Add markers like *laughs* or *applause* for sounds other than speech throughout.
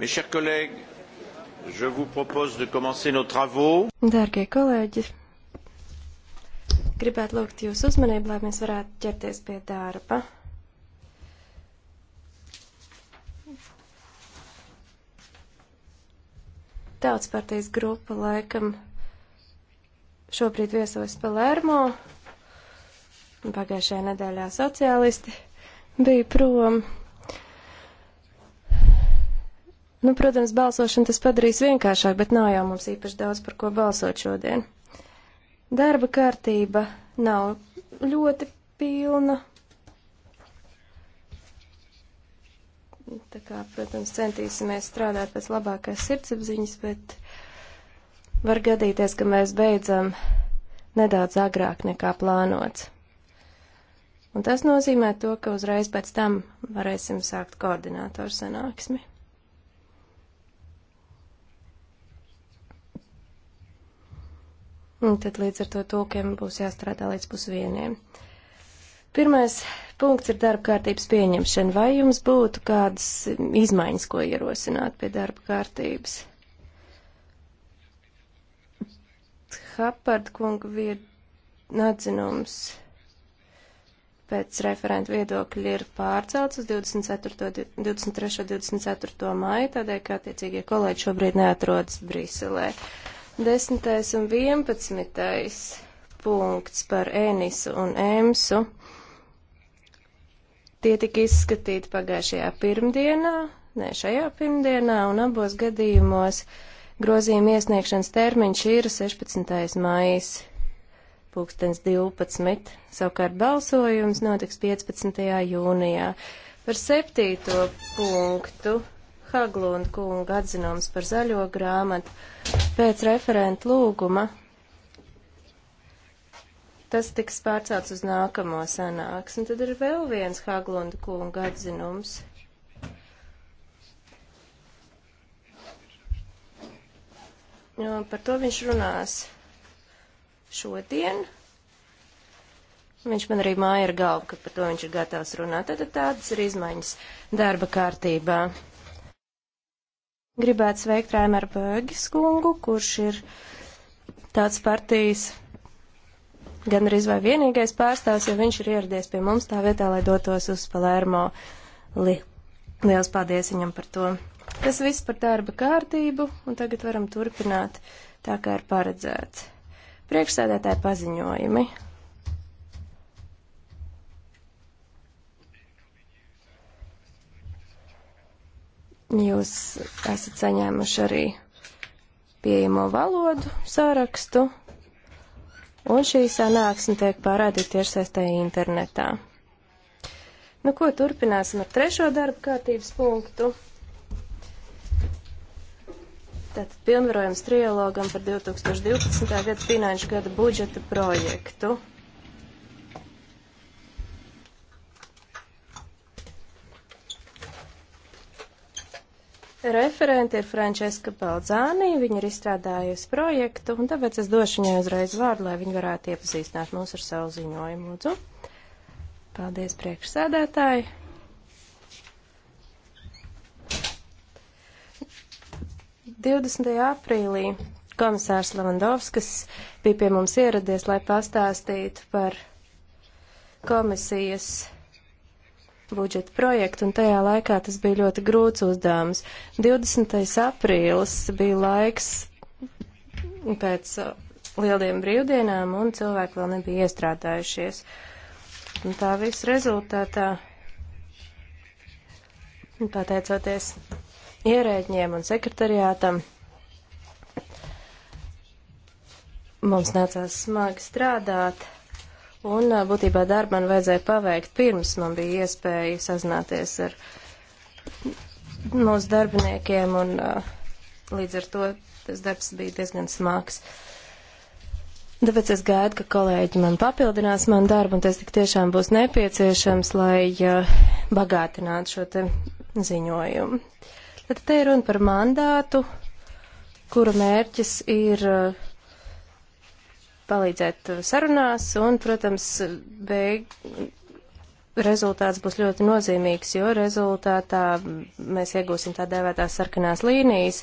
Mes chers collègues, je vous propose de commencer nos travaux. Dārgie kolēģi, gribētu lūgt jūsu uzmanību, lai mēs varētu ķerties pie darba. Tautas partijas grupa laikam šobrīd viesojas Palermo, pagājušajā nedēļā sociālisti bija prom Nu, protams, balsošana tas padarīs vienkāršāk, bet nav jau mums īpaši daudz par ko balsot šodien. Darba kārtība nav ļoti pilna. Tā kā, protams, centīsimies strādāt pēc labākās sirdsapziņas, bet var gadīties, ka mēs beidzam nedaudz agrāk nekā plānots. Un tas nozīmē to, ka uzreiz pēc tam varēsim sākt koordinātoru sanāksmi. Un tad līdz ar to tūkiem būs jāstrādā līdz pusvieniem. Pirmais punkts ir darba kārtības pieņemšana. Vai jums būtu kādas izmaiņas, ko ierosināt pie darba kārtības? Hapard kunga vied atzinums pēc referenta viedokļa ir pārcelts uz 24. 23. 24. maiju, tādēļ, ka attiecīgie kolēģi šobrīd neatrodas Briselē. Uh, Desmitais un vienpadsmitais punkts par ēnisu un ēmsu. Tie tika izskatīti pagājušajā pirmdienā, ne šajā pirmdienā, un abos gadījumos grozījuma iesniegšanas termiņš ir 16. maijs pulkstens 12. Savukārt balsojums notiks 15. jūnijā. Par septīto punktu Haglund kunga atzinums par zaļo grāmatu pēc referenta lūguma. Tas tiks pārcelts uz nākamo sanāksmi. Tad ir vēl viens Haglund kunga atzinums. Un nu, par to viņš runās šodien. Viņš man arī māja ir galva, ka par to viņš ir gatavs runāt. Tad tādas ir izmaiņas darba kārtībā. Gribētu sveikt Rēmēru Bēgis kungu, kurš ir tāds partijas gan arī vai vienīgais pārstāvs, jo viņš ir ieradies pie mums tā vietā, lai dotos uz Palermo. Li. Liels paldies viņam par to. Tas viss par darba kārtību, un tagad varam turpināt tā, kā ir paredzēts. Priekšsēdētāji paziņojumi. Jūs esat saņēmuši arī pieejamo valodu sārakstu, un šī sanāksme tiek pārādīta tiešsaistē internetā. Nu, ko turpināsim ar trešo darba kārtības punktu. Tātad pilnvarojums trialogam par 2012. gada finanšu gada budžeta projektu. Referente ir Frančeska Peldzānī, viņa ir izstrādājusi projektu, un tāpēc es došu viņai uzreiz vārdu, lai viņa varētu iepazīstināt mūs ar savu ziņojumu. Lūdzu. Paldies, priekšsēdētāji. Divdesmitajā aprīlī komisārs Levandovskis bija pie mums ieradies, lai pastāstītu par komisijas budžeta projektu, un tajā laikā tas bija ļoti grūts uzdevums. 20. aprīlis bija laiks pēc uh, lieliem brīvdienām, un cilvēki vēl nebija iestrādājušies. Un tā viss rezultātā, pateicoties ierēģiem un sekretariātam, mums nācās smagi strādāt Un būtībā darbu man vajadzēja paveikt pirms man bija iespēja sazināties ar mūsu darbiniekiem, un līdz ar to tas darbs bija diezgan smags. Tāpēc es gaidu, ka kolēģi man papildinās man darbu, un tas tik tiešām būs nepieciešams, lai bagātinātu šo te ziņojumu. Tad te ir runa par mandātu, kura mērķis ir uh, palīdzēt uh, sarunās, un, protams, beig... rezultāts būs ļoti nozīmīgs, jo rezultātā mēs iegūsim tā dēvētās sarkanās līnijas.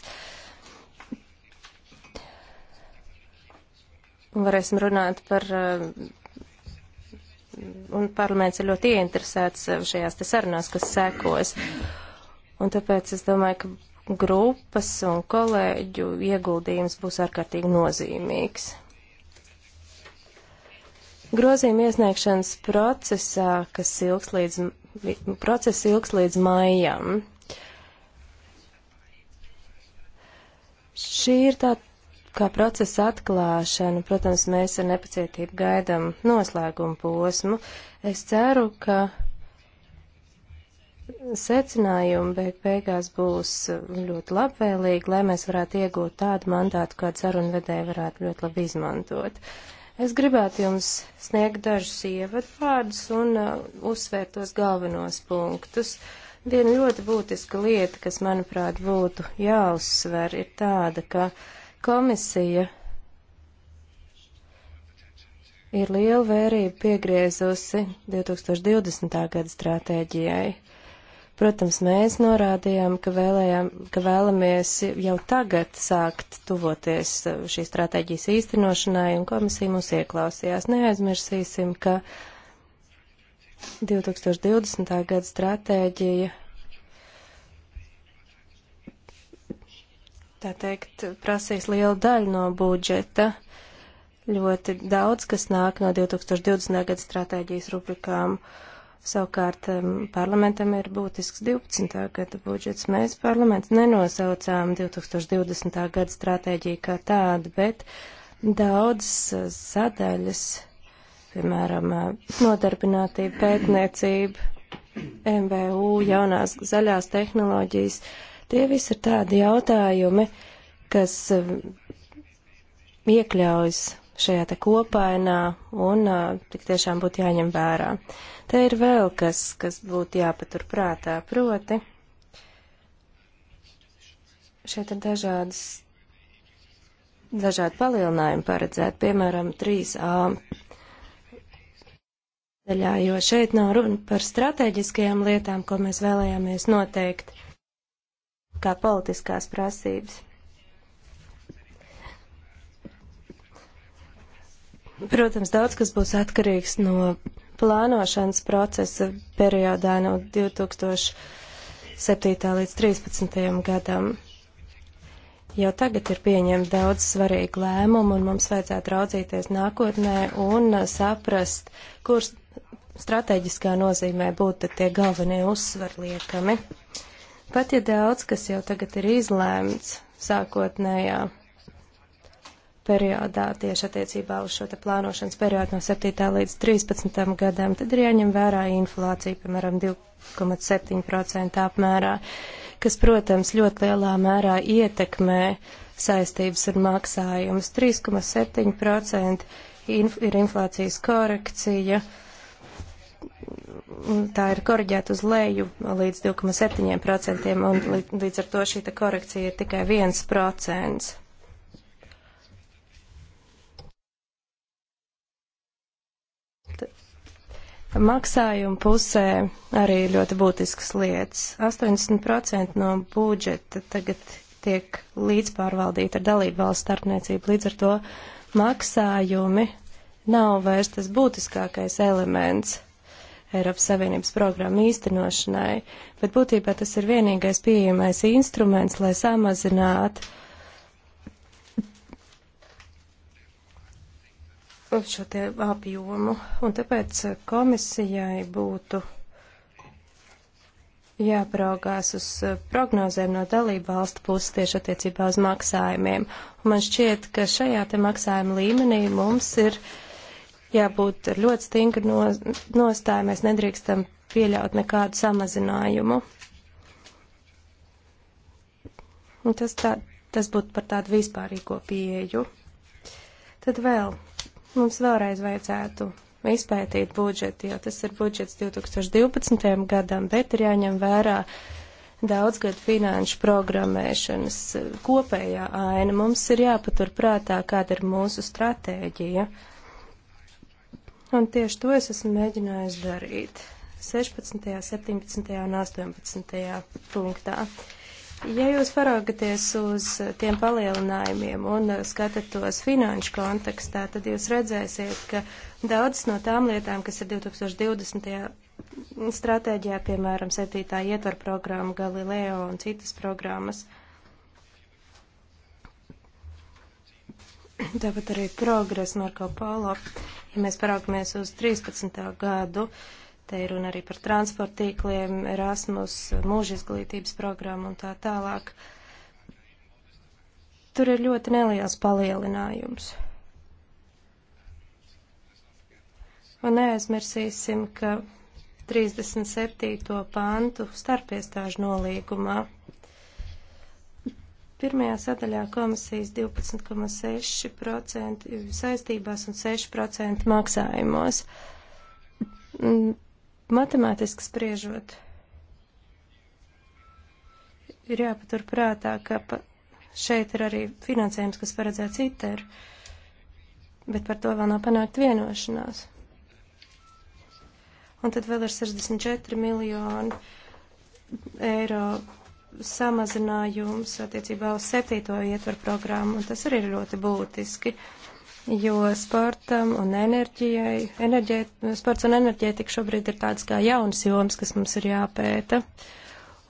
Varēsim runāt par, uh, un parlaments ir ļoti ieinteresēts uh, šajās te sarunās, kas sekos. Un tāpēc es domāju, ka grupas un kolēģu ieguldījums būs ārkārtīgi nozīmīgs. Grozījuma iesniegšanas procesā, kas ilgs līdz, process ilgs līdz maijam. Šī ir tā kā procesa atklāšana. Protams, mēs ar nepacietību gaidam noslēgumu posmu. Es ceru, ka secinājumi beig beigās būs ļoti labvēlīgi, lai mēs varētu iegūt tādu mandātu, kādu sarunvedēji varētu ļoti labi izmantot. Uh, Es gribētu jums sniegt dažus ievadvārdus un uh, uzsvērt tos galvenos punktus. Viena ļoti būtiska lieta, kas, manuprāt, būtu jāuzsver, ir tāda, ka komisija ir lielu vērību piegriezusi 2020. gada stratēģijai. Protams, mēs norādījām, ka, vēlējām, ka vēlamies jau tagad sākt tuvoties uh, šīs stratēģijas īstenošanai, un komisija mūs ieklausījās. Neaizmirsīsim, ka 2020. gada stratēģija tā teikt, prasīs lielu daļu no budžeta. Ļoti daudz, kas nāk no 2020. gada stratēģijas rubrikām. Uh, Savukārt um, parlamentam ir būtisks 12. gada budžets. Mēs parlaments nenosaucām 2020. gada stratēģiju kā tādu, bet daudzas uh, sadaļas, piemēram, uh, nodarbinātība, pētniecība, MVU, jaunās zaļās tehnoloģijas, tie visi ir tādi jautājumi, kas um, iekļaujas šajā te kopainā un tik tiešām būtu jāņem vērā. Te ir vēl kas, kas būtu jāpatur prātā, proti šeit ir dažādas, dažādi palielinājumi paredzēt, piemēram, 3A daļā, jo šeit nav runa par strateģiskajām lietām, ko mēs vēlējāmies noteikt kā politiskās prasības. Protams, daudz kas būs atkarīgs no plānošanas procesa periodā no 2007. līdz 2013. gadam. Jau tagad ir pieņemta daudz svarīgu lēmumu, un mums vajadzētu raudzīties nākotnē un saprast, kur strateģiskā nozīmē būtu tie galvenie uzsvarliekami. Pat ja daudz, kas jau tagad ir izlēmts sākotnējā periodā tieši attiecībā uz šo te plānošanas periodu no 7. līdz 13. gadam, tad ir jāņem vērā inflācija, piemēram, 2,7% apmērā, kas, protams, ļoti lielā mērā ietekmē saistības ar maksājumus. 3,7% inf ir inflācijas korekcija tā ir korģēta uz leju līdz 2,7%, un līdz ar to šī korekcija ir tikai 1%. maksājumu pusē arī ļoti būtiskas lietas. 80% no budžeta tagad tiek līdzpārvaldīta ar dalību valsts starpniecību, līdz ar to maksājumi nav vairs tas būtiskākais elements Eiropas Savienības programmu īstenošanai, bet būtībā tas ir vienīgais pieejamais instruments, lai samazinātu šo te apjomu, un tāpēc komisijai būtu jāpraugās uz prognozēm no dalību valstu puses tieši attiecībā uz maksājumiem. Un man šķiet, ka šajā te maksājuma līmenī mums ir jābūt ļoti stingri no, nostāja, mēs nedrīkstam pieļaut nekādu samazinājumu. Un tas, tā, tas būtu par tādu vispārīgo pieeju. Tad vēl Mums vēlreiz vajadzētu izpētīt budžetu, jo tas ir budžets 2012. gadam, bet ir jāņem vērā daudzgad finanšu programmēšanas eh, kopējā aina. Mums ir jāpatur prātā, kāda ir mūsu stratēģija. Un tieši to es esmu mēģinājis darīt 16., 17. un 18. punktā. Ja jūs paraugaties uz tiem palielinājumiem un skatat tos finanšu kontekstā, tad jūs redzēsiet, ka daudzas no tām lietām, kas ir 2020. stratēģijā, piemēram, 7. ietvaru programma, Galileo un citas programmas, tāpat arī progress Marko Polo, ja mēs paraugamies uz 13. gadu, uh, Te ir runa arī par transporttīkliem, Erasmus, mūža izglītības programmu un tā tālāk. Tur ir ļoti neliels palielinājums. Un neaizmirsīsim, ka 37. pantu starpiestāžu nolīgumā Pirmajā sadaļā komisijas 12,6% saistībās un 6% maksājumos. Matemātiski spriežot, ir jāpatur prātā, ka pa šeit ir arī finansējums, kas paredzēts ITER, bet par to vēl nav panākt vienošanās. Un tad vēl ir 64 miljoni eiro samazinājums attiecībā uz septīto ietvaru programmu, un tas arī ir ļoti būtiski. Uh, jo sportam un enerģijai, enerģē, sports un enerģētika šobrīd ir tāds kā jauns joms, kas mums ir jāpēta.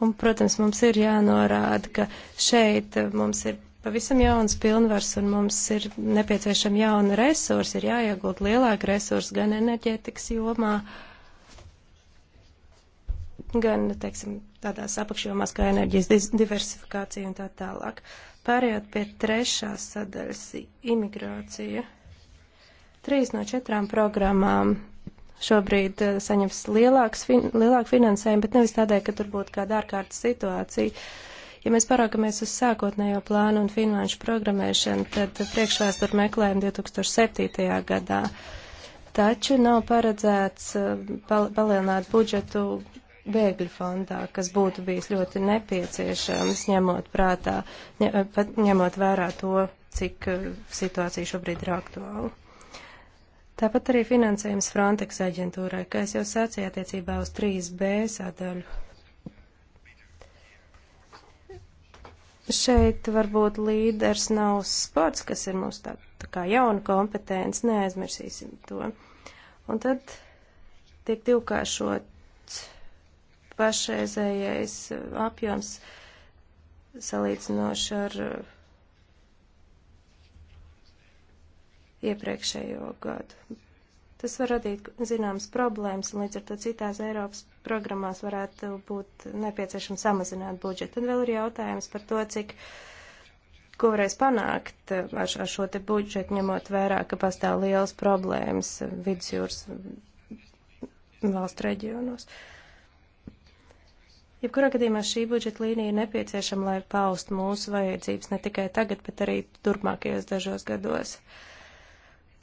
Un, protams, mums ir jānorāda, ka šeit mums ir pavisam jauns pilnvars un mums ir nepieciešama jauna resursa, ir jāiegūt lielāka resursa gan enerģētikas jomā, gan, teiksim, tādās apakšjomās kā enerģijas diversifikācija un tā tālāk. Uh, Pārējot pie trešās sadaļas - imigrācija. Trīs no četrām programmām šobrīd uh, saņems lielāks, fin lielāku finansējumu, bet nevis tādēļ, ka tur būtu kāda ārkārtas situācija. Ja mēs paraugamies uz sākotnējo plānu un finanšu programmēšanu, tad priekšvēsturi meklējam 2007. gadā. Taču nav paredzēts uh, pal palielināt budžetu bēgļu fondā, kas būtu bijis ļoti nepieciešams, ņemot prātā, ņemot vērā to, cik uh, situācija šobrīd ir aktuāla. Tāpat arī finansējums Frontex aģentūrai, kā es jau sacīju attiecībā uz 3B sadaļu. Šeit varbūt līders nav sports, kas ir mūsu tā, tā kā jauna kompetence, neaizmirsīsim to. Un tad tiek divkāršot pašreizējais uh, apjoms salīdzinoši ar uh, iepriekšējo gadu. Tas var radīt zināmas problēmas, un līdz ar to citās Eiropas programmās varētu būt nepieciešams samazināt budžetu. Tad vēl ir jautājums par to, cik, ko varēs panākt uh, ar, ar šo te budžetu, ņemot vērā, ka pastāv liels problēmas vidusjūras valstu reģionos. Uh, Jebkurā gadījumā šī budžeta līnija ir nepieciešama, lai paust mūsu vajadzības ne tikai tagad, bet arī turpmākajos dažos gados.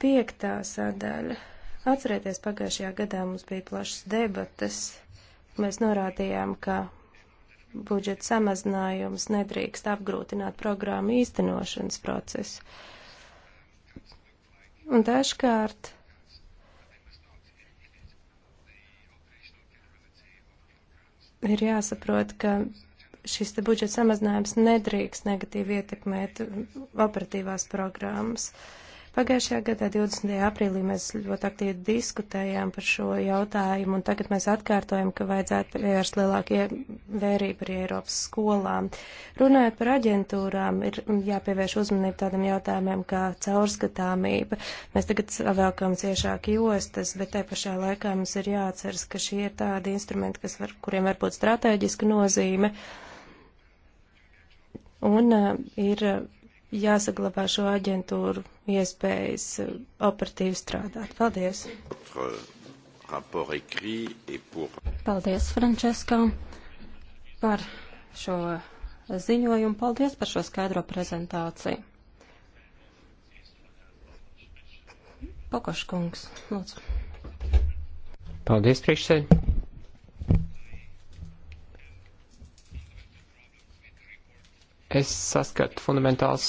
Piektā sadaļa. Atcerieties, pagājušajā gadā mums bija plašas debatas. Mēs norādījām, ka budžeta samazinājums nedrīkst apgrūtināt programmu īstenošanas procesu. Un dažkārt ir jāsaprot, ka šis te budžeta samazinājums nedrīkst negatīvi ietekmēt operatīvās programmas. Uh, Pagājušajā gadā 20. aprīlī mēs ļoti aktīvi diskutējām par šo jautājumu, un tagad mēs atkārtojam, ka vajadzētu pievērst lielākie vērību arī Eiropas skolām. Runājot par aģentūrām, ir jāpievērš uzmanību tādam jautājumiem kā caurskatāmība. Mēs tagad velkam ciešāk jostas, bet te pašā laikā mums ir jāatceras, ka šie ir tādi instrumenti, kas var, kuriem var būt strateģiska nozīme. Un uh, ir jāsaglabā šo aģentūru iespējas eh, operatīvi strādāt. Paldies! Paldies, Frančeska, par šo ziņojumu. Paldies par šo skaidro prezentāciju. Pokoškungs, lūdzu. Paldies, priekšsēdētāji. es saskatu fundamentāls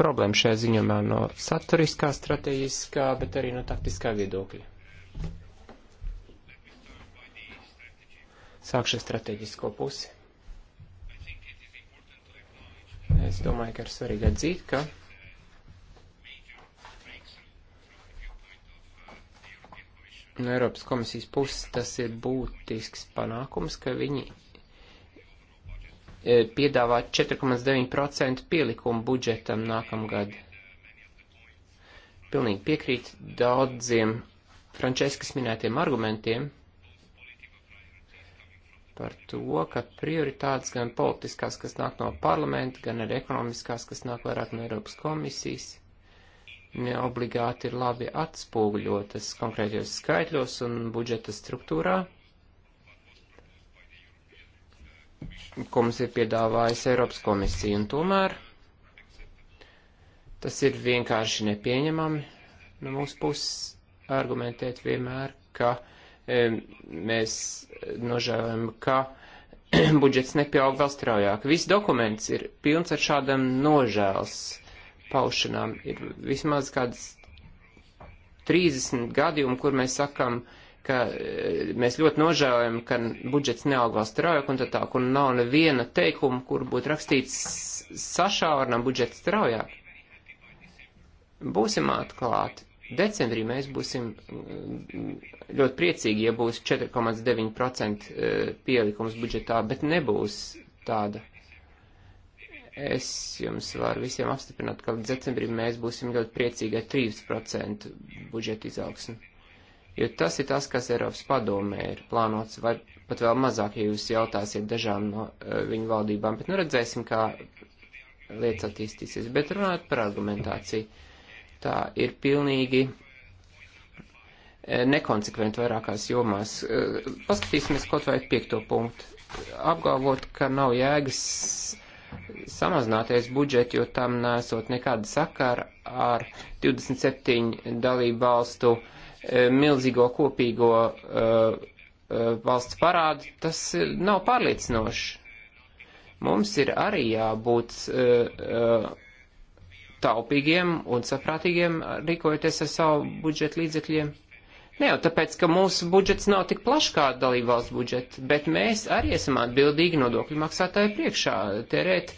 problēma šajā ziņumā no saturiskā, strateģiskā, bet arī no taktiskā viedokļa. Sākšu strateģisko pusi. Es domāju, ka ir svarīgi atzīt, ka no Eiropas komisijas puses tas ir būtisks panākums, ka viņi E, piedāvāt 4,9% pielikumu budžetam nākamgad. Pilnīgi piekrīt daudziem Frančeskas minētiem argumentiem par to, ka prioritātes gan politiskās, kas nāk no parlamenta, gan arī ekonomiskās, kas nāk vairāk no Eiropas komisijas, neobligāti ir labi atspūgļotas konkrētajos skaitļos un budžeta struktūrā ko mums ir piedāvājusi Eiropas komisija, un tomēr tas ir vienkārši nepieņemami no mūsu puses argumentēt vienmēr, ka e, mēs nožēlojam, ka *clears throat* budžets nepieaug vēl straujāk. Viss dokuments ir pilns ar šādam nožēls paušanām. Ir vismaz kādas 30 gadījumi, kur mēs sakam, uh, ka eh, mēs ļoti nožēlojam, ka budžets neaug vēl straujāk un tā tālāk, un nav neviena teikuma, kur būtu rakstīts sašaurinām budžetu straujāk. Būsim atklāti. Decembrī mēs būsim mm, ļoti priecīgi, ja būs 4,9% eh, pielikums budžetā, bet nebūs tāda. Es jums varu visiem apstiprināt, ka līdz decembrim mēs būsim ļoti priecīgi ar 3% budžeta izaugsmu Jo tas ir tas, kas Eiropas padomē ir plānots, vai pat vēl mazāk, ja jūs jautāsiet dažām no uh, viņu valdībām, bet nu redzēsim, kā lietas attīstīsies. Bet runājot par argumentāciju, tā ir pilnīgi eh, nekonsekventi vairākās jomās. Eh, paskatīsimies kaut vai piekto punktu. Apgalvot, ka nav jēgas samazināties budžeti, jo tam nesot nekāda sakara ar 27 dalību valstu uh, E, milzīgo kopīgo e, e, valsts parādu, tas nav pārliecinoši. Mums ir arī jābūt taupīgiem un saprātīgiem rīkojoties ar savu budžetu līdzekļiem. Ne jau tāpēc, ka mūsu budžets nav tik plašs kā dalībvalsts budžets, bet mēs arī esam atbildīgi nodokļu maksātāju priekšā tērēt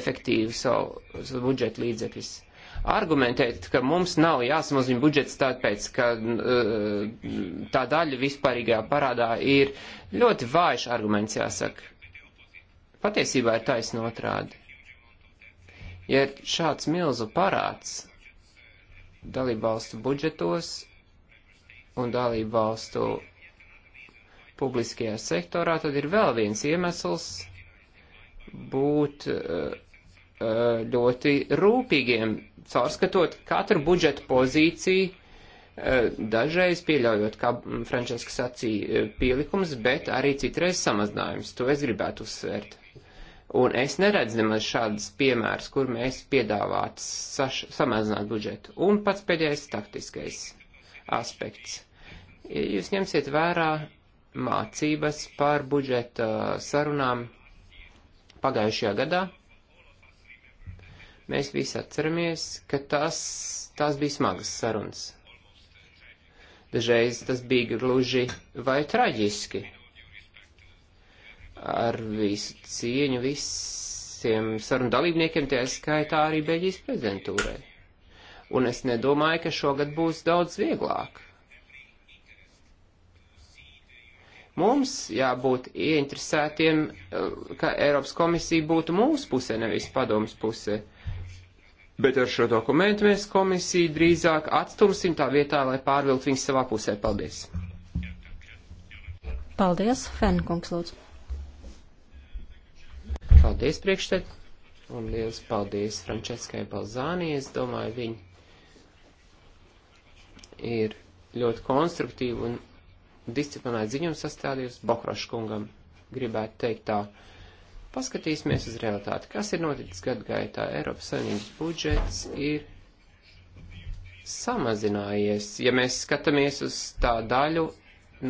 efektīvi savu, savu budžetu līdzekļus. Uh, argumentēt, ka mums nav jāsamazina budžets tāpēc, ka uh, tā daļa vispārīgajā parādā ir ļoti vājš arguments, jāsaka. Patiesībā ir taisno otrādi. Ja ir šāds milzu parāds dalībvalstu budžetos un dalībvalstu publiskajā sektorā, tad ir vēl viens iemesls būt uh, uh, ļoti rūpīgiem caurskatot katru budžeta pozīciju, eh, dažreiz pieļaujot, kā Frančeska sacīja, eh, pielikums, bet arī citreiz samazinājums. To es gribētu uzsvērt. Un es neredzu nemaz šādas piemēras, kur mēs piedāvātu saš, samazināt budžetu. Un pats pēdējais taktiskais aspekts. Ja jūs ņemsiet vērā mācības par budžeta sarunām pagājušajā gadā, Mēs visi atceramies, ka tas, tās bija smagas sarunas. Dažreiz tas bija gluži vai traģiski. Ar visu cieņu visiem sarunu dalībniekiem, tie skaitā arī Beļģijas prezidentūrai. Un es nedomāju, ka šogad būs daudz vieglāk. Mums jābūt ieinteresētiem, eh, ka Eiropas komisija būtu mūsu pusē, nevis padomas pusē Bet ar šo dokumentu mēs komisiju drīzāk atstumsim tā vietā, lai pārvilkt viņus savā pusē. Paldies! Paldies, Fenkungs, lūdzu. Paldies, priekšsēd. Un liels paldies Franceskai Balzānī. Es domāju, viņa ir ļoti konstruktīva un disciplinēta ziņojuma sastādījusi Bokraškungam. Gribētu teikt tā. Paskatīsimies uz realitāti. Kas ir noticis gadu gaitā? Eiropas Savienības budžets ir samazinājies, ja mēs skatāmies uz tā daļu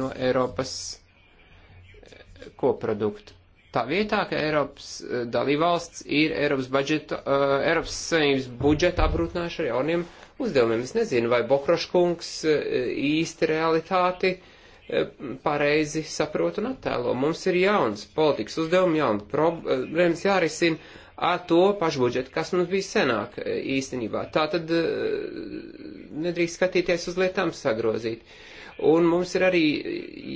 no Eiropas eh, koprodukta. Tā vietā, ka Eiropas eh, dalībvalsts ir Eiropas, budžeta, uh, Eiropas Savienības budžeta apgrūtinājuši ar jauniem uzdevumiem. Es nezinu, vai Bokroškungs uh, īsti realitāti uh, E, pareizi saprot un attēlo. Mums ir jauns politikas uzdevumi, jauna problēmas jārisina ar to pašu budžetu, kas mums bija senāk e, īstenībā. Tā tad e, nedrīkst skatīties uz lietām sagrozīt. Un mums ir arī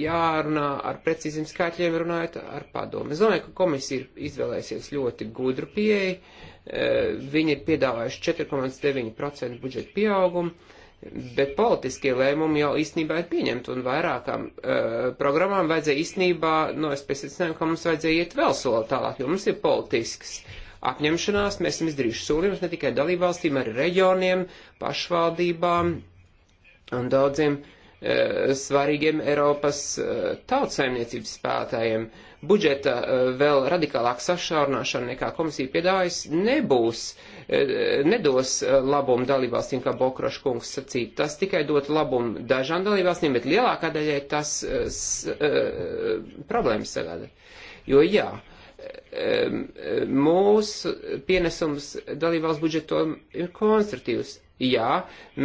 jārunā ar precīziem skaitļiem, runājot ar padomu. Es domāju, ka komisija ir izvēlēsies ļoti gudru pieeju. Viņi ir piedāvājuši 4,9% budžeta pieaugumu bet politiskie lēmumi jau īstenībā ir pieņemti, un vairākām uh, programmām vajadzēja īstenībā, nu, es pēcicināju, ka mums vajadzēja iet vēl soli tālāk, jo mums ir politisks apņemšanās, mēs esam izdarījuši solījumus ne tikai dalībvalstīm, arī reģioniem, pašvaldībām un daudziem uh, Eh, svarīgiem Eiropas eh, tautsēmniecības spētājiem. Budžeta eh, vēl radikālāk sašaurināšana nekā komisija piedājas nebūs, nedos labumu dalībvalstīm, kā Bokrošs kungs sacīja. Tas tikai dot labumu dažām dalībvalstīm, bet lielākā daļai tas problēmas sagādā. Jo jā, mūsu pienesums dalībvalsts budžetom ir konstruktīvs Jā,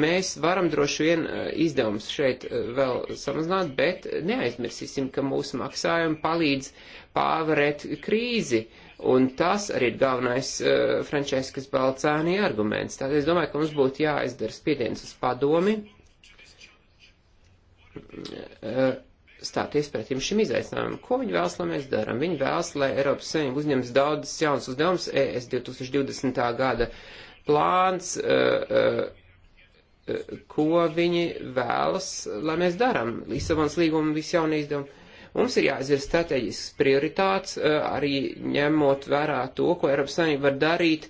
mēs varam droši vien eh, izdevumus šeit eh, vēl samazināt, bet neaizmirsīsim, ka mūsu maksājumi palīdz pārvarēt krīzi. Un tas arī ir galvenais uh, Frančiskas Balcānī arguments. Tātad es domāju, ka mums būtu jāizdara spiediens uz padomi uh, stāties pretim šim izaicinājumam. Ko viņi vēlas, lai mēs darām? Viņi vēlas, lai Eiropas Savienība uzņems daudzas jaunas uzdevumus e ES 2020. gada uh, plāns, eh, eh, eh, ko viņi vēlas, lai mēs daram. Lisabons līguma visi jaunie izdevumi. Mums ir jāizvirz strateģisks prioritāts, arī ņemot vērā to, ko Eiropas Savienība var darīt,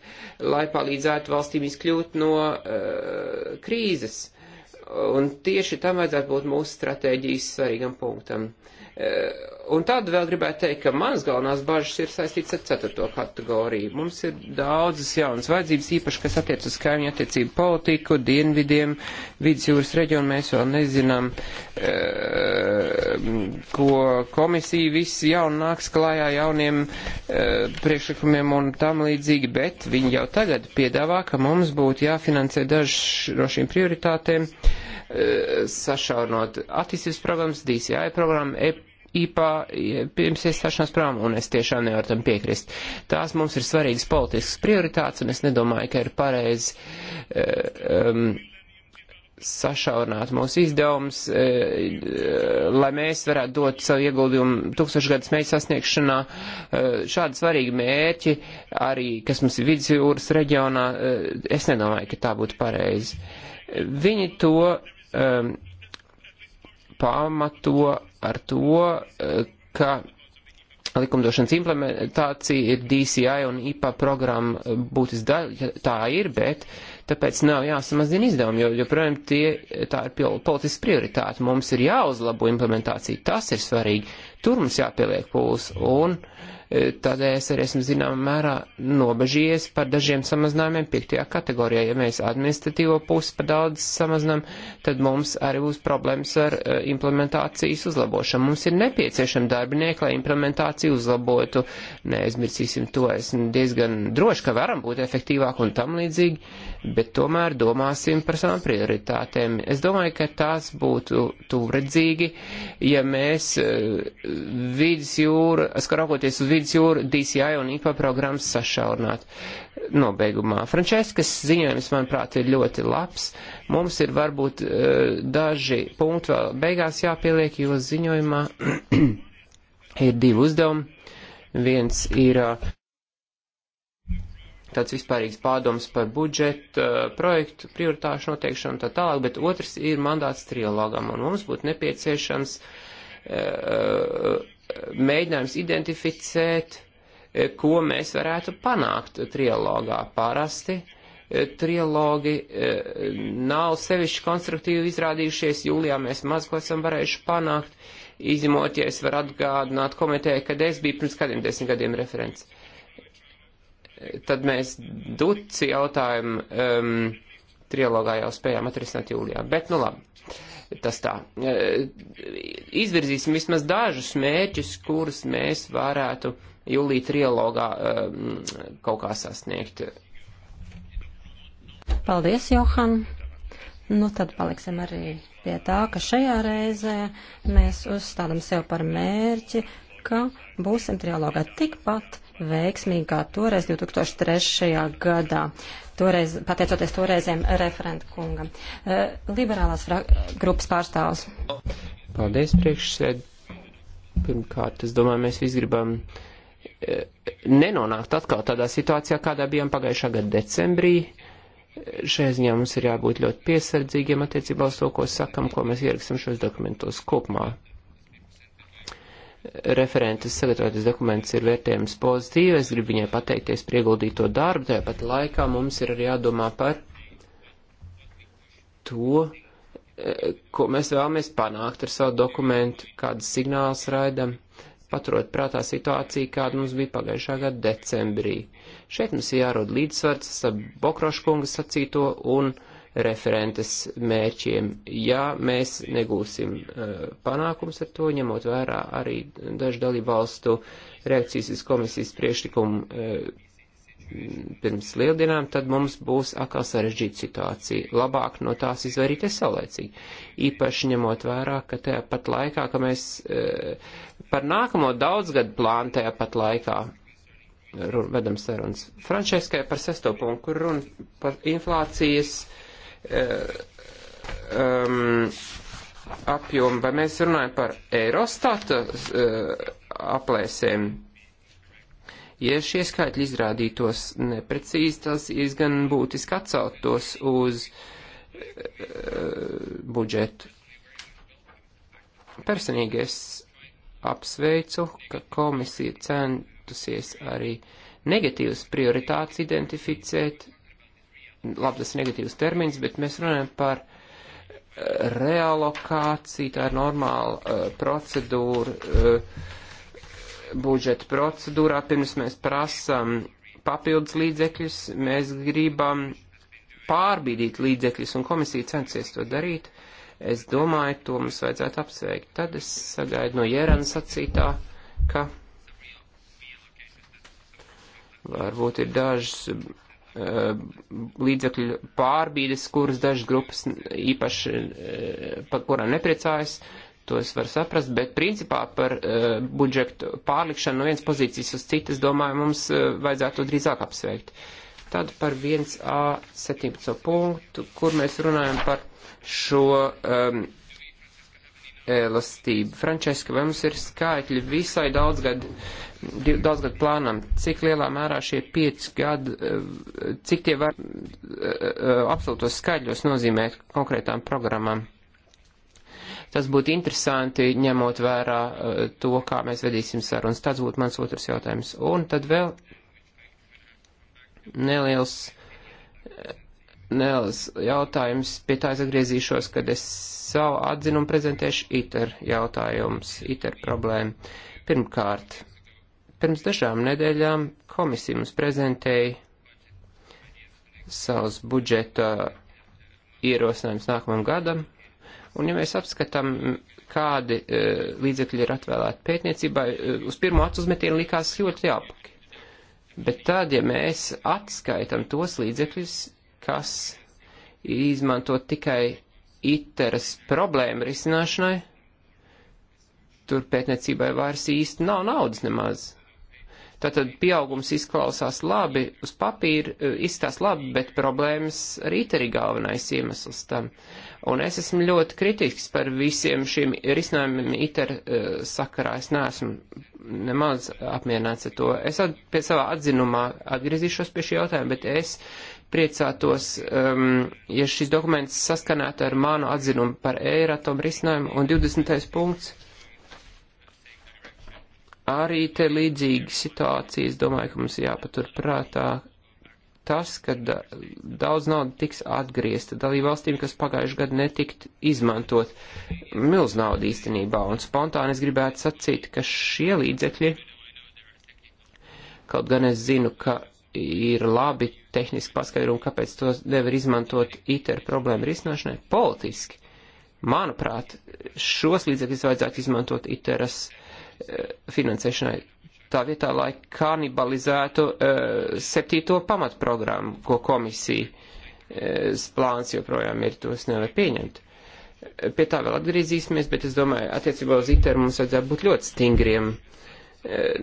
lai palīdzētu valstīm izkļūt no uh, krīzes. Un tieši tam vajadzētu būt mūsu stratēģijas svarīgam punktam. Uh, Eh, un tad vēl gribētu teikt, ka mans galvenās bažas ir saistīts ar ceturto kategoriju. Mums ir daudzas jaunas vajadzības, īpaši, kas attiec uz kaimiņu attiecību politiku, dienvidiem, vidusjūras reģionu. Mēs vēl nezinām, eh, ko komisija viss jaun nāks klājā jauniem eh, priekšlikumiem un tam līdzīgi, bet viņi jau tagad piedāvā, ka mums būtu jāfinansē dažas no šīm prioritātēm, sašaunot attīstības programmas, DCI programmu, e IPA pirms iestāšanās prām, un es tiešām nevaru tam piekrist. Tās mums ir svarīgas politiskas prioritātes, un es nedomāju, ka ir pareizi. E, um, sašaurināt mūsu izdevumus, e, lai mēs varētu dot savu ieguldījumu tūkstošgadus mērķu sasniegšanā. E, šādi svarīgi mērķi, arī kas mums ir vidusjūras reģionā, e, es nedomāju, ka tā būtu pareizi. Viņi to e, pamato ar to, eh, ka likumdošanas implementācija ir DCI un IPA programma eh, būtis daļa, tā ir, bet tāpēc nav jāsamazina izdevumi, jo joprojām tie, tā ir politiska prioritāte. Mums ir jāuzlabo implementācija, tas ir svarīgi, tur mums jāpieliek pūls, un uh, E, tādēļ es arī esmu zinām mērā nobežījies par dažiem samazinājumiem piektajā kategorijā. Ja mēs administratīvo pusi par daudz samazinām, tad mums arī būs problēmas ar e, implementācijas uzlabošanu. Mums ir nepieciešami darbinieki, lai implementāciju uzlabotu. Neaizmirsīsim to, esmu diezgan droši, ka varam būt efektīvāk un tam līdzīgi bet tomēr domāsim par savām prioritātēm. Es domāju, ka tās būtu tūredzīgi, ja mēs eh, vidus jūru, skaraugoties uz vidus jūru, DCI un IPA programmas sašaurinātu. Nobeigumā. Frančeskas ziņojums, manuprāt, ir ļoti labs. Mums ir varbūt eh, daži punkti vēl beigās jāpieliek, jo ziņojumā *clears throat* ir divi uzdevumi. Viens ir uh, tāds vispārīgs pārdoms par budžetu, eh, projektu, prioritāšu noteikšanu un tā tālāk, bet otrs ir mandāts trilogam, un mums būtu nepieciešams eh, eh, mēģinājums identificēt, ko mēs varētu panākt trilogā. Parasti trilogi nav sevišķi konstruktīvi izrādījušies, jūlijā mēs maz ko esam varējuši panākt, izņemoties var atgādināt komiteju, kad es biju pirms kādiem desmit gadiem referents. Uh, tad mēs duci jautājumu um, trilogā jau spējām atrisināt jūlijā. Bet, nu labi, tas tā. Uh, izvirzīsim vismaz dažus mērķus, kurus mēs varētu jūlijā trilogā um, kaut kā sasniegt. Paldies, Johan! Nu, tad paliksim arī pie tā, ka šajā reizē mēs uzstādam sev par mērķi, ka būsim trilogā tikpat veiksmīgi kā toreiz 2003. gadā, toreiz, pateicoties toreiziem referentu kungam. Eh, liberālās grupas pārstāvs. Paldies, priekšsēd. Pirmkārt, es domāju, mēs visi gribam eh, nenonākt atkal tādā situācijā, kādā bijām pagājušā gada decembrī. Šajā ziņā mums ir jābūt ļoti piesardzīgiem attiecībā uz to, ko sakam, ko mēs ierakstam šos dokumentos kopumā referentes sagatavotas dokuments ir vērtējums pozitīvi. Es gribu viņai pateikties par ieguldīto darbu. Tāpat laikā mums ir arī jādomā par to, eh, ko mēs vēlamies panākt ar savu dokumentu, kādas signāls raidam, paturot prātā situāciju, kāda mums bija pagājušā gada decembrī. Šeit mums ir jārod līdzsvars ar Bokroškunga sacīto un uh, referentes mērķiem. Ja mēs negūsim e, panākums ar to, ņemot vērā arī dažu dalību valstu reakcijas uz komisijas priekšlikumu e, pirms lieldienām, tad mums būs atkal sarežģīta situācija. Labāk no tās izvairīties saulēcīgi. Īpaši ņemot vērā, ka tajā pat laikā, ka mēs e, par nākamo daudzgadu plānu tajā pat laikā vedam sarunas. Frančiskai par sesto punktu, kur runa par inflācijas Eh, eh, um, apjomu, vai mēs runājam par Eurostata uh, eh, aplēsēm. Ja šie skaitļi izrādītos neprecīzi, tas diezgan būtiski atsauktos uz uh, budžetu. Personīgi es apsveicu, ka komisija centusies arī negatīvas prioritātes identificēt labi, tas ir negatīvs termins, bet mēs runājam par eh, realokāciju, tā ir normāla uh, procedūra, uh, budžeta procedūrā, pirms mēs prasam papildus līdzekļus, mēs gribam pārbīdīt līdzekļus, un komisija censies to darīt. Es domāju, to mums vajadzētu apsveikt. Tad es sagaidu no Jērana sacītā, ka varbūt ir dažas Uh, līdzekļu pārbīdes, kuras dažas grupas īpaši uh, par kurām nepriecājas, to es varu saprast, bet principā par uh, budžetu pārlikšanu no vienas pozīcijas uz citas, domāju, mums uh, vajadzētu to drīzāk apsveikt. Tad par 1A17 punktu, kur mēs runājam par šo um, elastību. Frančeska, vai mums ir skaitļi visai daudz gadu? Uh, daudzgad plānam, cik lielā mērā šie pieci gadi, eh, cik tie var eh, eh, absolūtos skaidros nozīmēt konkrētām programmām. Tas būtu interesanti, ņemot vērā to, kā mēs vedīsim sarunas. Tas būtu mans otrs jautājums. Un tad vēl neliels, neliels jautājums, pie tā es atgriezīšos, kad es savu atzinumu prezentēšu ITER jautājums, ITER problēmu. Pirmkārt, Pirms dažām nedēļām komisija mums prezentēja savus budžeta ierosinājumus nākamajam gadam, un ja mēs apskatām, kādi e, līdzekļi ir atvēlēti pētniecībai, e, uz pirmo acu uzmetienu likās ļoti jāpaki. Bet tad, ja mēs atskaitam tos līdzekļus, kas ir izmantot tikai iteras problēmu risināšanai, tur pētniecībai vairs īsti nav naudas nemaz. Tātad pieaugums izklausās labi, uz papīra eh, izskatās labi, bet problēmas rīt arī galvenais iemesls tam. Un es esmu ļoti kritisks par visiem šiem risinājumiem ITER uh, sakarā. Es neesmu nemaz apmierināts ar to. Es at, pie savā atzinumā atgriezīšos pie šī jautājuma, bet es priecātos, um, ja šis dokuments saskanētu ar manu atzinumu par Eiratomu risinājumu un 20. punkts arī te līdzīga situācija. Es domāju, ka mums jāpatur prātā tas, ka da, daudz naudas tiks atgriezta dalību valstīm, kas pagājuši gadu netikt izmantot milz naudu īstenībā. Un spontāni es gribētu sacīt, ka šie līdzekļi, kaut gan es zinu, ka ir labi tehniski paskaidrojumi, kāpēc tos nevar izmantot ITER problēmu risināšanai, politiski. Manuprāt, šos līdzekļus vajadzētu izmantot ITERas uh, Eh, finansēšanai. Tā vietā, lai kanibalizētu uh, septīto pamatprogrammu, ko komisija uh, plāns joprojām ir, tos nevar pieņemt. Pie tā vēl atgriezīsimies, bet es domāju, attiecībā uz ITER mums vajadzētu būt ļoti stingriem. Uh,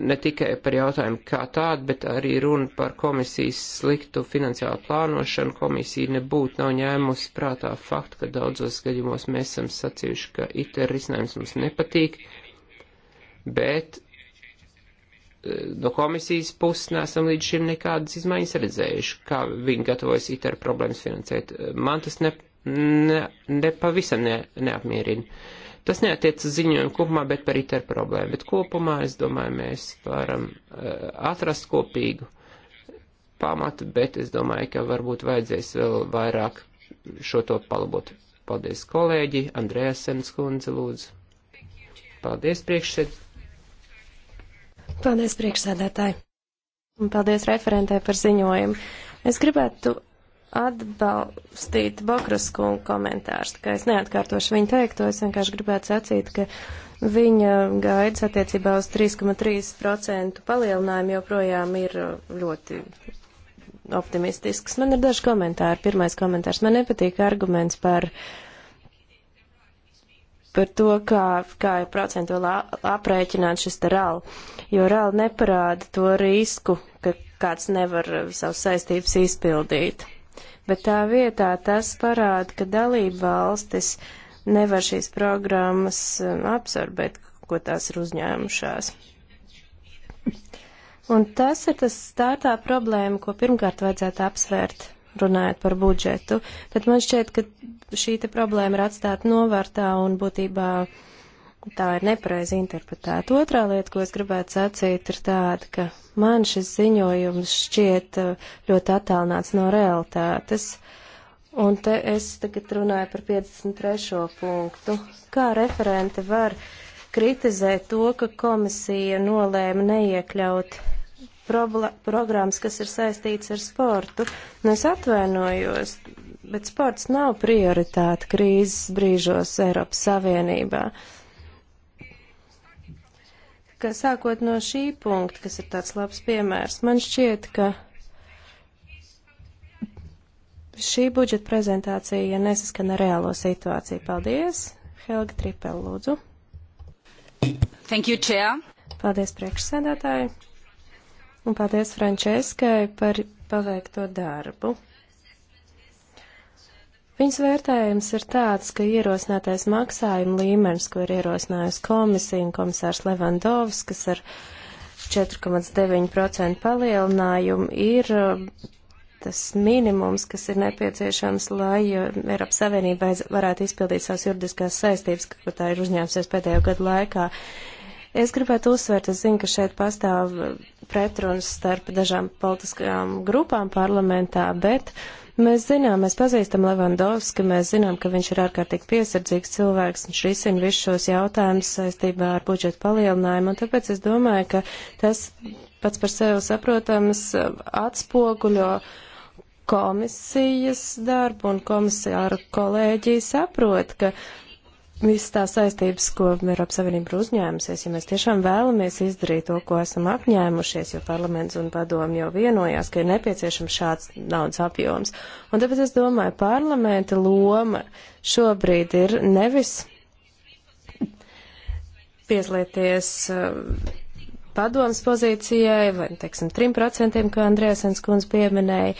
ne tikai par jautājumu kā tādu, bet arī runa par komisijas sliktu finansiālu plānošanu. Komisija nebūtu nav ņēmusi prātā faktu, ka daudzos gadījumos mēs esam sacījuši, ka ITER risinājums mums nepatīk. Uh, bet eh, no komisijas puses nesam līdz šim nekādas izmaiņas redzējuši, kā viņi gatavojas ITER problēmas finansēt. Man tas ne, ne, ne pavisam ne, neapmierina. Tas neatiec uz ziņojumu kopumā, bet par ITER problēmu. Bet kopumā, es domāju, mēs varam uh, atrast kopīgu pamatu, bet es domāju, ka varbūt vajadzēs vēl vairāk šo to palabot. Paldies, kolēģi. Andrēsens kundze, lūdzu. Paldies, priekšsēdētāji. Paldies, priekšsēdētāji. Un paldies referentē par ziņojumu. Es gribētu atbalstīt Bokraskunga komentārs, ka es neatkārtošu viņu teikto, es vienkārši gribētu sacīt, ka viņa gaidas attiecībā uz 3,3% palielinājumu joprojām ir ļoti optimistisks. Man ir daži komentāri. Pirmais komentārs. Man nepatīk arguments par uh, par to, kā, kā ir procentuāli aprēķināts šis RAL, jo RAL neparāda to risku, ka kāds nevar savas saistības izpildīt. Bet tā vietā tas parāda, ka dalība valstis nevar šīs programmas um, absorbēt, ko tās ir uzņēmušās. Un tas ir tas, tā ir tā problēma, ko pirmkārt vajadzētu apsvērt runājot par budžetu, tad man šķiet, ka šī te problēma ir atstāta novārtā un būtībā tā ir nepareizi interpretēta. Otrā lieta, ko es gribētu sacīt, ir tāda, ka man šis ziņojums šķiet uh, ļoti attālināts no realitātes. Un te es tagad runāju par 53. punktu. Kā referente var kritizēt to, ka komisija nolēma neiekļaut programmas, kas ir saistīts ar sportu. Un nu, es atvainojos, bet sports nav prioritāte krīzes brīžos Eiropas Savienībā. Ka sākot no šī punkta, kas ir tāds labs piemērs, man šķiet, ka šī budžeta prezentācija nesaskana reālo situāciju. Paldies! Helga Tripel, lūdzu. Thank you, Chair. Paldies, priekšsēdētāji. Un paldies Frančeskai par paveikto darbu. Viņas vērtējums ir tāds, ka ierosinātais maksājuma līmenis, ko ir ierosinājusi komisija un komisārs Levandovs, kas ar 4,9% palielinājumu ir uh, tas minimums, kas ir nepieciešams, lai uh, Eiropas Savienība varētu izpildīt savas juridiskās saistības, ko tā ir uzņēmusies pēdējo gadu laikā. Es gribētu uzsvērt, es zinu, ka šeit pastāv uh, pretrunas starp dažām politiskajām grupām parlamentā, bet mēs zinām, mēs pazīstam Levandovski, mēs zinām, ka viņš ir ārkārtīgi piesardzīgs cilvēks, viņš risina visus šos jautājumus saistībā ar budžetu palielinājumu, un tāpēc es domāju, ka tas pats par sevi saprotams atspoguļo komisijas darbu, un komisāra kolēģija saprot, ka visas tās saistības, ko Eiropas Savienība ir uzņēmusies, ja mēs tiešām vēlamies izdarīt to, ko esam apņēmušies, jo parlaments un padomi jau vienojās, ka ir nepieciešams šāds naudas apjoms. Un tāpēc es domāju, parlamenta loma šobrīd ir nevis pieslieties uh, padomas pozīcijai, vai, teiksim, 3%, kā Andrēsens kundze pieminēja,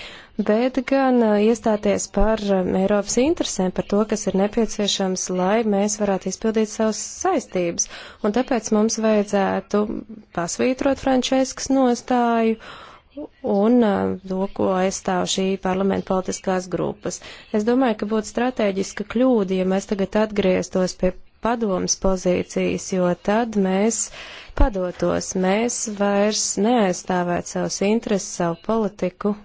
bet gan uh, iestāties par um, Eiropas interesēm, par to, kas ir nepieciešams, lai mēs varētu izpildīt savas saistības. Un tāpēc mums vajadzētu pasvītrot Frančeskas nostāju un uh, to, ko aizstāv šī parlamenta politiskās grupas. Es domāju, ka būtu strateģiska kļūda, ja mēs tagad atgrieztos pie padomas pozīcijas, jo tad mēs padotos, mēs vairs neaizstāvētu savus intereses, savu politiku.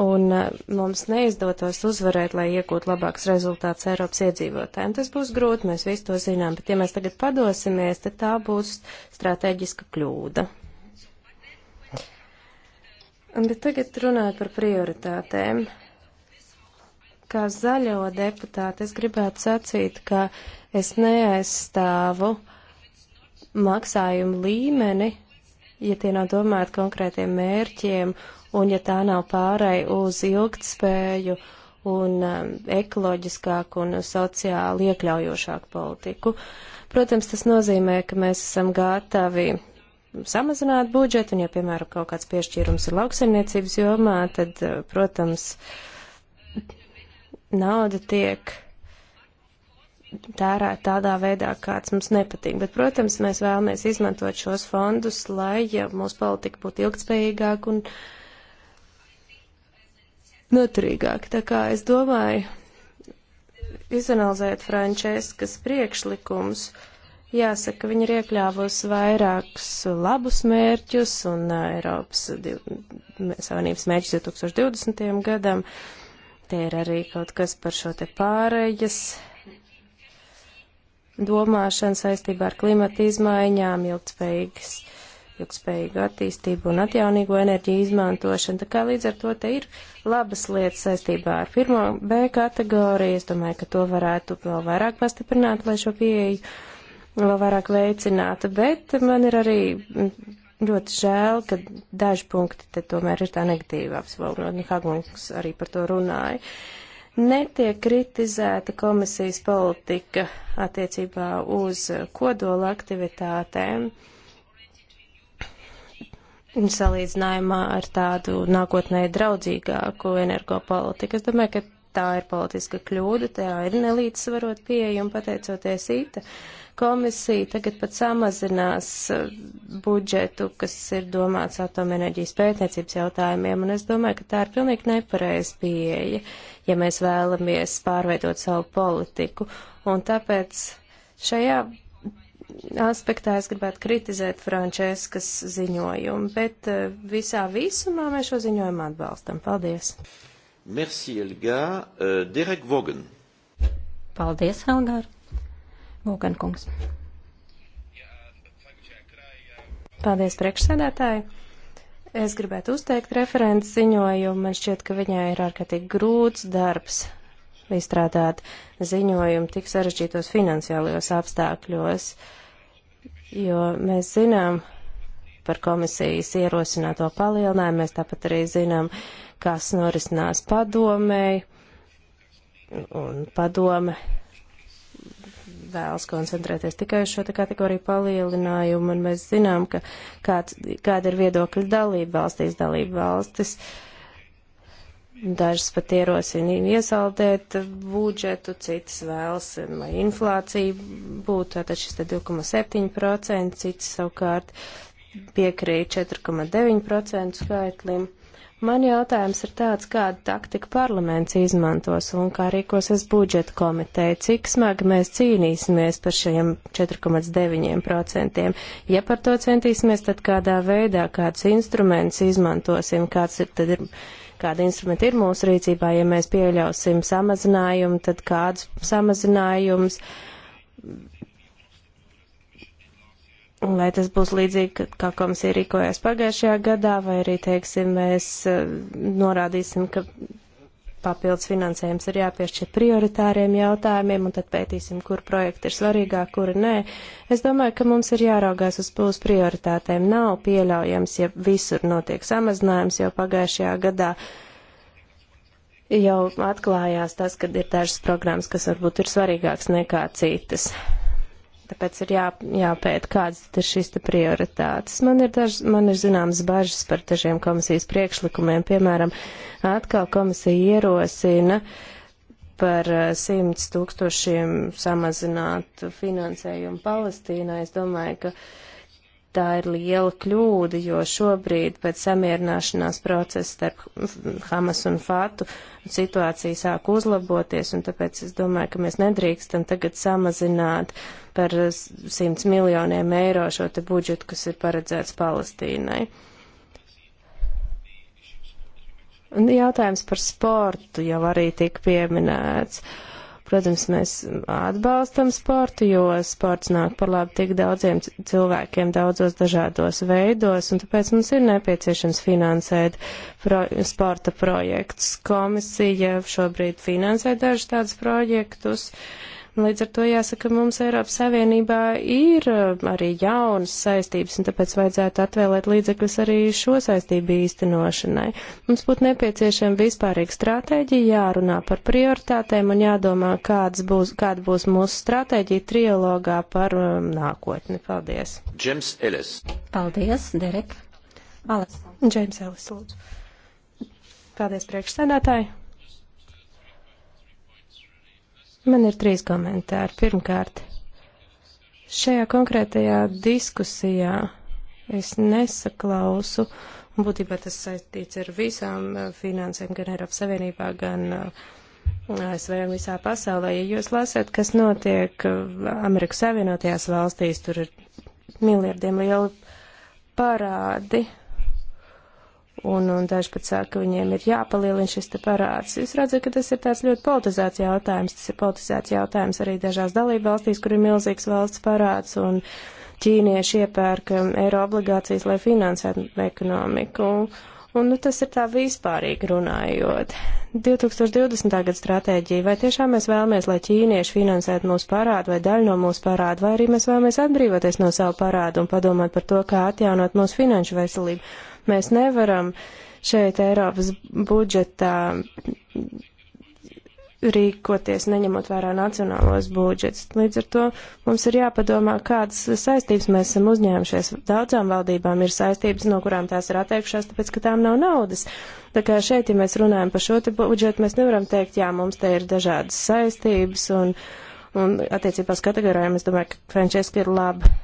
Un uh, mums neizdotos uzvarēt, lai iegūtu labāks rezultāts Eiropas iedzīvotājiem. Tas būs grūti, mēs visi to zinām, bet ja mēs tagad padosimies, tad tā būs strateģiska kļūda. Bet tagad runāt par prioritātēm. Kā zaļo deputāti, es gribētu sacīt, ka es neaizstāvu maksājumu līmeni, ja tie nav domāti konkrētiem mērķiem un ja tā nav pārai uz ilgtspēju un um, ekoloģiskāku un sociāli iekļaujošāku politiku. Protams, tas nozīmē, ka mēs esam gatavi samazināt budžetu, un ja, piemēram, kaut kāds piešķīrums ir lauksaimniecības jomā, tad, uh, protams, uh, nauda tiek tērēt tādā veidā, kāds mums nepatīk. Bet, protams, mēs vēlamies izmantot šos fondus, lai ja mūsu politika būtu ilgspējīgāka un noturīgāka. Tā kā es domāju, izanalizēt Frančēskas priekšlikums, jāsaka, viņi ir iekļāvusi vairākus labus mērķus un Eiropas div... Savienības mērķus 2020. gadam. Uh, Te ir arī kaut kas par šo te pārējas domāšanu saistībā ar klimata izmaiņām, ilgspējīgas, ilgspējīgu attīstību un atjaunīgo enerģiju izmantošanu. Tā kā līdz ar to te ir labas lietas saistībā ar pirmo B kategoriju. Es domāju, ka to varētu vēl vairāk pastiprināt, lai šo pieeju vēl vairāk veicinātu, bet man ir arī ļoti žēl, ka daži punkti te tomēr ir tā negatīvi apsvalnot, un nu, Hagungs arī par to runāja. Netiek kritizēta komisijas politika attiecībā uz kodola aktivitātēm salīdzinājumā ar tādu nākotnē draudzīgāku energopolitiku. Es domāju, ka tā ir politiska kļūda, tā ir nelīdzsvarot pieejuma pateicoties ITA Komisija tagad pat samazinās eh, budžetu, kas ir domāts atomenerģijas pētniecības jautājumiem, un es domāju, ka tā ir pilnīgi nepareiz pieeja, ja mēs vēlamies pārveidot savu politiku. Un tāpēc šajā aspektā es gribētu kritizēt Frančēskas ziņojumu, bet eh, visā visumā mēs šo ziņojumu atbalstam. Paldies! Merci, Elga. Uh, Derek Vogan. Paldies, Helgār. Lūgan kungs. Paldies priekšsēdētāji. Es gribētu uzteikt referents ziņojumu. Man šķiet, ka viņai ir ārkārtīgi grūts darbs izstrādāt ziņojumu tik sarežģītos finansiālajos apstākļos, jo mēs zinām par komisijas ierosināto palielinājumu, mēs tāpat arī zinām, kas norisinās padomēji, un padome vēlas koncentrēties tikai uz šo te kategoriju palielinājumu, un mēs zinām, ka kāds, kāda ir viedokļa dalība valstīs, dalība valstis. Dažas pat ierosina iesaldēt budžetu, citas vēlas, lai inflācija būtu tātad šis te 2,7%, citas savukārt piekrīt 4,9% skaitlim. Man jautājums ir tāds, kādu taktiku parlaments izmantos un kā rīkosies budžeta komiteja, cik smagi mēs cīnīsimies par šiem 4,9%. Ja par to centīsimies, tad kādā veidā, kādus instrumentus izmantosim, kāds ir, tad ir, kāda instrumenta ir mūsu rīcībā, ja mēs pieļausim samazinājumu, tad kādus samazinājumus lai tas būs līdzīgi, kā komisija rīkojās pagājušajā gadā, vai arī, teiksim, mēs eh, norādīsim, ka papildus finansējums ir jāpiešķir prioritāriem jautājumiem, un tad pētīsim, kur projekti ir svarīgāk, kuri nē. Es domāju, ka mums ir jāraugās uz mūsu prioritātēm. Nav pieļaujams, ja visur notiek samazinājums, jo pagājušajā gadā jau atklājās tas, ka ir dažas programmas, kas varbūt ir svarīgākas nekā citas. Tāpēc ir jā, jāpēt, kādas ir šīs te prioritātes. Man ir, daž, man ir zināmas bažas par dažiem komisijas priekšlikumiem. Piemēram, atkal komisija ierosina par 100 eh, tūkstošiem samazināt finansējumu Palestīnai. Es domāju, ka uh, tā ir liela kļūda, jo šobrīd pēc samierināšanās procesa starp Hamas un Fatu situācija sāk uzlaboties, un tāpēc es domāju, ka mēs nedrīkstam tagad samazināt par 100 miljoniem eiro šo te budžetu, kas ir paredzēts Palestīnai. Un jautājums par sportu jau arī tika pieminēts. Uh, Protams, mēs atbalstam sportu, jo sports nāk par labu tik daudziem cilvēkiem daudzos dažādos veidos, un tāpēc mums ir nepieciešams finansēt pro sporta projektus. Komisija šobrīd finansē dažus tādus projektus. Uh, Līdz ar to jāsaka, mums Eiropas Savienībā ir uh, arī jaunas saistības, un tāpēc vajadzētu atvēlēt līdzekļus arī šo saistību īstenošanai. Mums būtu nepieciešama vispārīga stratēģija, jārunā par prioritātēm un jādomā, kāds būs, kāda būs mūsu stratēģija trilogā par um, nākotni. Paldies! Džems Ellis. Paldies, Derek. Alas. Džems Ellis, lūdzu. Paldies, priekšsēdētāji. Man ir trīs komentāri. Pirmkārt, šajā konkrētajā diskusijā es nesaklausu, un būtībā tas saistīts ar visām finansēm gan Eiropas Savienībā, gan ASV un visā pasaulē. Ja jūs lasat, kas notiek Amerikas Savienotajās valstīs, tur ir miljardiem lieli parādi, un, un daži pat saka, ka viņiem ir jāpalielina šis te parāds. Es redzu, ka tas ir tāds ļoti politizēts jautājums, tas ir politizēts jautājums arī dažās dalība valstīs, kur ir milzīgs valsts parāds, un ķīnieši iepērk um, eiro obligācijas, lai finansētu ekonomiku. Un nu, tas ir tā vispārīgi runājot. 2020. gada stratēģija, vai tiešām mēs vēlamies, lai ķīnieši finansētu mūsu parādu vai daļu no mūsu parādu, vai arī mēs vēlamies atbrīvoties no savu parādu un padomāt par to, kā atjaunot mūsu finanšu veselību. Mēs nevaram šeit Eiropas budžetā rīkoties, neņemot vērā nacionālos budžets. Līdz ar to mums ir jāpadomā, kādas saistības mēs esam uzņēmušies. Daudzām valdībām ir saistības, no kurām tās ir atteikšās, tāpēc, ka tām nav naudas. Tā kā šeit, ja mēs runājam par šo te budžetu, mēs nevaram teikt, jā, mums te ir dažādas saistības un, un attiecībās kategorijām es domāju, ka Frančeska ir laba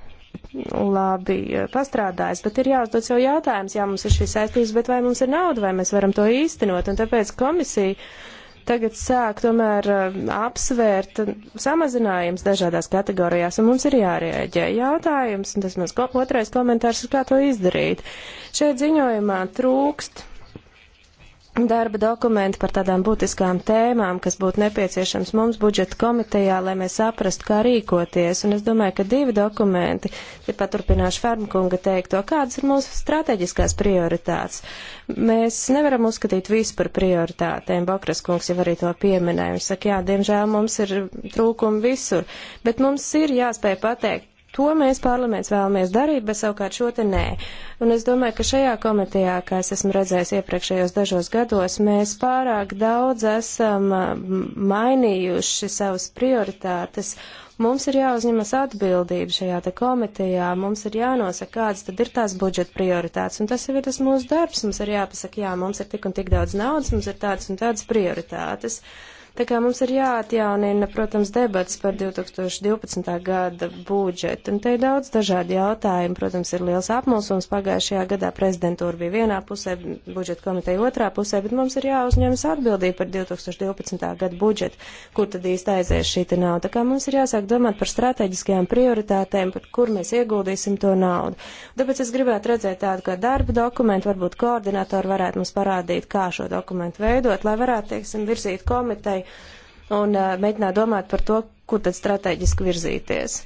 labi eh, pastrādājis, bet ir jāuzdod sev jautājums, jā, mums ir šīs saistības, bet vai mums ir nauda, vai mēs varam to īstenot, un tāpēc komisija tagad sāk tomēr eh, apsvērt samazinājums dažādās kategorijās, un mums ir jārēģē jautājums, un tas mans ko, otrais komentārs ir, kā to izdarīt. Šeit ziņojumā trūkst darba dokumenti par tādām būtiskām tēmām, kas būtu nepieciešams mums budžeta komitejā, lai mēs saprastu, kā rīkoties. Un es domāju, ka divi dokumenti, ja paturpināšu Fermkunga teikto, kādas ir mūsu strateģiskās prioritātes. Mēs nevaram uzskatīt visu par prioritātēm. Bokras kungs jau arī to pieminēja. Viņš saka, jā, diemžēl mums ir trūkumi visur, bet mums ir jāspēj pateikt, To mēs parlaments vēlamies darīt, bet savukārt šo te nē. Un es domāju, ka šajā komitejā, kā es esmu redzējis iepriekšējos dažos gados, mēs pārāk daudz esam uh, mainījuši savas prioritātes mums ir jāuzņemas atbildība šajā te komitejā, mums ir jānosaka, kādas tad ir tās budžeta prioritātes, un tas jau ir tas mūsu darbs, mums ir jāpasaka, jā, mums ir tik un tik daudz naudas, mums ir tādas un tādas prioritātes. Uh, Tā kā mums ir jāatjaunina, protams, debats par 2012. gada budžetu. Un te ir daudz dažādi jautājumi. Protams, ir liels apmulsums. Pagājušajā gadā prezidentūra bija vienā pusē, budžeta komiteja otrā pusē, bet mums ir jāuzņemas atbildība par 2012. gada budžetu, kur tad īsti aizies šī nauda. Tā kā mums ir jāsāk domāt par strateģiskajām prioritātēm, par kur mēs ieguldīsim to naudu. Tāpēc es gribētu redzēt tādu kā darba dokumentu, varbūt koordinātori varētu mums parādīt, kā šo dokumentu veidot, lai varētu, teiksim, virzīt komiteju un uh, mēģināt domāt par to, kur tad strateģiski virzīties.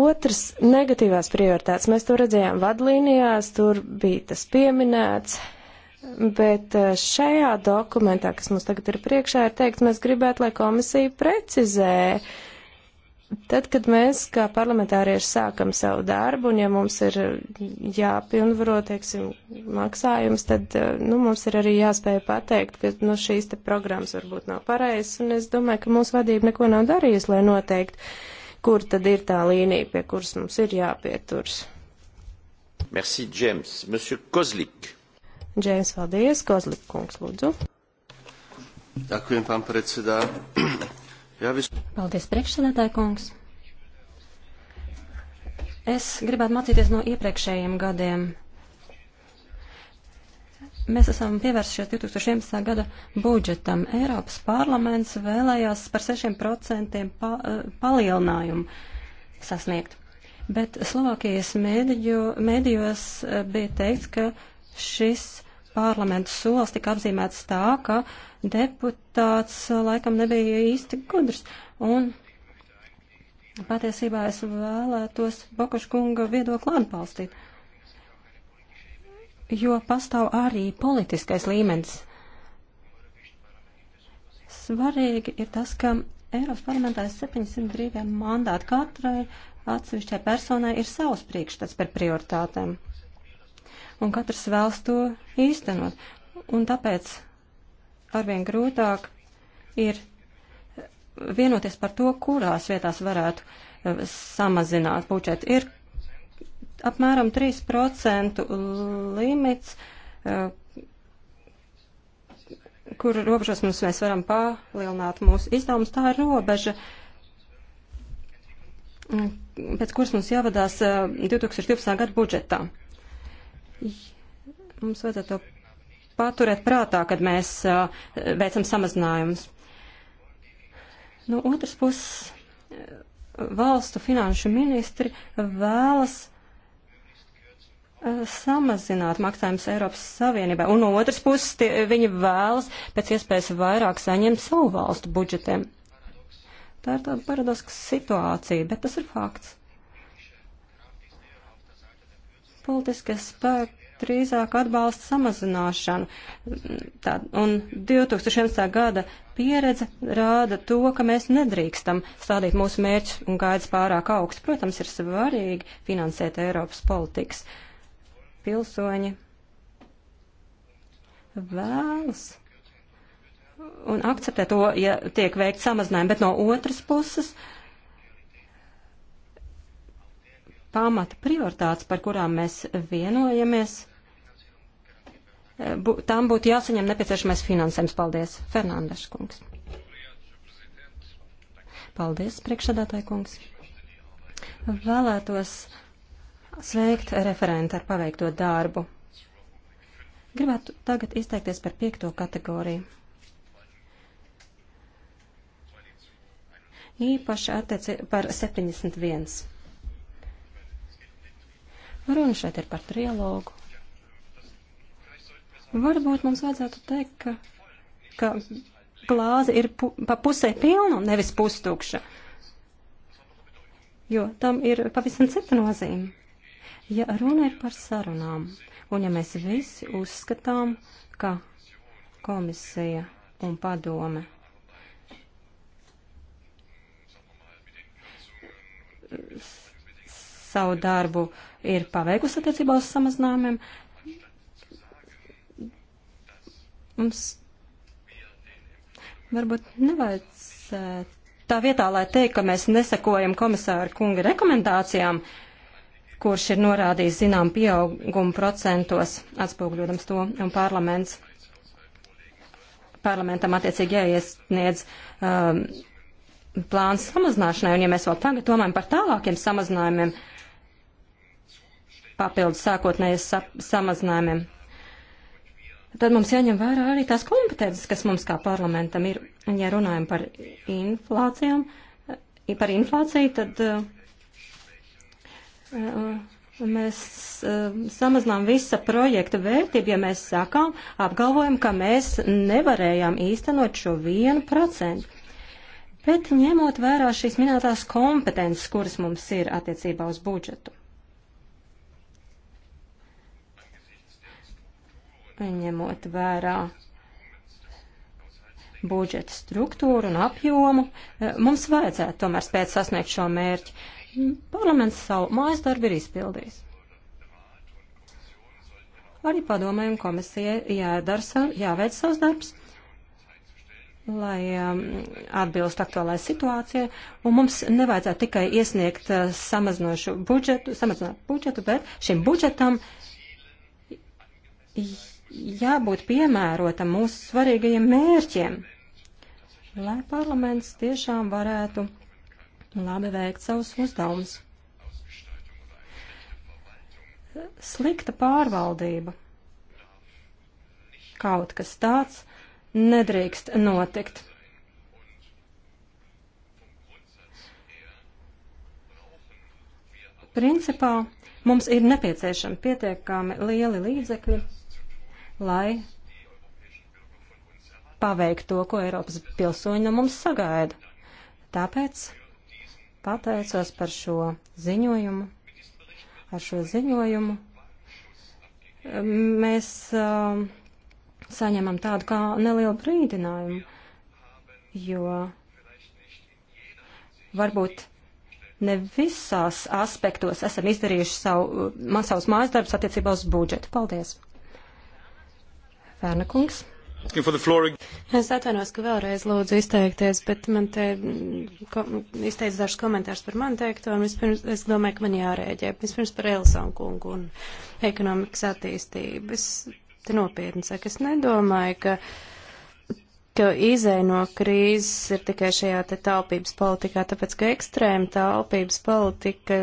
Otrs negatīvās prioritātes, mēs to redzējām vadlīnijās, tur bija tas pieminēts, bet uh, šajā dokumentā, kas mums tagad ir priekšā, ir teikt, mēs gribētu, lai komisija precizē uh, Tad, kad mēs kā parlamentārieši sākam savu darbu, un ja mums ir jāpilnvaro, teiksim, maksājums, tad, eh, nu, mums ir arī jāspēj pateikt, ka, nu, šīs te programmas varbūt nav pareizas, un es domāju, ka mūsu vadība neko nav darījusi, lai noteikti, kur tad ir tā līnija, pie kuras mums ir jāpieturs. Merci, James. Monsieur Kozlik. James, paldies. Kozlik kungs, lūdzu. Ďakujem, pán predseda. Jā, vis... Paldies, priekšsēdētāji kungs. Es gribētu mācīties no iepriekšējiem gadiem. Mēs esam pievērsušies 2011. gada budžetam. Eiropas parlaments vēlējās par 6% pa, eh, palielinājumu sasniegt. Bet Slovākijas mēdījos eh, bija teikts, ka šis parlamenta solis tika apzīmēts tā, ka deputāts uh, laikam nebija īsti gudrs. Un patiesībā es vēlētos Bokaškunga viedokli atbalstīt, jo pastāv arī politiskais līmenis. Svarīgi ir tas, ka Eiropas parlamentā ir 700 brīviem mandāti. Katrai atsevišķai personai ir savs priekšstats par prioritātēm un katrs vēlas to īstenot. Un tāpēc arvien grūtāk ir vienoties par to, kurās vietās varētu eh, samazināt budžetu. Ir apmēram 3% limits, eh, kur robežos mums mēs varam palielināt mūsu izdevumus. Tā ir robeža, mm, pēc kuras mums jāvadās 2012. Eh, gada budžetā. Mums vajadzētu to paturēt prātā, kad mēs uh, veicam samazinājumus. No otras puses, valstu finanšu ministri vēlas samazināt maksājumus Eiropas Savienībai, un no otras puses tie, viņi vēlas pēc iespējas vairāk saņemt savu valstu budžetiem. Tā ir tāda paradoska situācija, bet tas ir fakts. politiskie spēki drīzāk atbalsta samazināšanu. Tā, un 2011. gada pieredze rāda to, ka mēs nedrīkstam stādīt mūsu mērķus un gaidas pārāk augsts. Protams, ir svarīgi finansēt Eiropas politikas. Pilsoņi vēlas un akceptē to, ja tiek veikt samazinājumi, bet no otras puses. Uh, pamata prioritātes, par kurām mēs vienojamies, e, bū, tām būtu jāsaņem nepieciešamais finansējums. Paldies, Fernandes kungs. Paldies, priekšsēdētāji kungs. Vēlētos sveikt referentu ar paveikto darbu. Gribētu tagad izteikties par piekto kategoriju. Īpaši atteci par 71. Runa šeit ir par trilogu. Varbūt mums vajadzētu teikt, ka, ka glāze ir pu, pa pusē pilna un nevis pustukša, jo tam ir pavisam cita nozīme. Ja runa ir par sarunām, un ja mēs visi uzskatām, ka komisija un padome savu darbu ir paveikusi attiecībā uz samazinājumiem. Mums varbūt nevajadzētu tā vietā, lai teikt, ka mēs nesakojam komisāra kunga rekomendācijām, kurš ir norādījis zinām pieaugumu procentos, atspūgļodams to, un parlaments, parlamentam attiecīgi jāiesniedz um, plāns samazināšanai, un ja mēs vēl tagad domājam par tālākiem samazinājumiem, uh, papildus sākotnējas sa samazinājumiem. Tad mums jāņem vērā arī tās kompetences, kas mums kā parlamentam ir. Un, ja runājam par inflācijām, par inflāciju, tad uh, mēs uh, samazinām visa projekta vērtību, ja mēs sakām, apgalvojam, ka mēs nevarējām īstenot šo vienu procentu. Bet ņemot vērā šīs minētās kompetences, kuras mums ir attiecībā uz budžetu. ņemot vērā budžeta struktūru un apjomu, eh, mums vajadzētu tomēr spēt sasniegt šo mērķi. Parlaments savu mājas darbu ir izpildījis. Arī padomējumu komisijai jādara, jāveic savs darbs, lai um, atbilst aktuālai situācijai, un mums nevajadzētu tikai iesniegt uh, samazinošu budžetu, samazināt budžetu, bet šim budžetam jābūt piemērotam mūsu svarīgajiem mērķiem, lai parlaments tiešām varētu labi veikt savus uzdevumus. Slikta pārvaldība. Kaut kas tāds nedrīkst notikt. Principā mums ir nepieciešami pietiekami lieli līdzekļi lai paveikt to, ko Eiropas pilsoņi no mums sagaida. Tāpēc pateicos par šo ziņojumu. Ar šo ziņojumu um, mēs uh, saņemam tādu kā nelielu brīdinājumu, jo varbūt ne visās aspektos esam izdarījuši savu, savus mājas darbus attiecībā uz budžetu. Paldies! Fērna kungs. Es atvainos, ka vēlreiz lūdzu izteikties, bet man te ko, izteica dažs komentārs par man teikto, un vispirms, es domāju, ka man jārēģē. Vispirms par Elsonu kungu un ekonomikas attīstību. Es te nopietni saku, es nedomāju, ka. Uh, ka izēja no krīzes ir tikai šajā te taupības politikā, tāpēc, ka ekstrēma taupības politika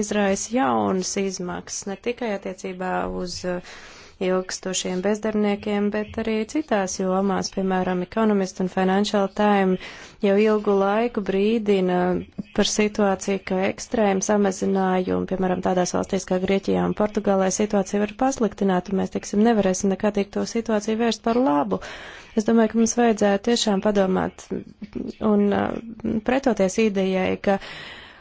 izraisa jaunas izmaksas, ne tikai attiecībā uz uh, ilgstošiem bezdarbniekiem, bet arī citās jomās, piemēram, Economist un Financial Time jau ilgu laiku brīdina par situāciju, ka ekstrēma samazinājumi, piemēram, tādās valstīs kā Grieķijā un Portugālē situācija var pasliktināt, un mēs, teiksim, nevarēsim nekādīgi to situāciju vērst par labu. Es domāju, ka mums vajadzētu tiešām padomāt un uh, pretoties idejai, ka uh,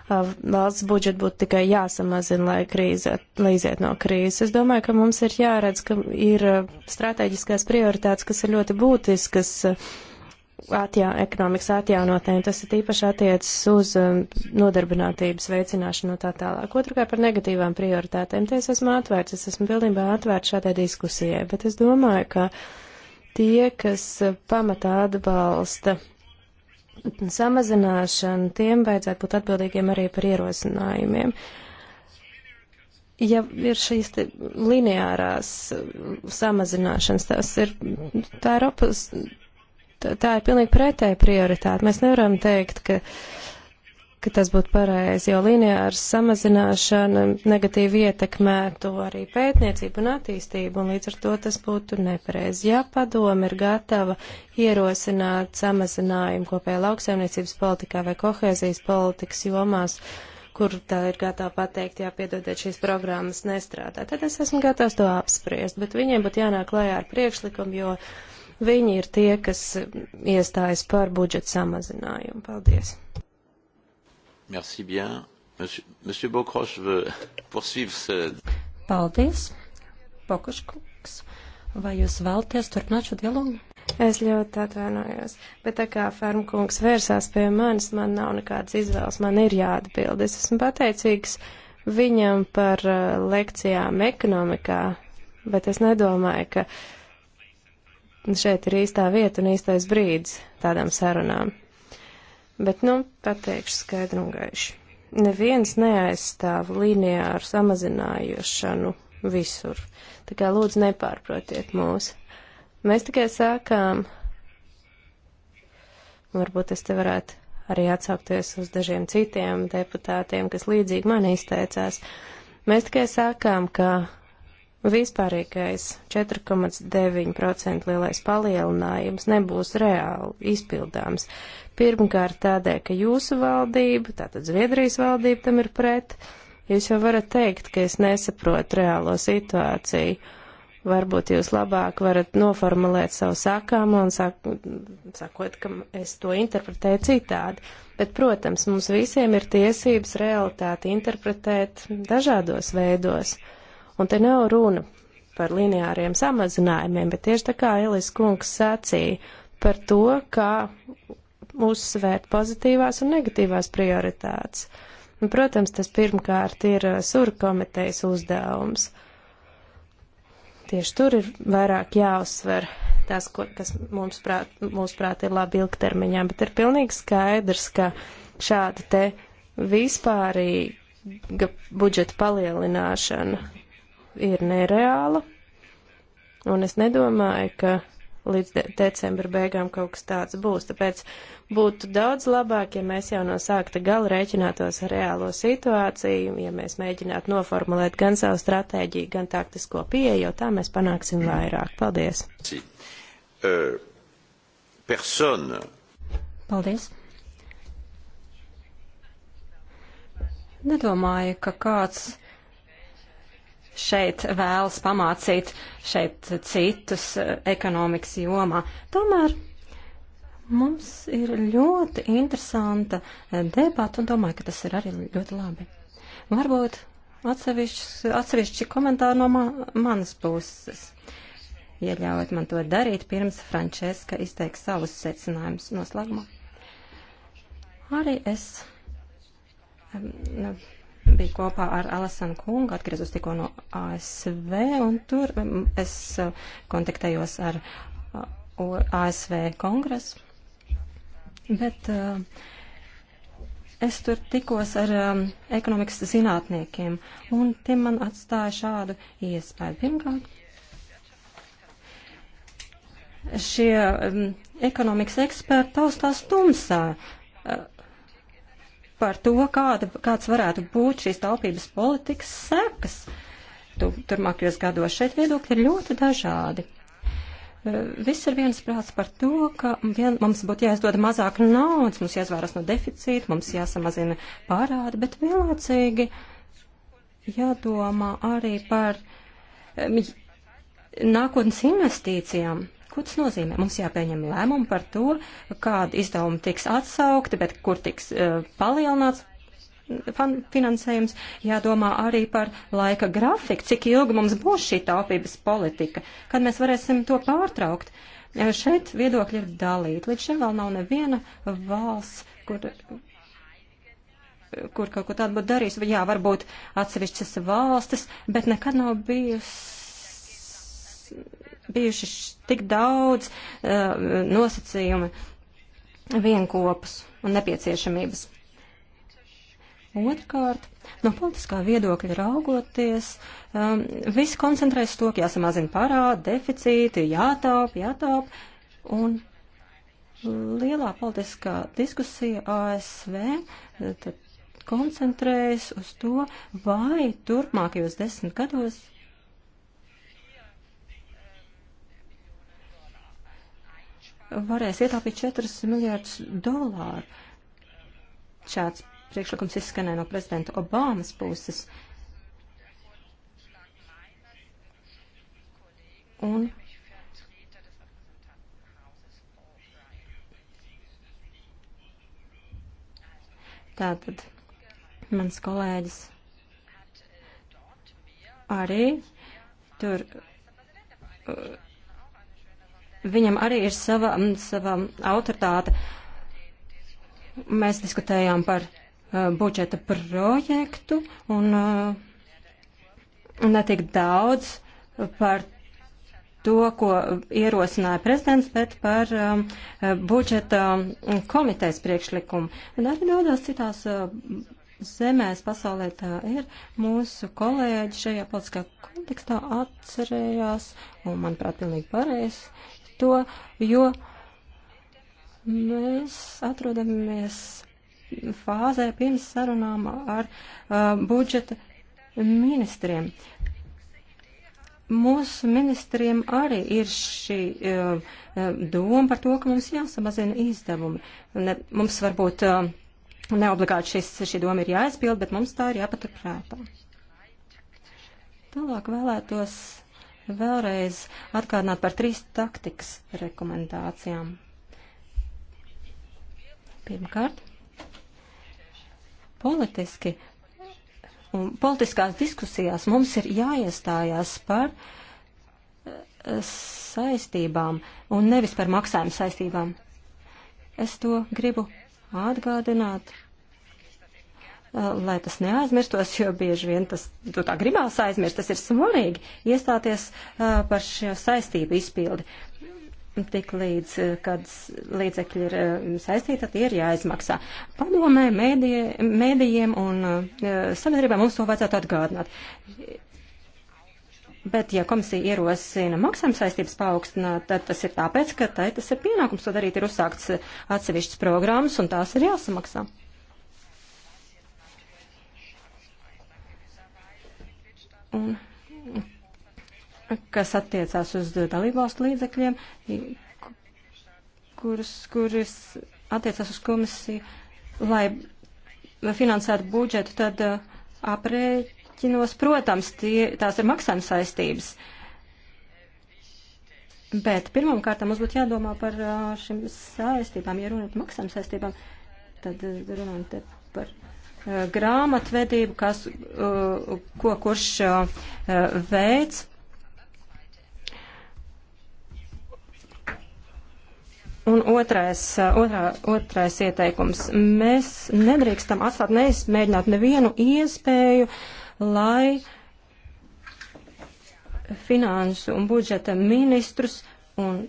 valsts budžetu būtu tikai jāsamazina, lai, krīze, lai iziet no krīzes. Es domāju, ka mums ir jāredz, ka ir strateģiskās prioritātes, kas ir ļoti būtiskas atjā, ekonomikas atjaunotnēm. Tas ir īpaši attiecas uz nodarbinātības veicināšanu un tā tālāk. Otrkārt par negatīvām prioritātēm. Te es esmu atvērts, es esmu pilnībā atvērts šādai diskusijai, bet es domāju, ka tie, kas pamatā atbalsta samazināšana, tiem vajadzētu būt atbildīgiem arī par ierosinājumiem. Ja ir šīs lineārās uh, samazināšanas, tas ir, tā ir opus, tā, tā ir pilnīgi pretēja prioritāte. Mēs nevaram teikt, ka uh, ka tas būtu pareizi, jo lineārs samazināšana negatīvi ietekmētu arī pētniecību un attīstību, un līdz ar to tas būtu nepareizi. Ja padoma ir gatava ierosināt samazinājumu kopējā lauksaimniecības politikā vai kohēzijas politikas jomās, kur tā ir gatava pateikt, jāpiedodiet, šīs programmas nestrādā, tad es esmu gatavs to apspriest, bet viņiem būtu jānāk klajā ar priekšlikumu, jo viņi ir tie, kas iestājas par budžeta samazinājumu. Paldies! Merci bien. Monsieur, Monsieur Bokroš veut *laughs* poursuivre ce... Paldies, Bokoškungs. Vai jūs vēlaties turpināt šo dialogu? Es ļoti atvainojos, bet tā kā Fermkungs vērsās pie manis, man nav nekādas izvēles, man ir jāatbild. Es esmu pateicīgs viņam par uh, lekcijām ekonomikā, bet es nedomāju, ka šeit ir īstā vieta un īstais brīdis tādām sarunām. Bet, nu, pateikšu skaidru un gaišu. Neviens neaizstāv līnijā ar samazinājušanu visur. Tā kā lūdzu nepārprotiet mūs. Mēs tikai sākām, varbūt es te varētu arī atsaukties uz dažiem citiem deputātiem, kas līdzīgi man izteicās. Mēs tikai sākām, ka Vispārīgais 4,9% lielais palielinājums nebūs reāli izpildāms. Pirmkārt tādēļ, ka jūsu valdība, tātad Zviedrijas valdība tam ir pret. Jūs jau varat teikt, ka es nesaprotu reālo situāciju varbūt jūs labāk varat noformulēt savu sakāmu un sak sakot, ka es to interpretēju citādi. Bet, protams, mums visiem ir tiesības realitāti interpretēt dažādos veidos. Uh, Un te nav runa par lineāriem samazinājumiem, bet tieši tā kā Elis kungs sacīja par to, kā uzsvērt pozitīvās un negatīvās prioritātes. Un, protams, tas pirmkārt ir uh, sura komitejas uzdevums. Tieši tur ir vairāk jāuzsver tas, ko, kas mums prāt, mums prāt ir labi ilgtermiņā, bet ir pilnīgi skaidrs, ka šāda te vispārīga budžeta palielināšana ir nereāla, un es nedomāju, ka līdz de decembra beigām kaut kas tāds būs. Tāpēc būtu daudz labāk, ja mēs jau no sākta gala rēķinātos ar reālo situāciju, ja mēs mēģinātu noformulēt gan savu stratēģiju, gan taktisko pieeju, jo tā mēs panāksim vairāk. Paldies! Uh, Paldies! Nedomāju, ka kāds šeit vēlas pamācīt šeit citus eh, ekonomikas jomā. Tomēr mums ir ļoti interesanta eh, debata un domāju, ka tas ir arī ļoti labi. Varbūt atsevišķi komentāri no ma manas puses. Ieļaujiet man to darīt pirms Frančeska izteiks savus secinājumus noslēgumā. Arī es nu, biju kopā ar Alasanu kungu, atgriezos tikko no ASV, un tur um, es uh, kontaktējos ar uh, ASV kongresu. Bet uh, es tur tikos ar um, ekonomikas zinātniekiem, un tie man atstāja šādu iespēju. Pirmkārt, šie um, ekonomikas eksperti taustās tumsā par to, kāda, kāds varētu būt šīs taupības politikas sekas tu, turmākajos gados. Šeit viedokļi ir ļoti dažādi. E, viss ir viens prāts par to, ka vien, mums būtu jāizdod mazāk naudas, mums jāizvērās no deficīta, mums jāsamazina pārādi, bet vienlaicīgi jādomā arī par e, nākotnes investīcijām. Ko tas nozīmē? Mums jāpieņem lēmumu par to, kāda izdevuma tiks atsaukti, bet kur tiks uh, palielināts finansējums, jādomā arī par laika grafiku, cik ilgi mums būs šī taupības politika, kad mēs varēsim to pārtraukt. Eh, šeit viedokļi ir dalīti. Līdz šim vēl nav neviena valsts, kur, kur kaut ko tādu būtu darījis. Jā, varbūt atsevišķas valstis, bet nekad nav bijusi bijuši tik daudz uh, nosacījumi vienkopus un nepieciešamības. Otrkārt, no politiskā viedokļa raugoties, um, eh, visi koncentrējas to, ka jāsamazina parādi, deficīti, jātāp, jātāp, un lielā politiskā diskusija ASV eh, tad koncentrējas uz to, vai turpmākajos desmit gados varēs ietaupīt 4 miljārdus dolāru. Šāds priekšlikums izskanēja no prezidenta Obamas puses. Un tātad mans kolēģis arī tur. Uh, viņam arī ir sava, mm, sava autoritāte. Mēs diskutējām par uh, budžeta projektu un uh, netik daudz par to, ko ierosināja prezidents, bet par um, budžeta mm, komitejas priekšlikumu. Un arī daudzās citās uh, zemēs pasaulē tā ir. Mūsu kolēģi šajā politiskā kontekstā atcerējās, un manuprāt, pilnīgi pareizi to, jo mēs atrodamies fāzē pirms sarunām ar uh, budžeta ministriem. Mūsu ministriem arī ir šī uh, uh, doma par to, ka mums jāsamazina izdevumi. Ne, mums varbūt uh, neobligāti šis, šī doma ir jāizpild, bet mums tā ir jāpaturprātā. Tālāk vēlētos vēlreiz atgādināt par trīs taktikas rekomendācijām. Pirmkārt, politiski un politiskās diskusijās mums ir jāiestājās par eh, saistībām un nevis par maksājumu saistībām. Es to gribu atgādināt Uh, lai tas neaizmirstos, jo bieži vien tas, tu tā gribās aizmirst, tas ir svarīgi iestāties uh, par šo saistību izpildi. Tik līdz, uh, kad līdzekļi ir um, saistīti, tad tie ir jāizmaksā. Padomē, mēdie, mēdījiem un sabiedrībā mums to vajadzētu atgādināt. Bet, ja komisija ierosina maksājuma saistības paaugstināt, tad tas ir tāpēc, ka tai tas ir pienākums to darīt, ir uzsākts atsevišķas programmas un tās ir jāsamaksā. Un, kas attiecās uz dalībvalstu līdzekļiem, kurus, kurus attiecās uz komisiju, lai finansētu budžetu, tad uh, aprēķinos, protams, tie, tās ir maksājuma saistības. Bet pirmām kārtām mums būtu jādomā par uh, šīm saistībām, ja runājot par maksājuma saistībām, tad uh, runājot Uh, grāmatvedību, kas, uh, ko kurš uh, veids. Un otrais, otrā, otrais ieteikums. Mēs nedrīkstam atstāt neizmēģināt nevienu iespēju, lai finansu un budžeta ministrus un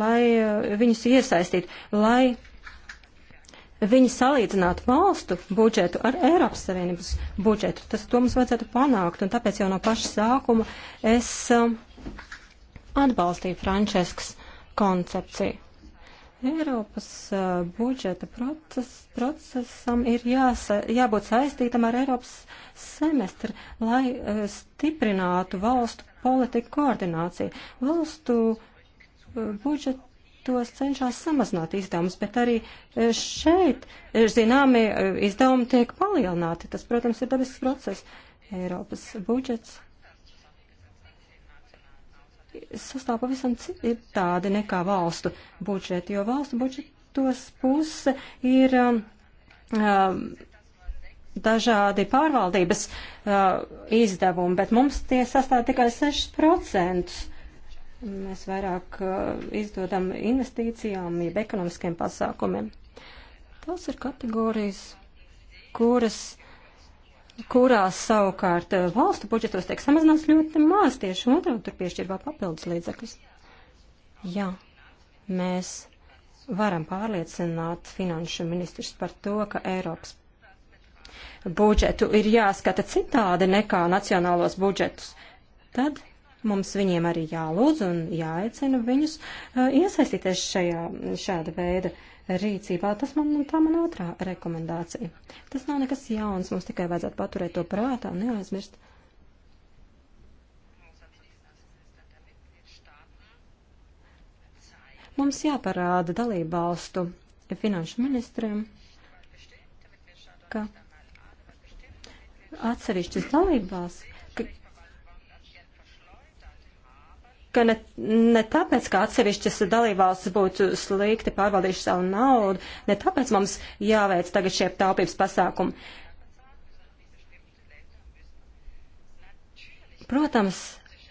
lai viņus iesaistītu, lai viņi salīdzinātu valstu budžetu ar Eiropas Savienības budžetu. Tas to mums vajadzētu panākt, un tāpēc jau no paša sākuma es um, atbalstīju Frančeskas koncepciju. Eiropas uh, budžeta proces, procesam ir jāsa, jābūt saistītam ar Eiropas semestri, lai uh, stiprinātu valstu politiku koordināciju. Valstu uh, budžeta tos cenšas samazināt izdevumus, bet arī e, šeit, e, zināmi, e, izdevumi tiek palielināti. Tas, protams, ir dabisks process. Eiropas budžets sastāv pavisam citādi nekā valstu budžeti, jo valstu budžetos puse ir um, um dažādi pārvaldības uh, izdevumi, bet mums tie sastāv tikai 6%. Mēs vairāk uh, izdodam investīcijām, jeb ekonomiskiem pasākumiem. Tās ir kategorijas, kuras, kurās savukārt uh, valstu budžetos tiek samazināts ļoti maz, tieši otrādi tur piešķirvā papildus līdzekļus. Jā, mēs varam pārliecināt finanšu ministrus par to, ka Eiropas budžetu ir jāskata citādi nekā nacionālos budžetus, tad Mums viņiem arī jālūdz un jāaicina viņus uh, iesaistīties šajā šāda veida rīcībā. Tas man, tā man otrā rekomendācija. Tas nav nekas jauns, mums tikai vajadzētu paturēt to prātā un neaizmirst. Mums jāparāda dalībvalstu finanšu ministriem, ka atsevišķas dalībvalsts ka ne, ne tāpēc, ka atsevišķas dalībvalstis būtu slikti pārvaldījuši savu naudu, ne tāpēc mums jāveic tagad šie taupības pasākumi. Protams,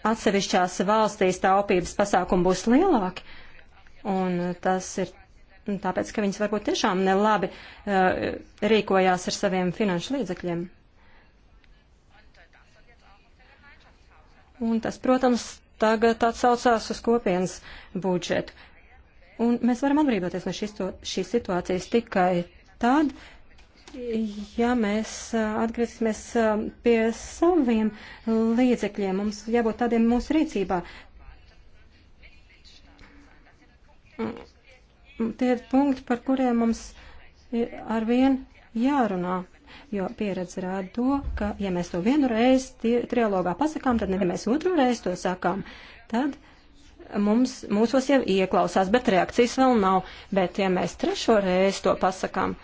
atsevišķās valstīs taupības pasākumi būs lielāki, un tas ir tāpēc, ka viņas varbūt tiešām nelabi uh, rīkojās ar saviem finanšu līdzekļiem. Un tas, protams, tagad atsaucās uz kopienas budžetu. Un mēs varam atbrīvoties no šīs, to, šīs situācijas tikai tad, ja mēs atgriezīsimies pie saviem līdzekļiem. Mums jābūt tādiem mūsu rīcībā. Tie ir punkti, par kuriem mums arvien jārunā jo pieredze rāda to, ka ja mēs to vienu reizi trialogā pasakām, tad nevienu ja mēs otru reizi to sakām, tad mums, mūsos jau ieklausās, bet reakcijas vēl nav. Bet ja mēs trešo reizi to pasakām,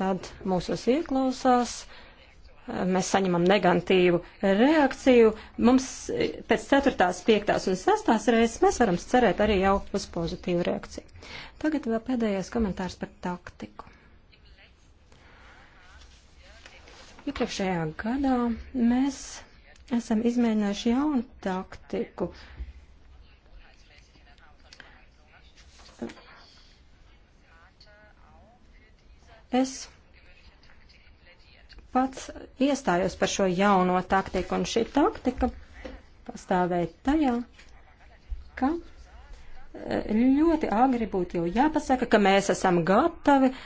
tad mūsos ieklausās. Mēs saņemam negatīvu reakciju. Mums pēc 4., 5. un 6. reizes mēs varam cerēt arī jau uz pozitīvu reakciju. Tagad vēl pēdējais komentārs par taktiku. Iepriekšējā gadā mēs esam izmēģinājuši jaunu taktiku. Es pats iestājos par šo jauno taktiku, un šī taktika pastāvēja tajā, ka eh, ļoti agri būtu jau jāpasaka, ka mēs esam gatavi uh,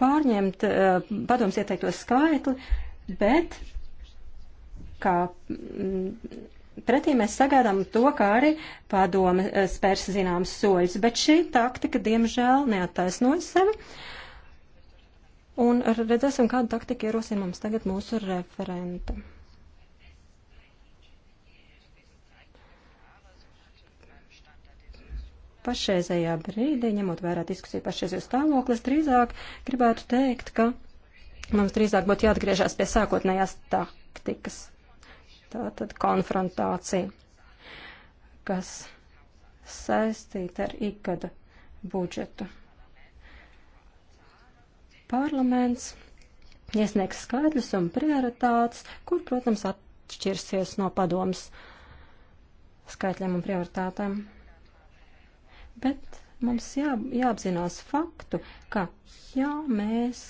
pārņemt eh, padoms ieteikto skaitli, bet kā mm, pretī mēs sagaidām to, ka arī padome eh, spērs zināmas soļus, bet šī taktika, diemžēl, neattaisnoja sevi. Un redzēsim, kādu taktiku ierosina mums tagad mūsu referenta. pašreizējā brīdī, ņemot vērā diskusiju pašreizējo stāvokli, es drīzāk gribētu teikt, ka mums drīzāk būtu jāatgriežas pie sākotnējās taktikas. Tā tad konfrontācija, kas saistīta ar ikgada budžetu. Parlaments iesniegs skaidrs un prioritātes, kur, protams, atšķirsies no padomas skaitļiem un prioritātēm. Bet mums jā, jāapzinās faktu, ka ja mēs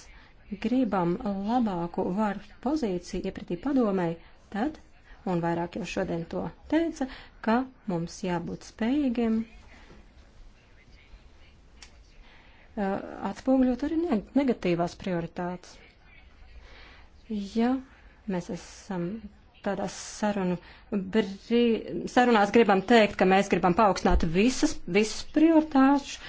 gribam labāku varu pozīciju iepratī padomēji, tad, un vairāk jau šodien to teica, ka mums jābūt spējīgiem atspūgļot arī negatīvās prioritātes. Ja mēs esam tādās sarunu, brī, sarunās gribam teikt, ka mēs gribam paaugstināt visas, visus prioritāšu e,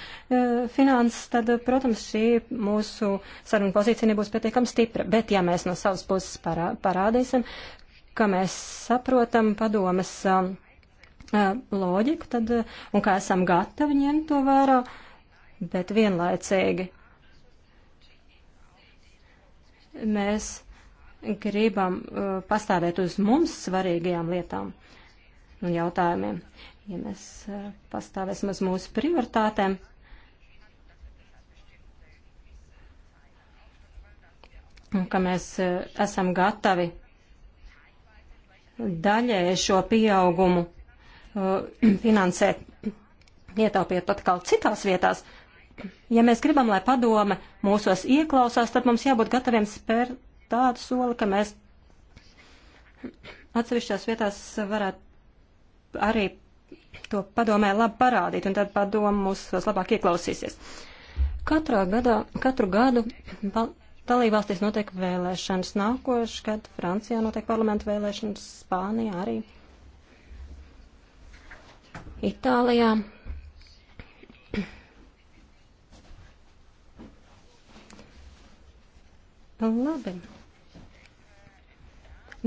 finanses, tad, protams, šī mūsu saruna pozīcija nebūs pietiekami stipra. Bet, ja mēs no savas puses parā, parādīsim, ka mēs saprotam padomas e, e, loģiku, tad, un kā esam gatavi ņemt to vērā, bet vienlaicīgi mēs gribam uh, pastāvēt uz mums svarīgajām lietām un jautājumiem. Ja mēs uh, pastāvēsim uz mūsu prioritātēm, un ka mēs uh, esam gatavi daļēji šo pieaugumu uh, *clears throat* finansēt, ietaupiet atkal citās vietās. Ja mēs gribam, lai padome mūsos ieklausās, tad mums jābūt gataviem spērt tādu soli, ka mēs atsevišķās vietās varētu arī to padomē labi parādīt, un tad padomu mūs labāk ieklausīsies. Katrā gadā, katru gadu dalībvalstīs notiek vēlēšanas. Nākošais gads Francijā notiek parlamentu vēlēšanas, Spānijā arī. Itālijā. *clears throat* Labi.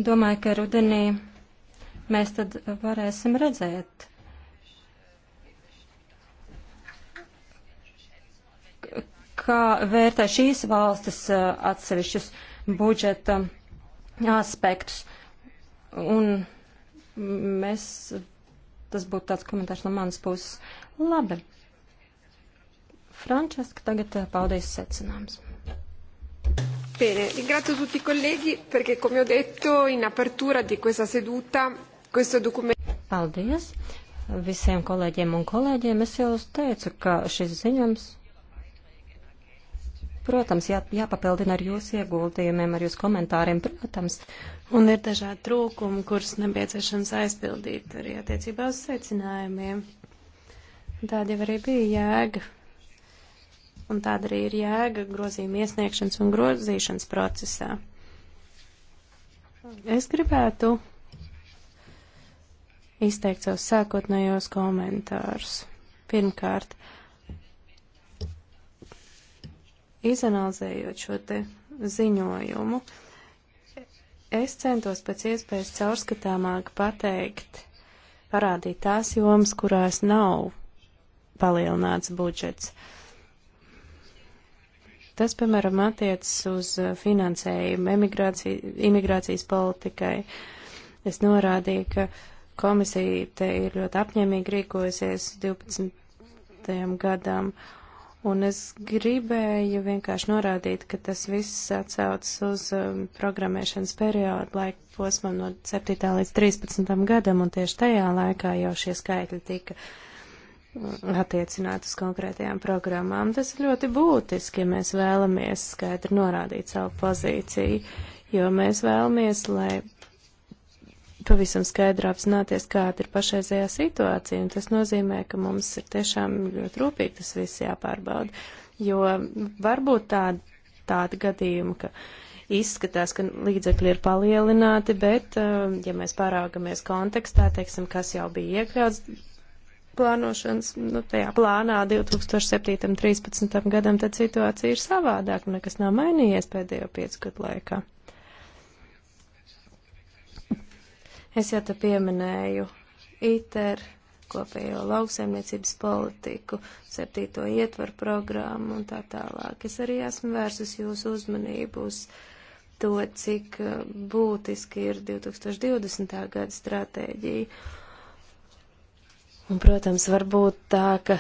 Domāju, ka rudenī mēs tad varēsim redzēt, kā vērtē šīs valstis uh, atsevišķus budžeta aspektus. Un mēs, tas būtu tāds komentārs no manas puses. Labi. Frančeska tagad uh, paldies secinājums. Bene, ringrazio tutti i colleghi perché, come ho detto, in apertura di questa seduta questo documento. Paldies visiem kolēģiem un kolēģiem. Es jau teicu, ka šis ziņojums, protams, jā, jāpapildina ar jūsu ieguldījumiem, ar jūsu komentāriem, protams. Un ir dažādi trūkumi, kurus nepieciešams aizpildīt arī attiecībā uz secinājumiem. Tāda jau arī bija jēga un tāda arī ir jēga grozījuma iesniegšanas un grozīšanas procesā. Es gribētu izteikt savus sākotnējos komentārus. Pirmkārt, izanalizējot šo te ziņojumu, es centos pēc iespējas caurskatāmāk pateikt, parādīt tās jomas, kurās nav palielināts budžets. Uh, Tas, piemēram, attiecas uz uh, finansējumu imigrācijas politikai. Es norādīju, ka komisija te ir ļoti apņēmīgi rīkojusies 12. gadam, un es gribēju vienkārši norādīt, ka tas viss atsaucas uz um, programmēšanas periodu laika posmam no 7. līdz 13. gadam, un tieši tajā laikā jau šie skaitļi tika attiecināt uz konkrētajām programmām. Tas ir ļoti būtiski, ja mēs vēlamies skaidri norādīt savu pozīciju, jo mēs vēlamies, lai pavisam skaidri apzināties, kāda ir pašreizējā situācija, un tas nozīmē, ka mums ir tiešām ļoti rūpīgi tas viss jāpārbauda, jo varbūt tāda, tāda gadījuma, ka izskatās, ka līdzekļi ir palielināti, bet, eh, ja mēs pārāgamies kontekstā, teiksim, kas jau bija iekļauts plānošanas, nu, tajā plānā 2007.13. gadam, tad situācija ir savādāk, nekas nav mainījies pēdējo piecu gadu laikā. Es jau te pieminēju ITER, kopējo lauksaimniecības politiku, septīto ietvaru programmu un tā tālāk. Es arī esmu vērsus jūsu uzmanību uz to, cik uh, būtiski ir 2020. gada stratēģija Un, protams, var būt tā, ka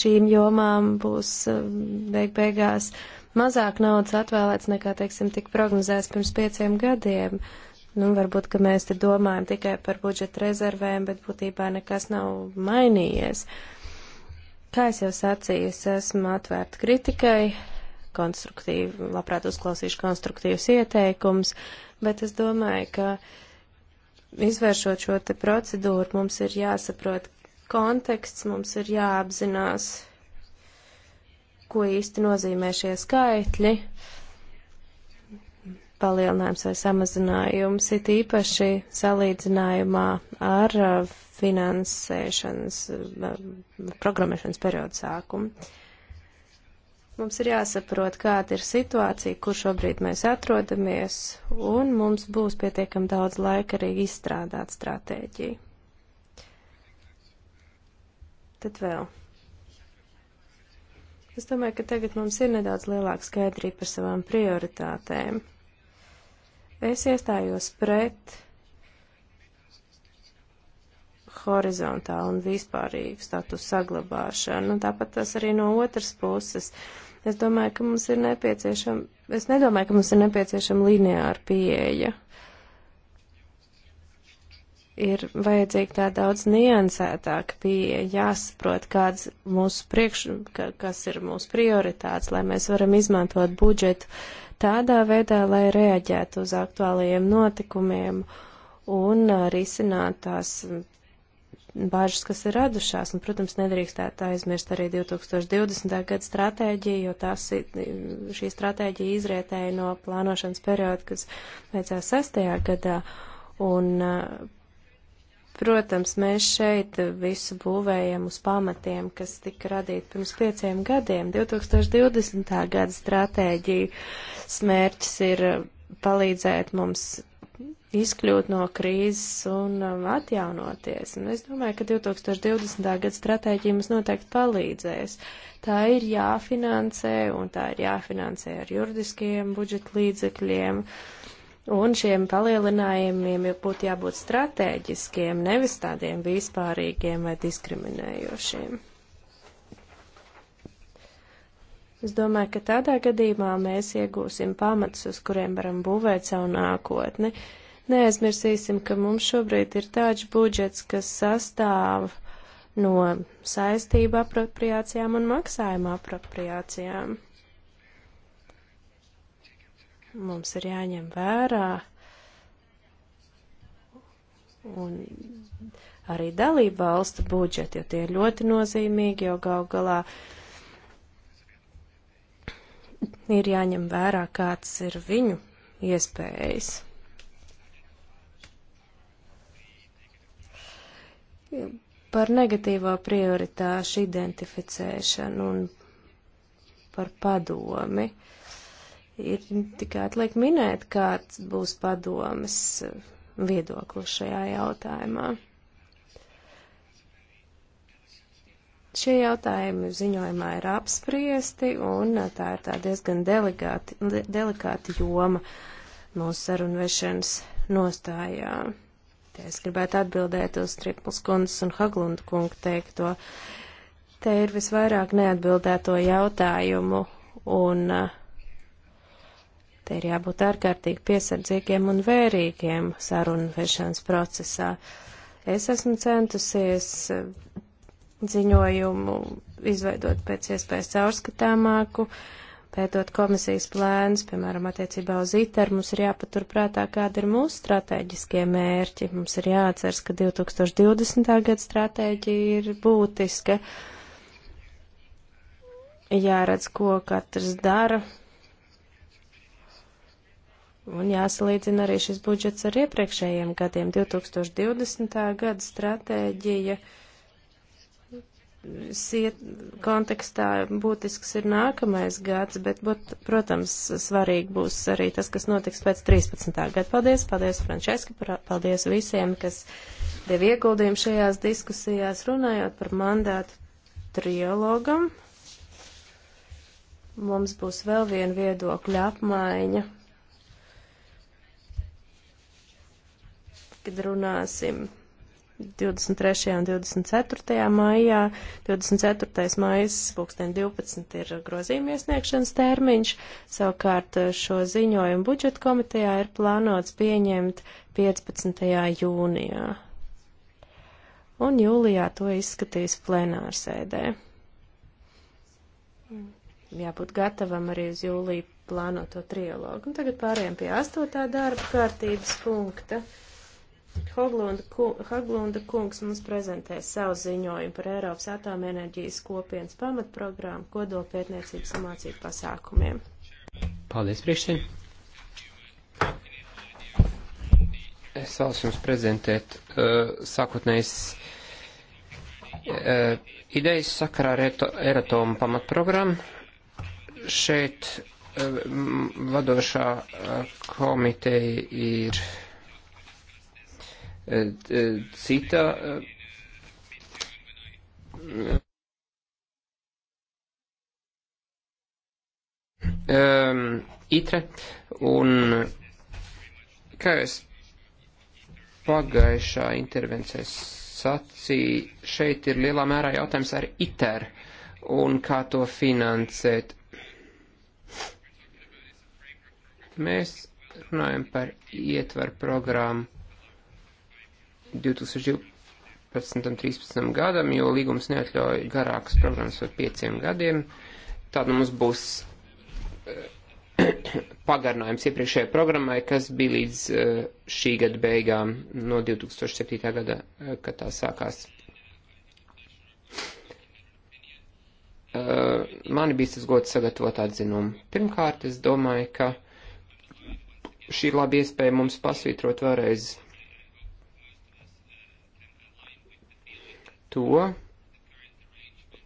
šīm jomām būs eh, beig beigās mazāk naudas atvēlēts nekā, teiksim, tik prognozēts pirms pieciem gadiem. Nu, varbūt, ka mēs te domājam tikai par budžeta rezervēm, bet būtībā nekas nav mainījies. Kā es jau sacīju, es esmu atvērta kritikai, konstruktīvi, labprāt uzklausīšu konstruktīvus ieteikumus, bet es domāju, ka uh, izvēršot šo te procedūru, mums ir jāsaprot konteksts, mums ir jāapzinās, ko īsti nozīmē šie skaitļi, palielinājums vai samazinājums, it īpaši salīdzinājumā ar uh, finansēšanas, uh, programmēšanas periodu sākumu. Mums ir jāsaprot, kāda ir situācija, kur šobrīd mēs atrodamies, un mums būs pietiekam daudz laika arī izstrādāt stratēģiju. Tad vēl. Es domāju, ka tagad mums ir nedaudz lielāka skaidrība par savām prioritātēm. Es iestājos pret horizontālu un vispārīgu statusu saglabāšanu. Tāpat tas arī no otras puses. Uh, Es domāju, ka mums ir nepieciešama, es nedomāju, ka mums ir nepieciešama lineāra pieeja. Ir vajadzīga tā daudz niansētāka pieeja, jāsaprot, kāds mūsu priekš, kas ir mūsu prioritāts, lai mēs varam izmantot budžetu tādā veidā, lai reaģētu uz aktuālajiem notikumiem un risinātu tās bažas, kas ir radušās, un, protams, nedrīkstētu aizmirst arī 2020. gada stratēģiju, jo tās, šī stratēģija izrietēja no plānošanas perioda, kas beidzās sestajā gadā, un, protams, mēs šeit visu būvējam uz pamatiem, kas tika radīti pirms pieciem gadiem. 2020. gada stratēģija smērķis ir palīdzēt mums izkļūt no krīzes un um, atjaunoties. Un es domāju, ka 2020. gada stratēģija mums noteikti palīdzēs. Tā ir jāfinansē un tā ir jāfinansē ar juridiskiem budžeta līdzekļiem. Un šiem palielinājumiem jau būtu jābūt stratēģiskiem, nevis tādiem vispārīgiem vai diskriminējošiem. Es domāju, ka tādā gadījumā mēs iegūsim pamatus, uz kuriem varam būvēt savu nākotni. Neaizmirsīsim, ka mums šobrīd ir tāds budžets, kas sastāv no saistību apropriācijām un maksājuma apropriācijām. Mums ir jāņem vērā un arī dalība valstu budžeti, jo tie ir ļoti nozīmīgi, jo gal galā uh, ir jāņem vērā, kāds ir viņu iespējas. Par negatīvo prioritāšu identificēšanu un par padomi. Ir tikai atliek minēt, kāds būs padomas viedoklis šajā jautājumā. Šie jautājumi ziņojumā ir apspriesti, un uh, tā ir tā diezgan delikāti, de, delikāti joma mūsu sarunvešanas nostājā. Te es gribētu atbildēt uz Triples kundas un Haglunda kunga teikto. Te ir visvairāk neatbildēto jautājumu, un uh, te ir jābūt ārkārtīgi piesardzīgiem un vērīgiem sarunvešanas procesā. Es esmu centusies uh, ziņojumu izveidot pēc iespējas caurskatāmāku, pētot komisijas plēnus, piemēram, attiecībā uz ITER, mums ir jāpaturprātā, kāda ir mūsu strateģiskie mērķi. Mums ir jāatceras, ka 2020. gada stratēģija ir būtiska. Jāredz, ko katrs dara, Un jāsalīdzina arī šis budžets ar iepriekšējiem gadiem. 2020. gada stratēģija siet, kontekstā būtisks ir nākamais gads, bet, būt, protams, svarīgi būs arī tas, kas notiks pēc 13. gada. Paldies, paldies Frančeski, paldies visiem, kas deva ieguldījumu šajās diskusijās, runājot par mandātu triologam. Mums būs vēl viena viedokļa apmaiņa, kad runāsim 23. un 24. maijā. 24. maijas pulksten 12 ir grozījuma iesniegšanas termiņš, savukārt eh, šo ziņojumu budžeta komitejā ir plānots pieņemt 15. jūnijā. Un jūlijā to izskatīs plenārsēdē. Jābūt gatavam arī uz jūliju plānoto trilogu. Un tagad pārējām pie astotā darba kārtības punkta. Haglunda kungs mums prezentēs savu ziņojumu par Eiropas atomenerģijas kopienas pamatprogrammu kodolpētniecības un mācību pasākumiem. Paldies, priekšsēdētāji! Es vēlos jums prezentēt uh, sākotnējas uh, idejas sakarā ar Eiratomu pamatprogrammu. Šeit uh, vadošā uh, komiteja ir. Uh, cita. Um, itre, un kā es pagājušā intervencē sacīju, šeit ir lielā mērā jautājums ar ITER un kā to finansēt. Mēs runājam par ietvaru programmu 2012. 12 un 13 gadam, jo līgums neatļauj garākas programmas par 5 gadiem. Tad nu, mums būs eh, *clears throat* pagarinājums iepriekšējai programmai, kas bija līdz eh, šī gada beigām no 2007. gada, eh, kad tā sākās. Man bija tas gods sagatavot atzinumu. Pirmkārt, es domāju, ka šī ir laba iespēja mums pasvītrot vēlreiz to,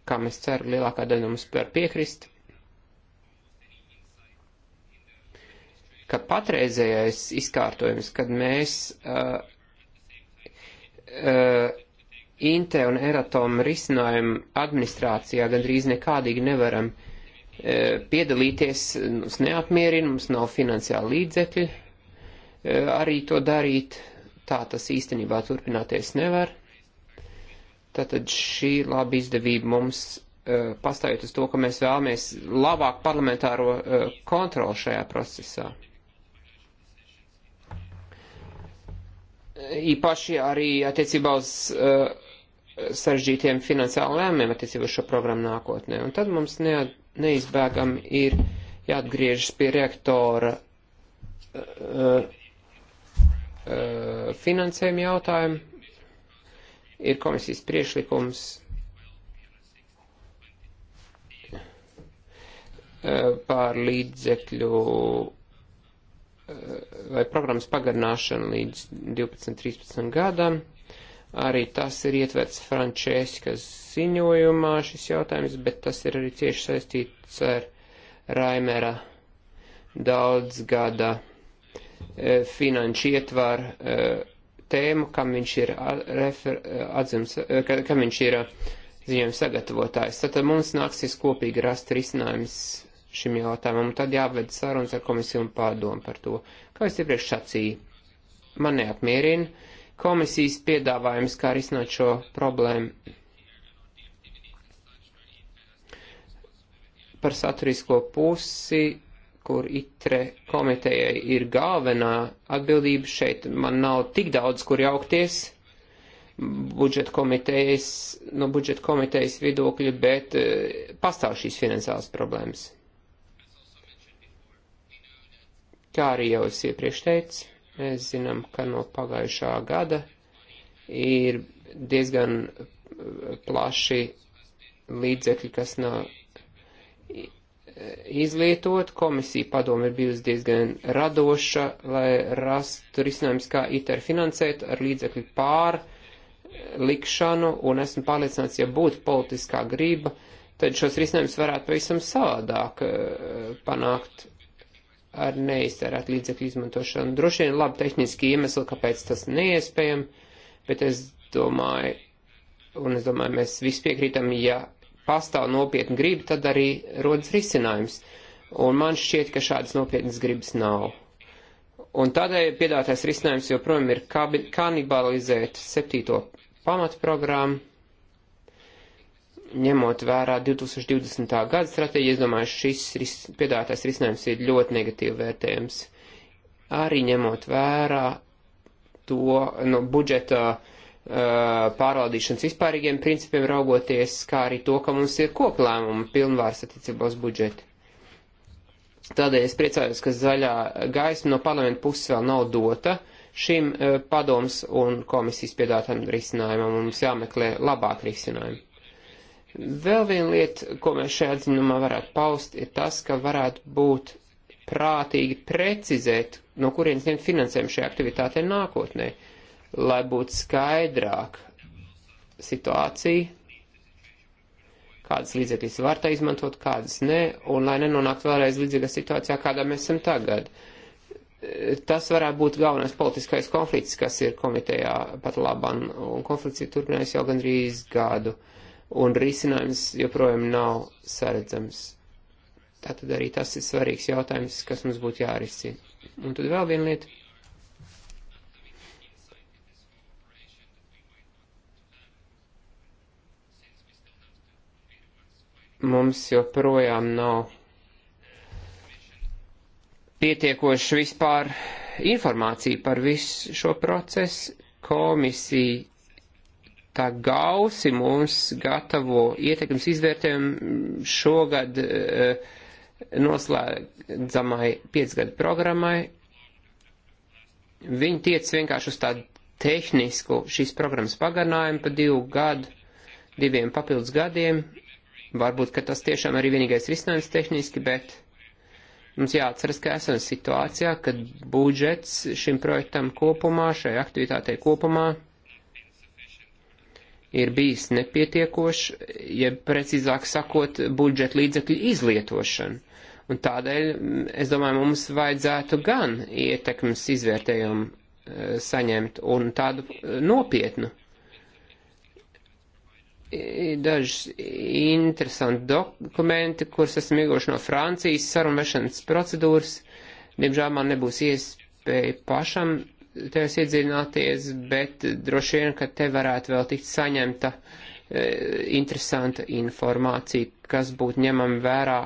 kam es ceru lielākā daļa mums var piekrist, ka patreizējais izkārtojums, kad mēs uh, uh, Inte un Eratom risinājumu administrācijā gandrīz nekādīgi nevaram uh, piedalīties, mums neapmierina, mums nav finansiāli līdzekļi uh, arī to darīt, tā tas īstenībā turpināties nevar. Tātad šī laba izdevība mums uh, eh, pastāvjot uz to, ka mēs vēlamies labāk parlamentāro uh, kontroli šajā procesā. Īpaši arī attiecībā uz uh, sarežģītiem finansiālu lēmumiem attiecībā uz šo programmu nākotnē. Un tad mums ne, neizbēgam ir jāatgriežas pie reaktora uh, uh, finansējuma jautājumu ir komisijas priešlikums eh, pār līdzekļu eh, vai programmas pagarināšanu līdz 12-13 gadam. Arī tas ir ietverts Frančēskas ziņojumā šis jautājums, bet tas ir arī cieši saistīts ar Raimera daudz gada eh, finanšu ietvaru tēmu, kam viņš ir, refer, atzims, kam viņš ir ziņojums sagatavotājs. Tātad mums nāksies kopīgi rast risinājums šim jautājumam, un tad jāved sarunas ar komisiju un pārdomu par to. Kā es iepriekš sacīju, man neapmierina komisijas piedāvājums, kā risināt šo problēmu. Par saturisko pusi kur itre komitejai ir galvenā atbildība šeit. Man nav tik daudz, kur jaukties budžeta komitejas, no budžeta komitejas viedokļa, bet e, pastāv šīs finansiālas problēmas. Kā arī jau es iepriekš teicu, mēs zinām, ka no pagājušā gada ir diezgan plaši līdzekļi, kas nav izlietot. Komisija padoma ir bijusi diezgan radoša, lai rastu risinājums, kā ITER finansēt ar līdzekļu pārlikšanu, eh, un esmu pārliecināts, ja būtu politiskā grība, tad šos risinājumus varētu pavisam savādāk eh, panākt ar neiztērēt līdzekļu izmantošanu. Droši vien labi tehniski iemesli, kāpēc tas neiespējami, bet es domāju, un es domāju, mēs visi piekrītam, ja pastāv nopietna griba, tad arī rodas risinājums. Un man šķiet, ka šādas nopietnas gribas nav. Un tādēļ piedātais risinājums joprojām ir kanibalizēt septīto pamatprogrammu, ņemot vērā 2020. gada stratēģiju. Es domāju, šis ris piedātais risinājums ir ļoti negatīvi vērtējams. Arī ņemot vērā to no nu, budžeta uh, Uh, pārvaldīšanas vispārīgiem principiem raugoties, kā arī to, ka mums ir koplēmuma pilnvārs attiecībā uz budžetu. Tādēļ es priecājos, ka zaļā gaisma no parlamenta puses vēl nav dota šim uh, padoms un komisijas piedātam risinājumam, un mums jāmeklē labāk risinājumi. Vēl viena lieta, ko mēs šajā atzinumā varētu paust, ir tas, ka varētu būt prātīgi precizēt, no kurienes ņemt finansējumu šajā aktivitātē nākotnē. Uh, lai būtu skaidrāk situācija, kādas līdzekļas var tā izmantot, kādas nē, un lai nenonāktu vēlreiz līdzīgā situācijā, kādā mēs esam tagad. Tas varētu būt galvenais politiskais konflikts, kas ir komitejā pat labam, un konflikts ir turpinājis jau gandrīz gadu, un risinājums joprojām nav saredzams. Tātad arī tas ir svarīgs jautājums, kas mums būtu jārisina. Un tad vēl viena lieta. mums joprojām nav pietiekoši vispār informācija par visu šo procesu. Komisija tā gausi mums gatavo ietekmes izvērtējumu šogad eh, noslēdzamai piecgadu programmai. Viņi tiec vienkārši uz tādu tehnisku šīs programmas pagarinājumu pa divu gadu, diviem papildus gadiem, Varbūt, ka tas tiešām arī vienīgais risinājums tehniski, bet mums jāatceras, ka esam situācijā, kad budžets šim projektam kopumā, šai aktivitātei kopumā ir bijis nepietiekošs, ja precīzāk sakot, budžeta līdzekļu izlietošana. Un tādēļ, mm, es domāju, mums vajadzētu gan ietekmes izvērtējumu e, saņemt un tādu e, nopietnu daži interesanti dokumenti, kurus esmu ieguvuši no Francijas sarunvešanas procedūras. Diemžēl man nebūs iespēja pašam tevis iedzināties, bet droši vien, ka te varētu vēl tikt saņemta e, interesanta informācija, kas būtu ņemama vērā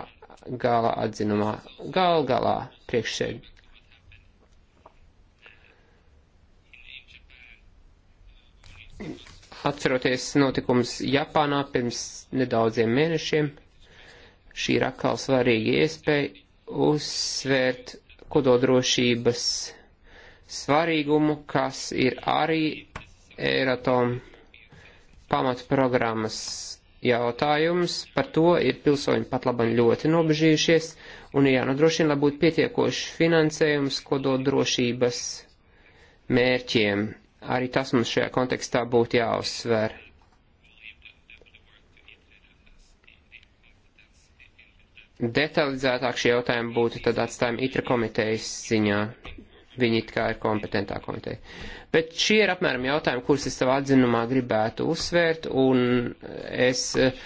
gala atzinumā, gal galā priekšsēd. Thank you. Atceroties notikums Japānā pirms nedaudziem mēnešiem, šī ir atkal svarīga iespēja uzsvērt kododrošības svarīgumu, kas ir arī Eiratom pamatprogrammas jautājums. Par to ir pilsoņi pat labam ļoti nobežījušies un ir jānodrošina, lai būtu pietiekoši finansējums kododrošības mērķiem. Arī tas mums šajā kontekstā būtu jāuzsver. Detalizētāk šie jautājumi būtu tad atstājumi itra komitejas ziņā. Viņi it kā ir kompetentā komiteja. Bet šie ir apmēram jautājumi, kurus es savā atzinumā gribētu uzsvērt, un es eh,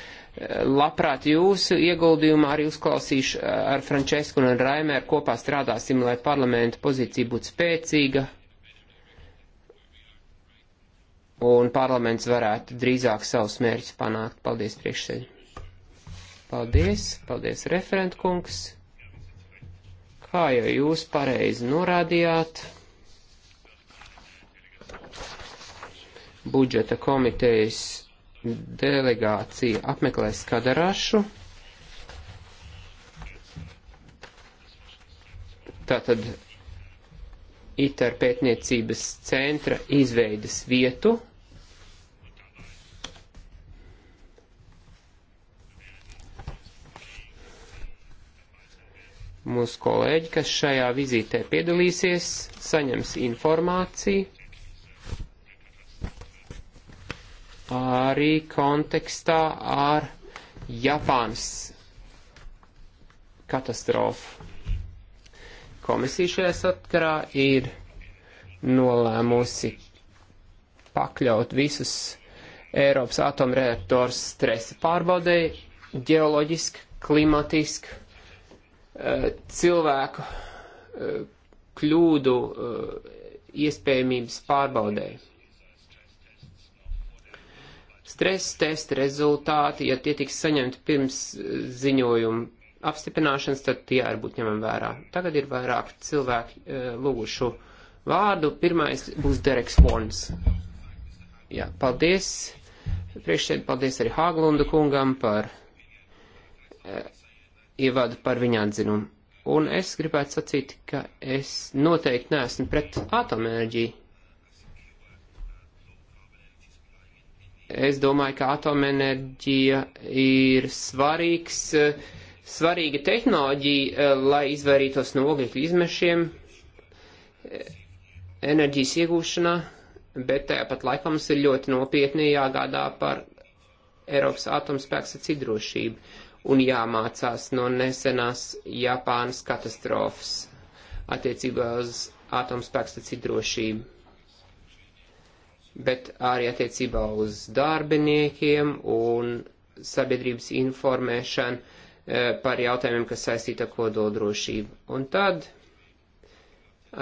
labprāt jūsu ieguldījumā arī uzklausīšu eh, ar Francesku un Raimēru kopā strādāsim, lai parlamenta pozīcija būtu spēcīga, un parlaments varētu drīzāk savus mērķus panākt. Paldies priekšsēļ. Paldies, paldies referentkungs. Kā jau jūs pareizi norādījāt, budžeta komitejas delegācija apmeklēs Kadarašu. Tātad ITER pētniecības centra izveidas vietu Mūsu kolēģi, kas šajā vizītē piedalīsies, saņems informāciju arī kontekstā ar Japānas katastrofu. Komisija šajā sakarā ir nolēmusi pakļaut visus Eiropas atomreaktors stresa pārbaudēji ģeoloģiski, klimatiski Eh, cilvēku eh, kļūdu eh, iespējamības pārbaudē. Stresa testa rezultāti, ja tie tiks saņemti pirms ziņojuma apstiprināšanas, tad tie arī būtu ņemami vērā. Tagad ir vairāk cilvēku lūgušu vārdu. Pirmais būs Dereks Vorns. Jā, paldies. Priekšsēd, paldies arī Hāglundu kungam par ievadu par viņa atzinumu. Un es gribētu sacīt, ka es noteikti neesmu pret atomenerģiju. Es domāju, ka atomenerģija ir svarīgs, svarīga tehnoloģija, lai izvairītos no ogļu izmešiem enerģijas iegūšanā, bet tāpat laikā mums ir ļoti nopietni jāgādā par Eiropas atomspēks atsidrošību un jāmācās no nesenās Japānas katastrofas attiecībā uz atomspēkstacību drošību. Bet arī attiecībā uz darbiniekiem un sabiedrības informēšanu eh, par jautājumiem, kas saistīta kodoldrošību. Un tad,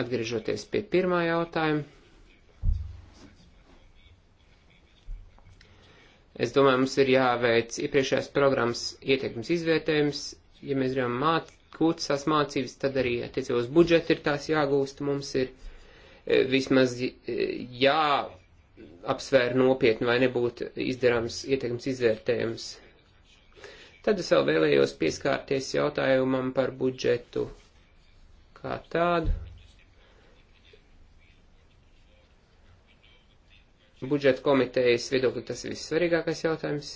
atgriežoties pie pirmā jautājuma, Es domāju, mums ir jāveic iepriekšējās programmas ietekmes izvērtējums, ja mēs gribam māc, gūt tās mācības, tad arī attiecībā uz budžetu ir tās jāgūst, mums ir e, vismaz e, jāapsvēr nopietni, vai nebūtu izdarāms ietekmes izvērtējums. Tad es vēl vēlējos pieskārties jautājumam par budžetu kā tādu. budžeta komitejas viedokļu tas ir vissvarīgākais jautājums.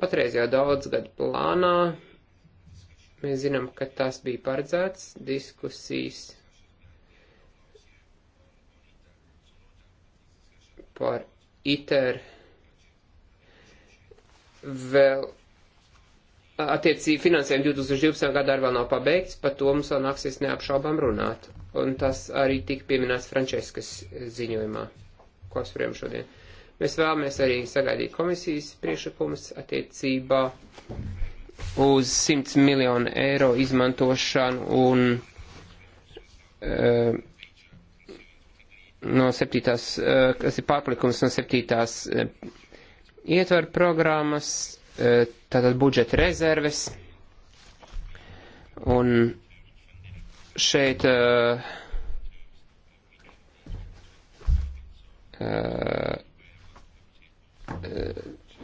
Patreiz jau daudz gadu plānā. Mēs zinām, ka tas bija paredzēts diskusijas par ITER vēl attiecīgi finansējumu 2012. gadā vēl nav pabeigts, par to mums vēl nāksies neapšaubām runāt un tas arī tika pieminēts Frančeskas ziņojumā, ko spriem šodien. Mēs vēlamies arī sagaidīt komisijas priešakumus attiecībā uz 100 miljonu eiro izmantošanu un uh, no septītās, uh, kas ir pārplikums no septītās uh, ietver programmas, tātad budžeta rezerves un šeit uh, uh,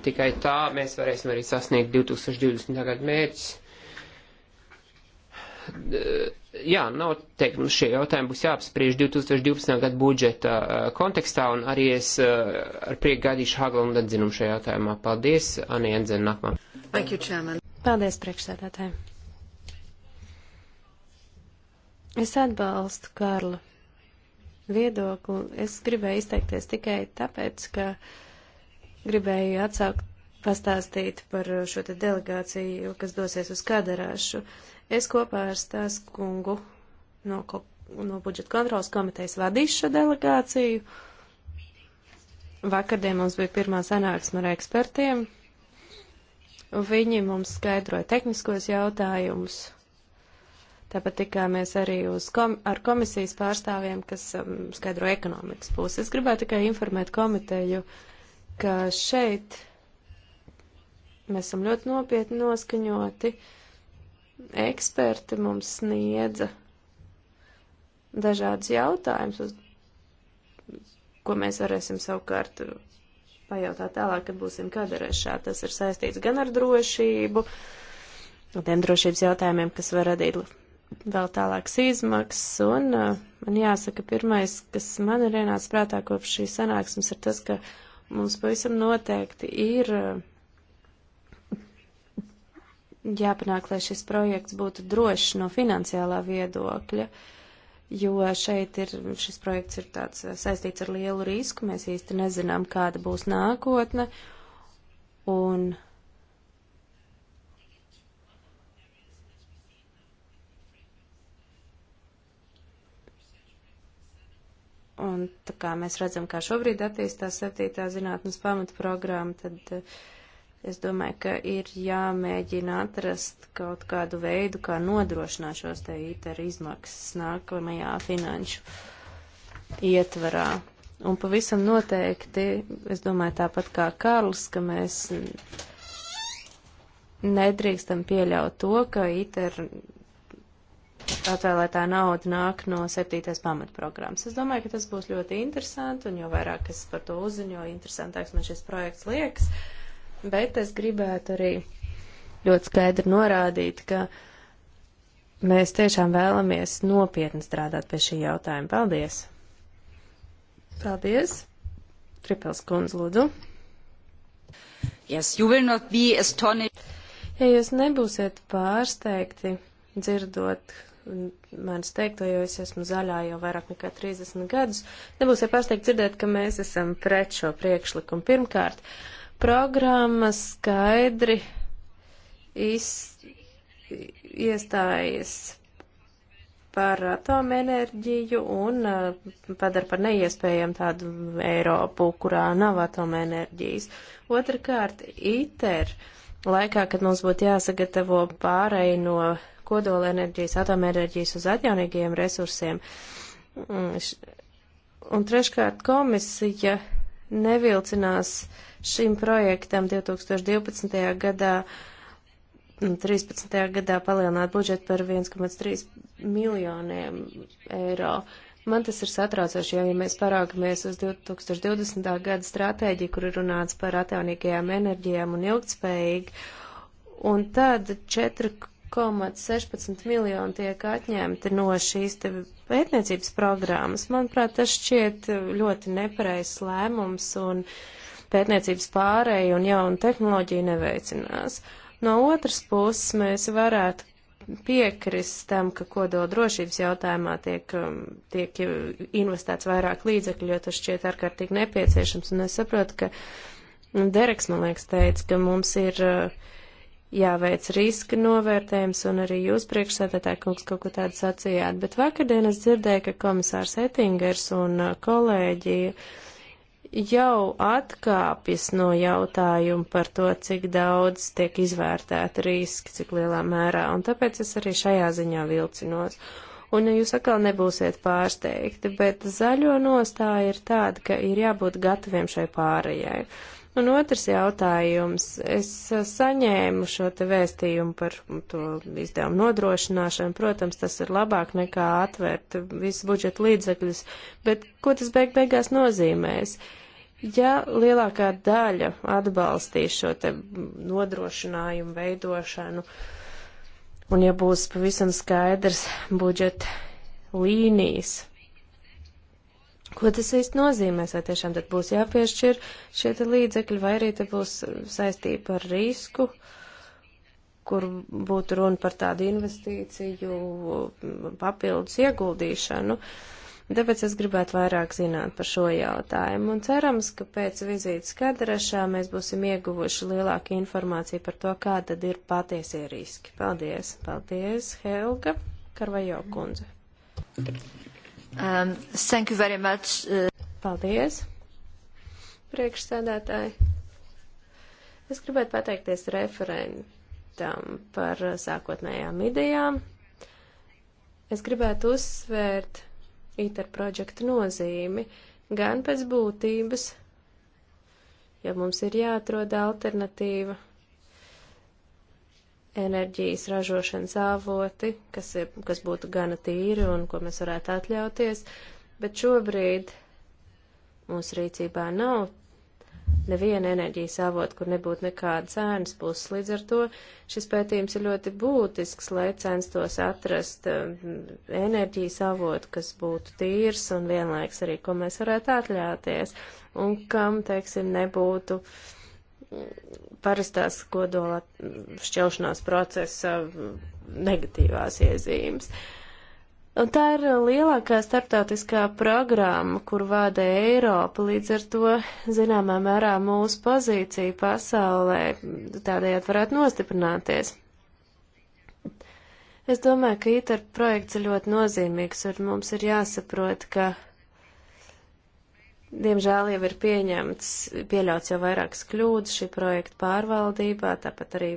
tikai tā mēs varēsim arī sasniegt 2020. gadu mērķis. Uh, jā, nav nu, teikt, mums nu, šie jautājumi būs jāapspriež 2012. gadu budžeta kontekstā, un arī es ar prieku gaidīšu Haglundu atzinumu šajā jautājumā. Paldies, Anija Endzena, nākamā. Paldies, priekšsēdētāji. Es atbalstu Karla viedokli. Es gribēju izteikties tikai tāpēc, ka gribēju atsākt pastāstīt par šo te delegāciju, kas dosies uz Kadarāšu. Es kopā ar Stās kungu no, no budžeta kontrolas komitejas vadīšu šo delegāciju. Vakardien mums bija pirmā sanāksme ar ekspertiem. Viņi mums skaidroja tehniskos jautājumus Tāpat tikāmies arī kom ar komisijas pārstāvjiem, kas um, skaidro ekonomikas pusi. Es gribēju tikai informēt komiteju, ka šeit mēs esam ļoti nopietni noskaņoti. Eksperti mums sniedza dažādus jautājumus, uz ko mēs varēsim savukārt pajautāt tālāk, kad būsim kaderešā. Tas ir saistīts gan ar drošību, ar tiem drošības jautājumiem, kas var radīt vēl tālākas izmaksas, un uh, man jāsaka, pirmais, kas man ir ienācis prātā kopš šī sanāksmes, ir tas, ka mums pavisam noteikti ir uh, jāpanāk, lai šis projekts būtu drošs no finansiālā viedokļa, jo šeit ir, šis projekts ir tāds uh, saistīts ar lielu risku, mēs īsti nezinām, kāda būs nākotne, un Un tā kā mēs redzam, kā šobrīd attīstās septītā zinātnes pamatprogramma, tad eh, es domāju, ka ir jāmēģina atrast kaut kādu veidu, kā nodrošināt šos te ITER izmaksas nākamajā finanšu ietvarā. Un pavisam noteikti, es domāju, tāpat kā Karls, ka mēs nedrīkstam pieļaut to, ka ITER atvēlētā nauda nāk no septītais pamatprogrammas. Es domāju, ka tas būs ļoti interesanti, un jo vairāk es par to uzzinu, jo interesantāks man šis projekts liekas. Bet es gribētu arī ļoti skaidri norādīt, ka mēs tiešām vēlamies nopietni strādāt pie šī jautājuma. Paldies! Paldies! Tripels kundze, lūdzu! Yes, you will not be astonished. Ja jūs nebūsiet pārsteigti dzirdot manis teikto, jo es esmu zaļā jau vairāk nekā 30 gadus, nebūsiet pārsteigti dzirdēt, ka mēs esam pret šo priekšlikumu. Pirmkārt, programma skaidri iz, iestājas par atomenerģiju un uh, padara par neiespējamu tādu Eiropu, kurā nav atomenerģijas. Otrakārt, ITER laikā, kad mums būtu jāsagatavo pārēj no kodolenerģijas, atomenerģijas uz atjaunīgiem resursiem. Mm, un treškārt komisija nevilcinās šim projektam 2012. gadā, 13. Mm, gadā palielināt budžetu par 1,3 miljoniem eiro. Man tas ir satraucoši, jo, ja mēs paraugamies uz 2020. gada stratēģiju, kur ir runāts par atjaunīgajām enerģijām un ilgtspējīgi, un tad 4 1,16 miljoni tiek atņemti no šīs te pētniecības programmas. Manuprāt, tas šķiet ļoti nepareizs lēmums un pētniecības pārēju un jaunu tehnoloģiju neveicinās. No otras puses, mēs varētu piekrist tam, ka kodola drošības jautājumā tiek, um, tiek investēts vairāk līdzekļu, jo tas šķiet ārkārtīgi nepieciešams. Un es saprotu, ka Dereks, man liekas, teica, ka mums ir uh, jāveic riska novērtējums, un arī jūs priekšsēdētāji kungs kaut ko tādu sacījāt. Bet vakardien es dzirdēju, ka komisārs Ettingers un uh, kolēģi jau atkāpjas no jautājuma par to, cik daudz tiek izvērtēta riski, cik lielā mērā, un tāpēc es arī šajā ziņā vilcinos. Un jūs atkal nebūsiet pārsteigti, bet zaļo nostāja ir tāda, ka ir jābūt gataviem šai pārējai. Uh, Un otrs jautājums. Es eh, saņēmu šo te vēstījumu par to izdevumu nodrošināšanu. Protams, tas ir labāk nekā atvērt visus budžeta līdzekļus, bet ko tas beig beigās nozīmēs? Ja lielākā daļa atbalstīs šo te nodrošinājumu veidošanu, un ja būs pavisam skaidrs budžeta līnijas, Ko tas īsti nozīmēs? Vai tiešām tad būs jāpiešķir šie līdzekļi, vai arī te būs saistība ar risku, kur būtu runa par tādu investīciju papildus ieguldīšanu? Tāpēc es gribētu vairāk zināt par šo jautājumu un cerams, ka pēc vizītes Kadarešā mēs būsim ieguvuši lielāku informāciju par to, kā tad ir patiesie riski. Paldies! Paldies, Helga Karvajo kundze! Thank you. Um, thank you very much. Uh... Paldies, priekšsēdētāji. Es gribētu pateikties referentam par sākotnējām idejām. Es gribētu uzsvērt ITER projektu nozīmi gan pēc būtības, ja mums ir jāatrod alternatīva enerģijas ražošanas avoti, kas, ir, kas būtu gana tīri un ko mēs varētu atļauties, bet šobrīd mūsu rīcībā nav neviena enerģijas avota, kur nebūtu nekāda cēnas puses. Līdz ar to šis pētījums ir ļoti būtisks, lai censtos atrast um, enerģijas avotu, kas būtu tīrs un vienlaiks arī, ko mēs varētu atļauties un kam, teiksim, nebūtu parastās kodola šķelšanās procesa negatīvās iezīmes. Un tā ir lielākā starptautiskā programma, kur vada Eiropa, līdz ar to, zināmā mērā, mūsu pozīcija pasaulē tādējādi varētu nostiprināties. Es domāju, ka ITER projekts ir ļoti nozīmīgs, un mums ir jāsaprot, ka Diemžēl jau ir pieņemts, pieļauts jau vairākas kļūdas šī projekta pārvaldībā, tāpat arī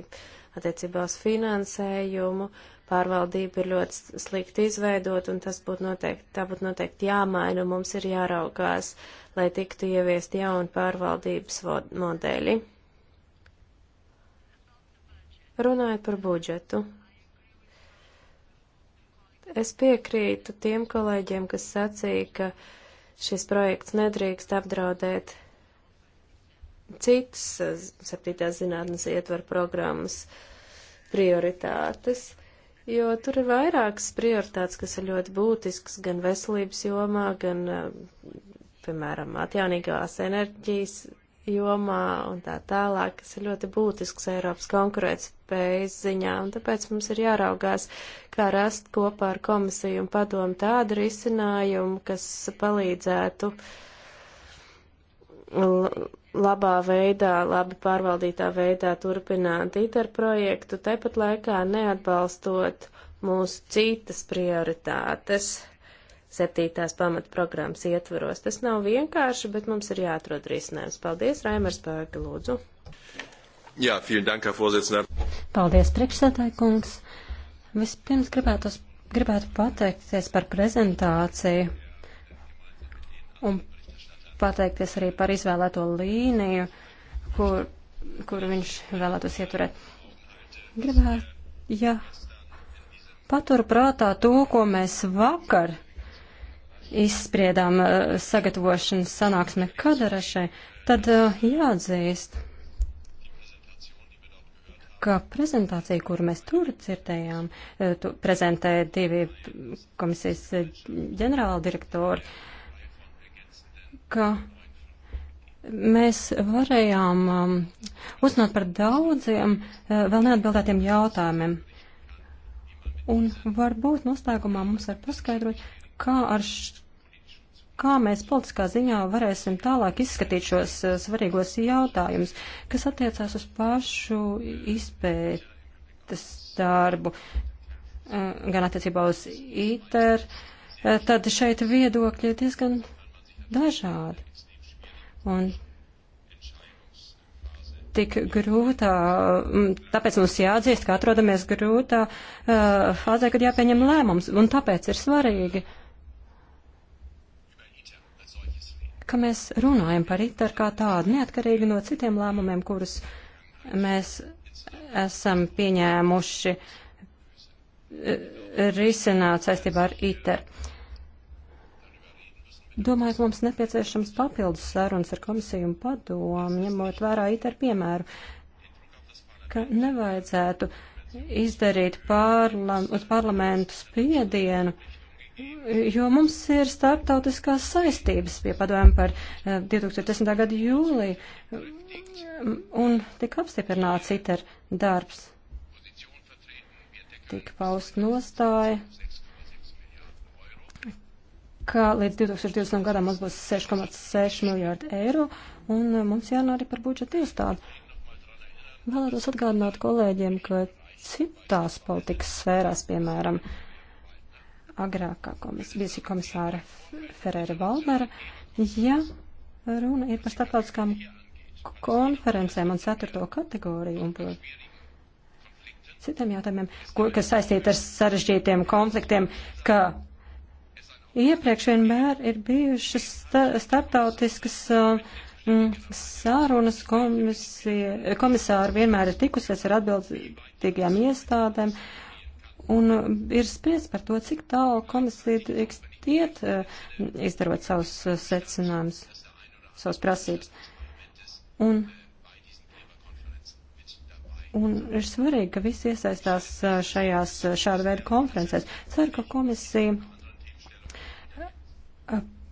attiecībā uz finansējumu. Pārvaldība ir ļoti slikti izveidot, un tas būtu noteikti, tā būtu noteikti jāmaina, un mums ir jāraugās, lai tiktu ieviest jauni pārvaldības modeļi. Runājot par budžetu. Es piekrītu tiem kolēģiem, kas sacīja, ka Šis projekts nedrīkst apdraudēt citas eh, septītās zinātnes ietver programmas prioritātes, jo tur ir vairākas prioritātes, kas ir ļoti būtiskas gan veselības jomā, gan, eh, piemēram, atjaunīgās enerģijas jomā un tā tālāk, kas ir ļoti būtisks Eiropas konkurētspējas ziņā, un tāpēc mums ir jāraugās, kā rast kopā ar komisiju un padomu tādu risinājumu, kas palīdzētu labā veidā, labi pārvaldītā veidā turpināt ITER projektu, tepat laikā neatbalstot mūsu citas prioritātes septītās pamatprogrammas ietvaros. Tas nav vienkārši, bet mums ir jāatrod risinājums. Paldies, Raimers Pāga, lūdzu. Jā, vielen dank, Herr Vorsitzender. Paldies, priekšsētāji kungs. Vispirms gribētu, gribētu pateikties par prezentāciju un pateikties arī par izvēlēto līniju, kur, kur viņš vēlētos ieturēt. Gribētu, ja paturu prātā to, ko mēs vakar izspriedām eh, sagatavošanas sanāksme Kadarašai, tad eh, jāatzīst, ka prezentācija, kuru mēs tur dzirdējām, eh, tu prezentēja divi komisijas ģenerāla direktori, ka mēs varējām um, uzzināt par daudziem vēl neatbildētiem jautājumiem. Un varbūt noslēgumā mums var paskaidrot, kā ar š, kā mēs politiskā ziņā varēsim tālāk izskatīt šos eh, svarīgos jautājumus, kas attiecās uz pašu izpētes darbu, eh, gan attiecībā uz ITER, eh, tad šeit viedokļi ir diezgan dažādi. Un tik grūtā, mm, tāpēc mums jāatzīst, ka atrodamies grūtā fāzē, kad jāpieņem lēmums, un tāpēc ir svarīgi uh, ka mēs runājam par ITER kā tādu, neatkarīgi no citiem lēmumiem, kurus mēs esam pieņēmuši eh, risināt saistībā ar ITER. Domāju, ka mums nepieciešams papildus sarunas ar komisiju un padomu, ņemot vērā ITER piemēru, ka nevajadzētu izdarīt pārla uz parlamentu spiedienu, uh, jo mums ir starptautiskās saistības pie padomu par 2010. Eh, gada jūliju un tika apstiprināts ITER darbs. Tika paust nostāja, ka līdz 2020. gadam mums būs 6,6 miljārdi eiro un eh, mums jārunā arī par budžeta iestādi. Vēlētos atgādināt kolēģiem, ka citās politikas sfērās, piemēram, uh, agrākā komis, bijusi komisāra Ferēra Valmera, ja runa ir par starptautiskām konferencēm un ceturto kategoriju un par citiem jautājumiem, ko, kas saistīti ar sarežģītiem konfliktiem, ka iepriekš vienmēr ir bijušas sta, starptautiskas uh, mm, Sārunas komisija, komisāri vienmēr ir tikusies ar atbildīgajām iestādēm un ir spriedz par to, cik tālu komisija drīkst iet, eh, izdarot savus eh, secinājumus, savus prasības. Un, un ir svarīgi, ka visi iesaistās eh, šajās šāda veida konferencēs. Ceru, ka komisija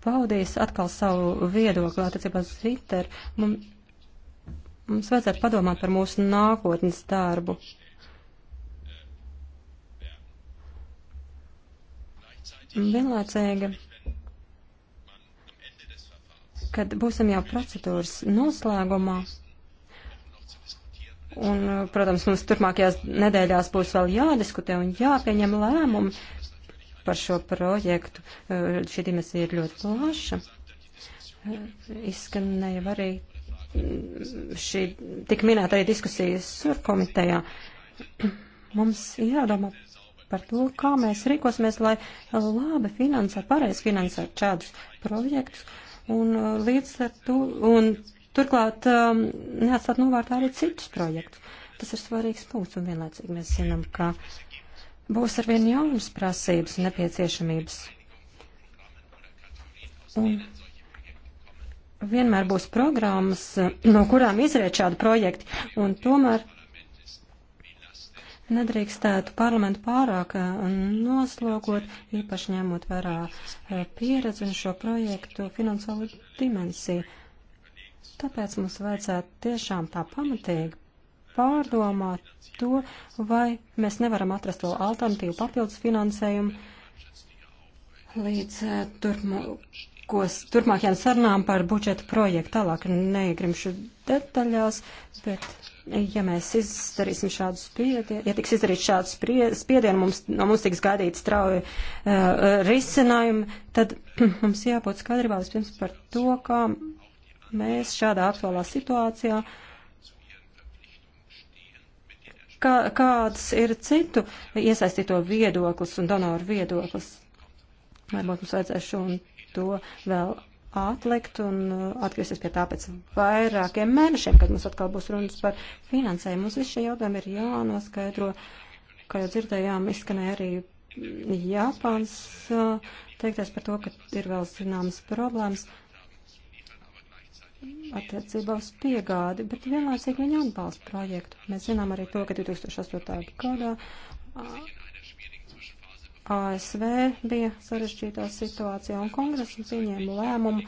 paudīs atkal savu viedokli attiecībā uz Twitter. Mums, mums vajadzētu padomāt par mūsu nākotnes darbu. vienlaicīgi, kad būsim jau procedūras noslēgumā, un, protams, mums turpmākajās nedēļās būs vēl jādiskutē un jāpieņem lēmumi par šo projektu. Šī dimensija ir ļoti plaša. Izskanēja arī šī tik minēta arī diskusijas surkomitejā. Mums jādomā par to, kā mēs rīkosimies, lai uh, labi finansētu, pareizi finansētu šādus projektus. Un uh, līdz ar to, un turklāt um, neatstāt novārtā arī citus projektus. Tas ir svarīgs punkts, un vienlaicīgi mēs zinām, ka būs arvien jaunas prasības un nepieciešamības. Un vienmēr būs programmas, no kurām izriet šādi projekti, un tomēr nedrīkstētu parlamentu pārāk eh, noslogot, īpaši ņemot vērā eh, pieredzi un šo projektu finansuālo dimensiju. Tāpēc mums vajadzētu tiešām tā pamatīgi pārdomāt to, vai mēs nevaram atrast vēl alternatīvu papildus finansējumu līdz eh, turpmāk turpmākos, turpmākajām sarunām par budžeta projektu. Tālāk neiegrimšu detaļās, bet ja mēs izdarīsim šādu spiedienu, ja tiks izdarīt šādu spiedienu, mums, no mums tiks gaidīt strauji uh, risinājumi, tad *clears throat* mums jābūt skaidrībā vispirms par to, kā mēs šādā aktuālā situācijā. Kā, kāds ir citu iesaistīto viedoklis un donoru viedoklis? Varbūt mums vajadzēs šo un to vēl atlikt un uh, atgriezties pie tā pēc vairākiem mēnešiem, kad mums atkal būs runas par finansējumu. Mums visi šie jautājumi ir jānoskaidro, kā jau dzirdējām, izskanēja arī Japāns uh, teiktais par to, ka ir vēl zināmas problēmas attiecībā uz piegādi, bet vienlaicīgi viņi atbalsta projektu. Mēs zinām arī to, ka 2008. gadā ASV bija sarežģītā situācijā un kongresa pieņēma lēmumu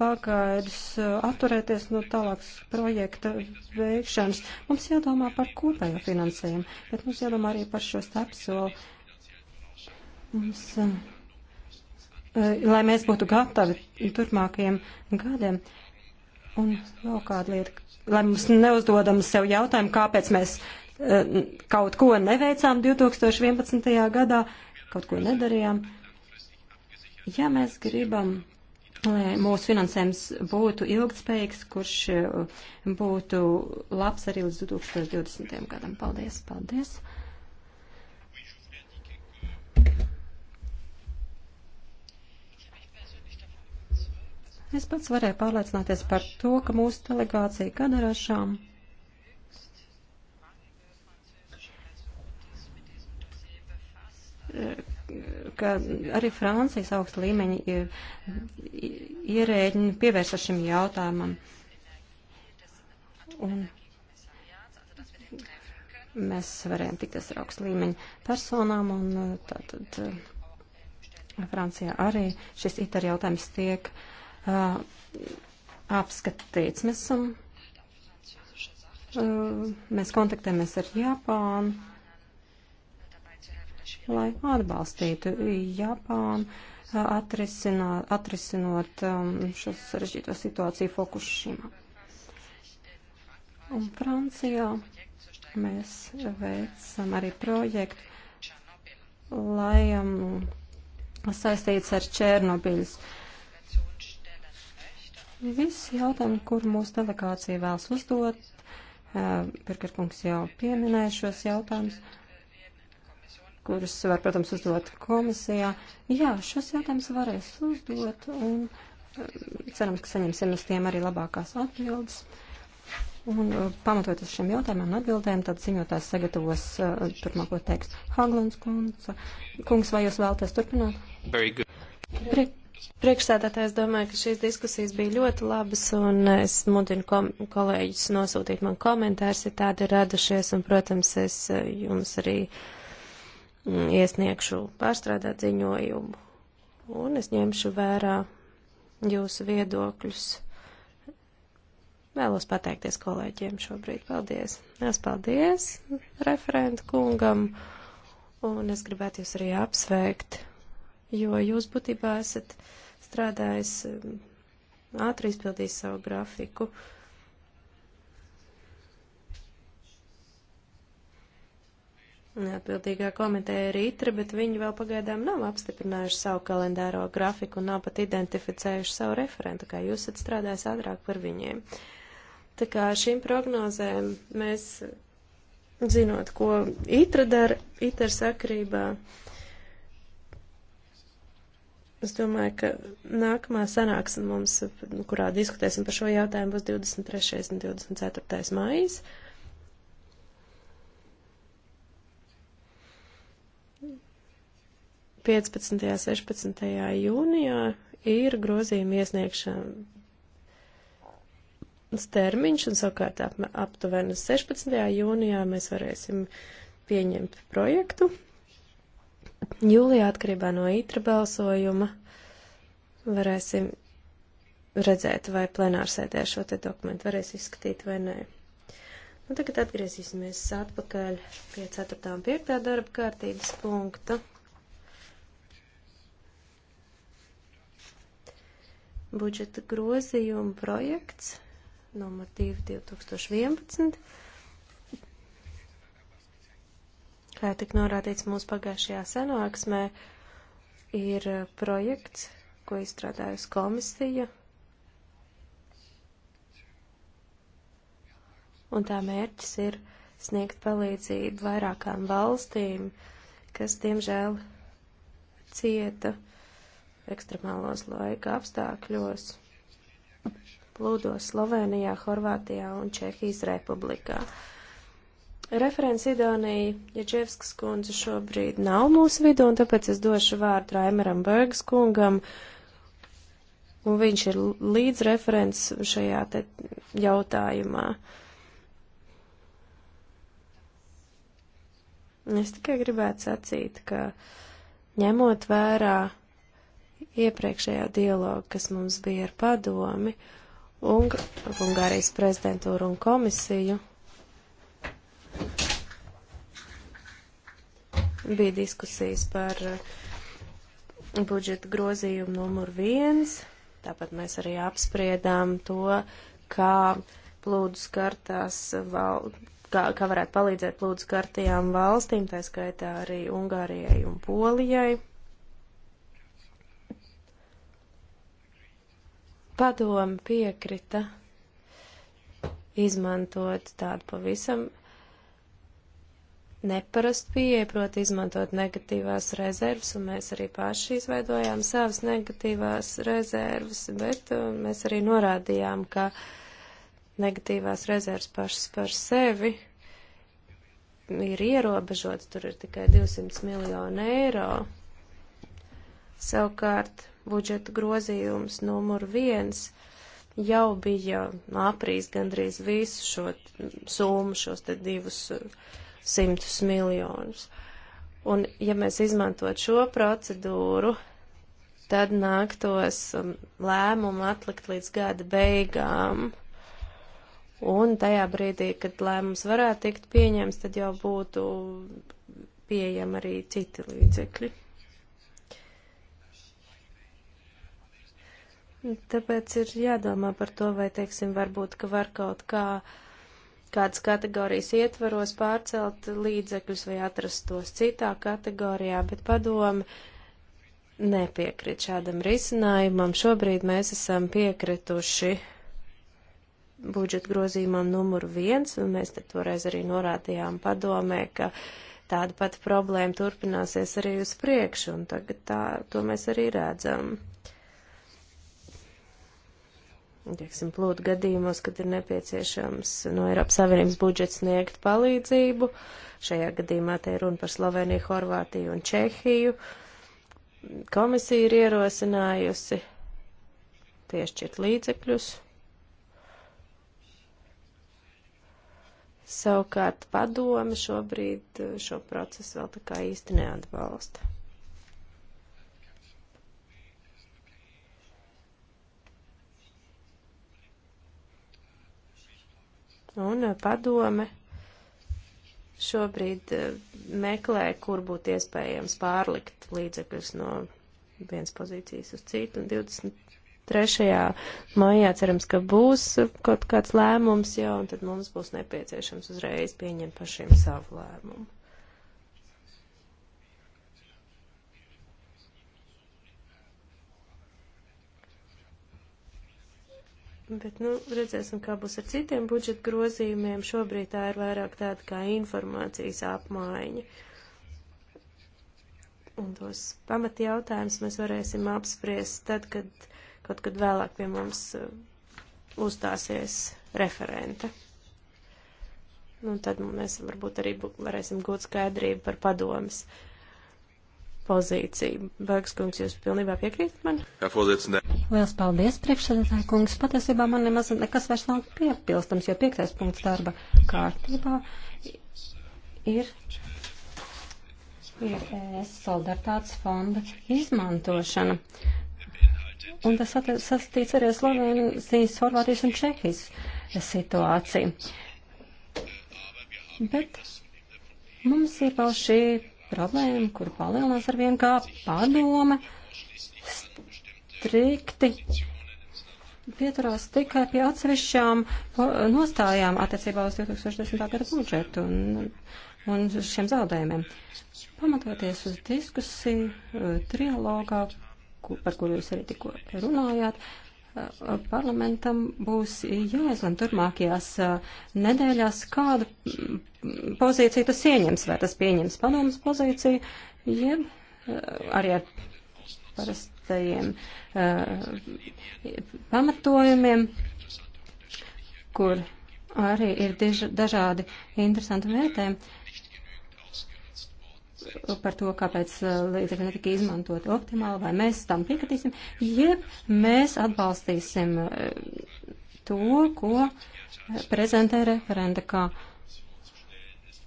pagaidus uh, atturēties no tālākas projekta veikšanas. Mums jādomā par kopējo finansējumu, bet mums jādomā arī par šo stepsoli. Mums, uh, uh, lai mēs būtu gatavi turpmākajiem gadiem. Un vēl kāda lieta, lai mums neuzdodam sev jautājumu, kāpēc mēs uh, Eh, kaut ko neveicām 2011. gadā, kaut ko nedarījām. Ja mēs gribam, lai mūsu finansējums būtu ilgtspējīgs, kurš eh, būtu labs arī līdz 2020. gadam. Paldies, paldies! Es pats varēju pārliecināties par to, ka mūsu delegācija Kadarāšām ka arī Francijas augsta līmeņa ierēģi pievērsa šim jautājumam. Un mēs varējām tikties ar augsta līmeņa personām, un uh, tātad uh, Francijā arī šis ITER jautājums tiek uh, apskatīts. Mēs, esam, uh, mēs kontaktējamies ar Japānu lai atbalstītu Japānu, atrisināt, atrisinot um, šo sarežģīto situāciju Fukushima. Un Francijā mēs veicam arī projektu, lai um, saistīts ar Černobiļas. Visi jautājumi, kur mūsu delegācija vēlas uzdot, uh, Pirkarkungs jau pieminēja šos jautājumus kurus var, protams, uzdot komisijā. Jā, šos jautājumus varēs uzdot un um, cerams, ka saņemsim uz tiem arī labākās atbildes. Un uh, pamatot uz šiem jautājumiem un atbildēm, tad ziņotājs sagatavos uh, turpmāko tekstu. Haglunds kungs, kungs, vai jūs vēlaties turpināt? Prie, Priekšsēdētājs domāju, ka šīs diskusijas bija ļoti labas, un uh, es mudinu kom kolēģis nosūtīt man komentārus, ja tādi ir radušies, un, protams, es uh, jums arī. Uh, iesniegšu pārstrādāt ziņojumu un es ņemšu vērā jūsu viedokļus. Vēlos pateikties kolēģiem šobrīd. Paldies! Es paldies referentu kungam un es gribētu jūs arī apsveikt, jo jūs būtībā esat strādājis ātri izpildījis savu grafiku. Uh, Atbildīgā komiteja ir itra, bet viņi vēl pagaidām nav apstiprinājuši savu kalendāro grafiku un nav pat identificējuši savu referentu, kā jūs esat strādājis agrāk par viņiem. Tā kā šīm prognozēm mēs, zinot, ko itra dara, itra sakrībā, es domāju, ka nākamā sanāksme mums, kurā diskutēsim par šo jautājumu, būs 23. un 24. maijas. 15. un 16. jūnijā ir grozījuma iesniegšanas termiņš, un savukārt ap, aptuveni 16. jūnijā mēs varēsim pieņemt projektu. Jūlijā atkarībā no itra balsojuma varēsim redzēt, vai plenārsēdē šo te dokumentu varēs izskatīt vai nē. Nu, tagad atgriezīsimies atpakaļ pie 4. un 5. darba kārtības punkta. budžeta grozījuma projekts numur 2 2011. Kā tik norādīts mūsu pagājušajā sanāksmē, ir eh, projekts, ko izstrādājusi komisija. Un tā mērķis ir sniegt palīdzību vairākām valstīm, kas, diemžēl, cieta uh, ekstremālos laika apstākļos plūdos Slovenijā, Horvātijā un Čehijas republikā. Referents Idonija Jaģevskas kundze šobrīd nav mūsu vidū, un tāpēc es došu vārdu Raimeram Bergs kungam, un viņš ir līdzreferents šajā te jautājumā. Es tikai gribētu sacīt, ka ņemot vērā iepriekšējā dialoga, kas mums bija ar padomi, un Ungārijas prezidentūru un komisiju, bija diskusijas par uh, budžeta grozījumu numur viens. Tāpat mēs arī apspriedām to, kā plūdus kartās, val, kā, kā varētu palīdzēt plūdus kartajām valstīm, tā skaitā arī Ungārijai un Polijai. Padomi piekrita izmantot tādu pavisam neparastu pieeju, proti izmantot negatīvās rezervas, un mēs arī paši izveidojām savas negatīvās rezervas, bet uh, mēs arī norādījām, ka negatīvās rezervas pašas par sevi ir ierobežots, tur ir tikai 200 miljoni eiro. Savukārt budžeta grozījums numur viens jau bija aprīs gandrīz visu šo summu, šos te divus eh, simtus miljonus. Un ja mēs izmantot šo procedūru, tad nāktos um, lēmumu atlikt līdz gada beigām. Un tajā brīdī, kad lēmums varētu tikt pieņems, tad jau būtu pieejami arī citi līdzekļi. Tāpēc ir jādomā par to, vai, teiksim, varbūt, ka var kaut kā kādas kategorijas ietvaros pārcelt līdzekļus vai atrast tos citā kategorijā, bet padomi nepiekrīt šādam risinājumam. Šobrīd mēs esam piekrituši budžeta grozījumam numuru viens, un mēs te toreiz arī norādījām padomē, ka tāda pati problēma turpināsies arī uz priekšu, un tagad tā, to mēs arī redzam tieksim, plūdu gadījumos, kad ir nepieciešams no Eiropas Savienības budžets sniegt palīdzību. Šajā gadījumā te ir runa par Sloveniju, Horvātiju un Čehiju. Komisija ir ierosinājusi piešķirt līdzekļus. Savukārt padome šobrīd šo procesu vēl tā kā īsti neatbalsta. Un eh, padome šobrīd eh, meklē, kur būtu iespējams pārlikt līdzekļus no vienas pozīcijas uz citu. Un 23. maijā cerams, ka būs kaut kāds lēmums jau, un tad mums būs nepieciešams uzreiz pieņemt pašiem savu lēmumu. Bet, nu, redzēsim, kā būs ar citiem budžeta grozījumiem. Šobrīd tā ir vairāk tāda kā informācijas apmaiņa. Un tos pamati jautājumus mēs varēsim apspriest tad, kad kaut kad vēlāk pie mums uh, uzstāsies referente. Un nu, tad mēs varbūt arī varēsim gūt skaidrību par padomas. Uh, pozīciju. Bēgas kungs, jūs pilnībā piekrītat man? Jā, pozīcija. Liels paldies, priekšsēdētāji kungs. Patiesībā man nemaz nekas vairs nav piepilstams, jo piektais punkts darba kārtībā ir, ir ES solidaritātes fonda izmantošana. Un tas sastīts arī Slovenijas, Horvātijas un Čehijas situāciju. Bet mums ir vēl šī problēma, kur palielinās ar vien kā padome strikti pieturās tikai pie atsevišķām nostājām attiecībā uz 2010. gada budžetu un, un šiem zaudējumiem. Pamatoties uz diskusiju, eh, trialogā, par kuru jūs arī tikko runājāt, parlamentam būs jāizlem turpmākajās uh, nedēļās, kādu mm, pozīciju tas ieņems, vai tas pieņems padomas pozīciju, jeb uh, arī ar parastajiem uh, pamatojumiem, kur arī ir dažādi interesanti vērtējumi par to, kāpēc uh, līdzekļi netika izmantoti optimāli, vai mēs tam piekritīsim, jeb mēs atbalstīsim uh, to, ko prezentē referenda, kā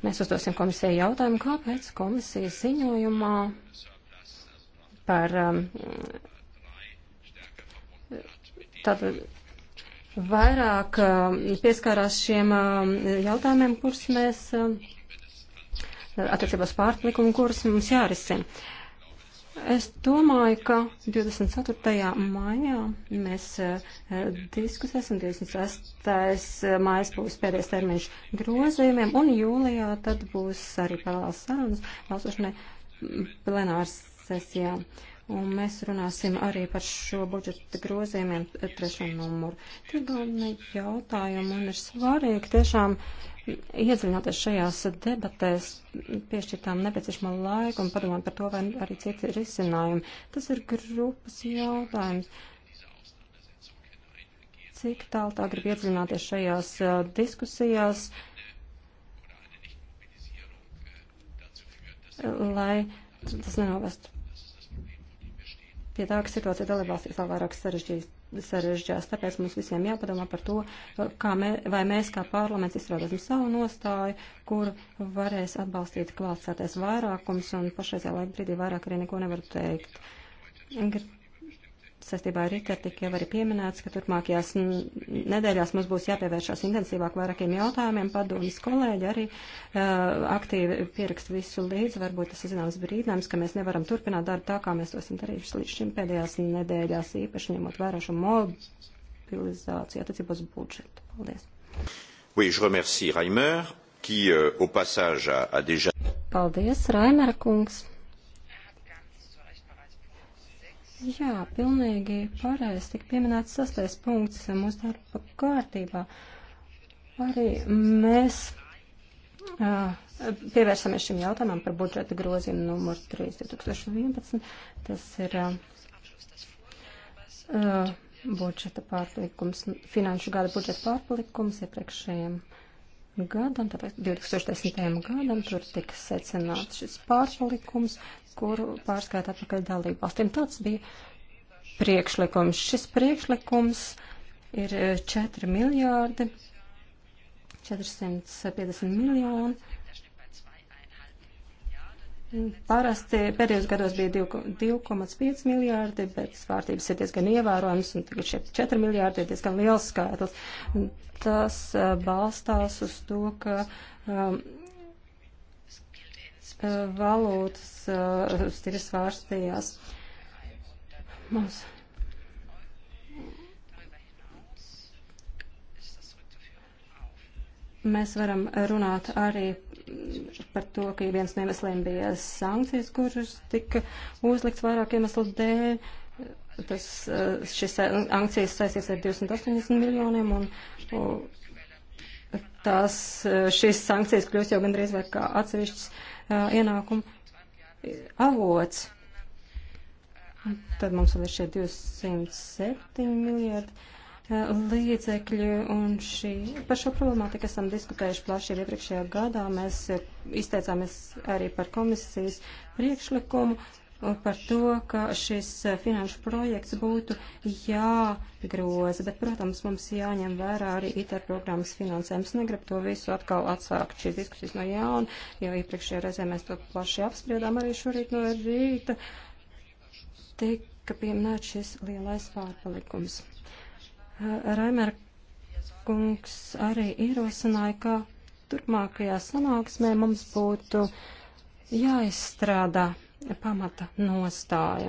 mēs uzdosim komisijai jautājumu, kāpēc komisijas ziņojumā par um, tādu vairāk um, pieskārās šiem um, jautājumiem, kurus mēs attiecībās pārpalikumu, kuras mums jārisina. Es domāju, ka 24. maijā mēs eh, diskusēsim, 26. Eh, mājas būs pēdējais termiņš grozījumiem, un jūlijā tad būs arī paralēls sarunas balsošanai mm, plenārs sesijā. Un mēs runāsim arī par šo budžeta grozījumiem eh, trešo numuru. Tie galvenie jautājumi un ir svarīgi tiešām uh, iedziļināties šajās debatēs, piešķirtām nepieciešamo laiku un padomāt par to, vai arī citi risinājumi. Tas ir grupas jautājums. Cik tālu tā grib iedziļināties šajās diskusijās, lai tas nenovest pie tā, ka situācija dalībvalstīs vēl vairāk sarežģīta sarežģās. Tāpēc mums visiem jāpadomā par to, kā mē, vai mēs kā parlaments izstrādāsim savu nostāju, kur varēs atbalstīt klātsēties vairākums, un pašreizajā laika brīdī vairāk arī neko nevaru teikt. Gr saistībā ar Rika tika jau arī pieminēts, ka turpmākajās nedēļās mums būs jāpievēršās intensīvāk vairākiem jautājumiem. Padomjas kolēģi arī uh, aktīvi pierakst visu līdzi. Varbūt tas ir zināms brīdinājums, ka mēs nevaram turpināt darbu tā, kā mēs to esam darījuši līdz šim pēdējās nedēļās, īpaši ņemot vērā šo mobilizāciju attiecībā uz budžetu. Paldies. Oui, je remercie Reimer, qui, euh, au passage, a, a déjà. Paldies, Reimer kungs. Jā, pilnīgi pareizi. Tik pieminēts sastais punkts mūsu darba kārtībā. Arī mēs uh, pievērsamies šim jautājumam par budžeta grozījumu numur 3 2011. Tas ir uh, uh budžeta pārpalikums, finanšu gada budžeta pārpalikums iepriekšējiem. Ja gadam, tāpēc 2010. gadam tur tika secināts šis pārpalikums, kuru pārskaita atpakaļ dalību valstīm. Tāds bija priekšlikums. Šis priekšlikums ir 4 e, miljārdi, 450 miljoni Parasti pēdējos gados bija 2,5 miljārdi, bet svārstības ir diezgan ievērojams, un tagad šeit 4 miljārdi ir diezgan liels skaitlis. Tas uh, balstās uz to, ka um, valūtas uh, stiri svārstījās. Mums. Mēs varam runāt arī par to, ka viens no iemesliem bija sankcijas, kuras tika uzlikts vairāk iemeslu dēļ. Tas, eh, šis sankcijas saistīts ar 280 miljoniem, un tās, eh, šīs sankcijas kļūst jau gandrīz vai kā atsevišķs eh, ienākumu avots. Tad mums vēl ir šie 207 miljardi līdzekļi, un šī, par šo problemātiku esam diskutējuši plaši jau iepriekšējā gadā. Mēs izteicāmies arī par komisijas priekšlikumu par to, ka šis finanšu projekts būtu jāgroza, bet, protams, mums jāņem vērā arī ITER programmas finansējums. Negribu to visu atkal atsākt šīs diskusijas no jauna, jo iepriekšējā reizē mēs to plaši apspriedām arī šorīt no rīta. Tika pieminēts šis lielais pārpalikums. Raimer kungs arī ierosināja, ka turpmākajā sanāksmē mums būtu jāizstrādā pamata nostāja,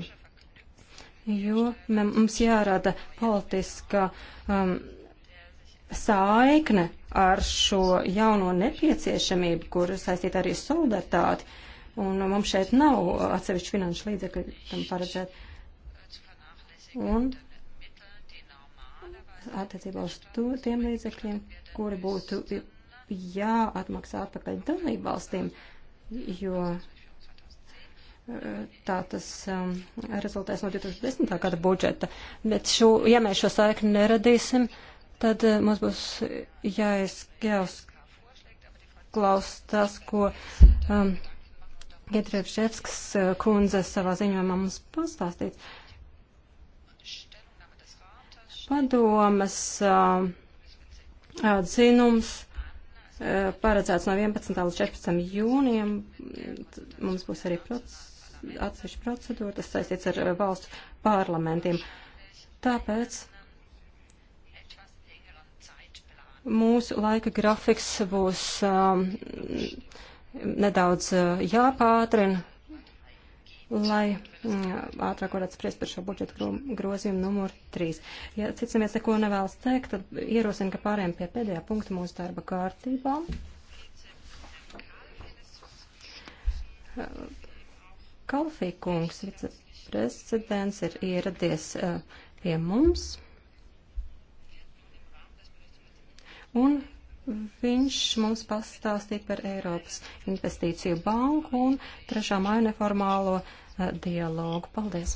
jo mums jārada politiska um, saikne ar šo jauno nepieciešamību, kur saistīta arī solidaritāte, un mums šeit nav atsevišķi finanšu līdzekļu tam paredzēt. Un attiecībā uz to, tiem līdzekļiem, kuri būtu jāatmaksā atpakaļ dalību valstīm, jo eh, tā tas um, rezultēs no 2010. gada budžeta. Bet šo, ja mēs šo saikni neradīsim, tad uh, mums būs jāiz, jāuzklaus tas, ko um, Getrievševskas uh, eh, kundze savā ziņojumā mums pastāstīts. Uh, Padomas atzinums paredzēts no 11. līdz 14. jūnijam. Mums būs arī atsevišķa procedūra, tas saistīts ar valstu parlamentiem. Tāpēc mūsu laika grafiks būs um, nedaudz jāpātrina, lai mm, ātrāk varētu spriest par šo budžetu grozījumu numur 3. Ja cicamies neko nevēlas teikt, tad ierosinu, ka pārējām pie pēdējā punkta mūsu darba kārtībā. Kalfīkungs, viceprezidents, ir ieradies eh, pie mums. Un Viņš mums pastāstīja par Eiropas investīciju banku un trešā māju neformālo uh, dialogu. Paldies!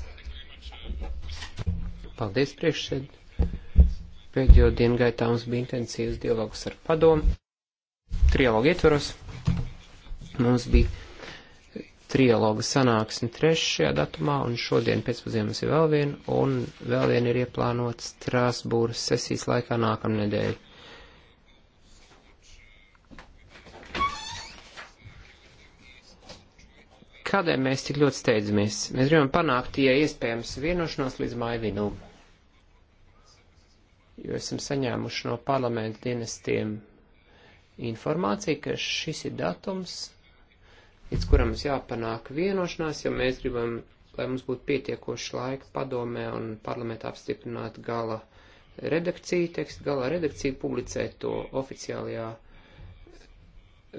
Paldies, priekšsēd! Pēdējo dienu gaitā mums bija intensīvs dialogs ar padomu. Trialogu ietveros. Mums bija trialoga sanāksme trešajā datumā, un šodien pēcpusdienā mums ir vēl viena, un vēl viena ir ieplānota Strāsbūras sesijas laikā nākamnedēļ. Kādēļ mēs tik ļoti steidzamies? Mēs gribam panākt, ja iespējams, vienošanos līdz maivinum. Jo esam saņēmuši no parlamenta dienestiem informāciju, ka šis ir datums, līdz kuram mums jāpanāk vienošanās, jo mēs gribam, lai mums būtu pietiekoši laika padomē un parlamentā apstiprināt gala redakciju, tekstu gala redakciju, publicēt to oficiālajā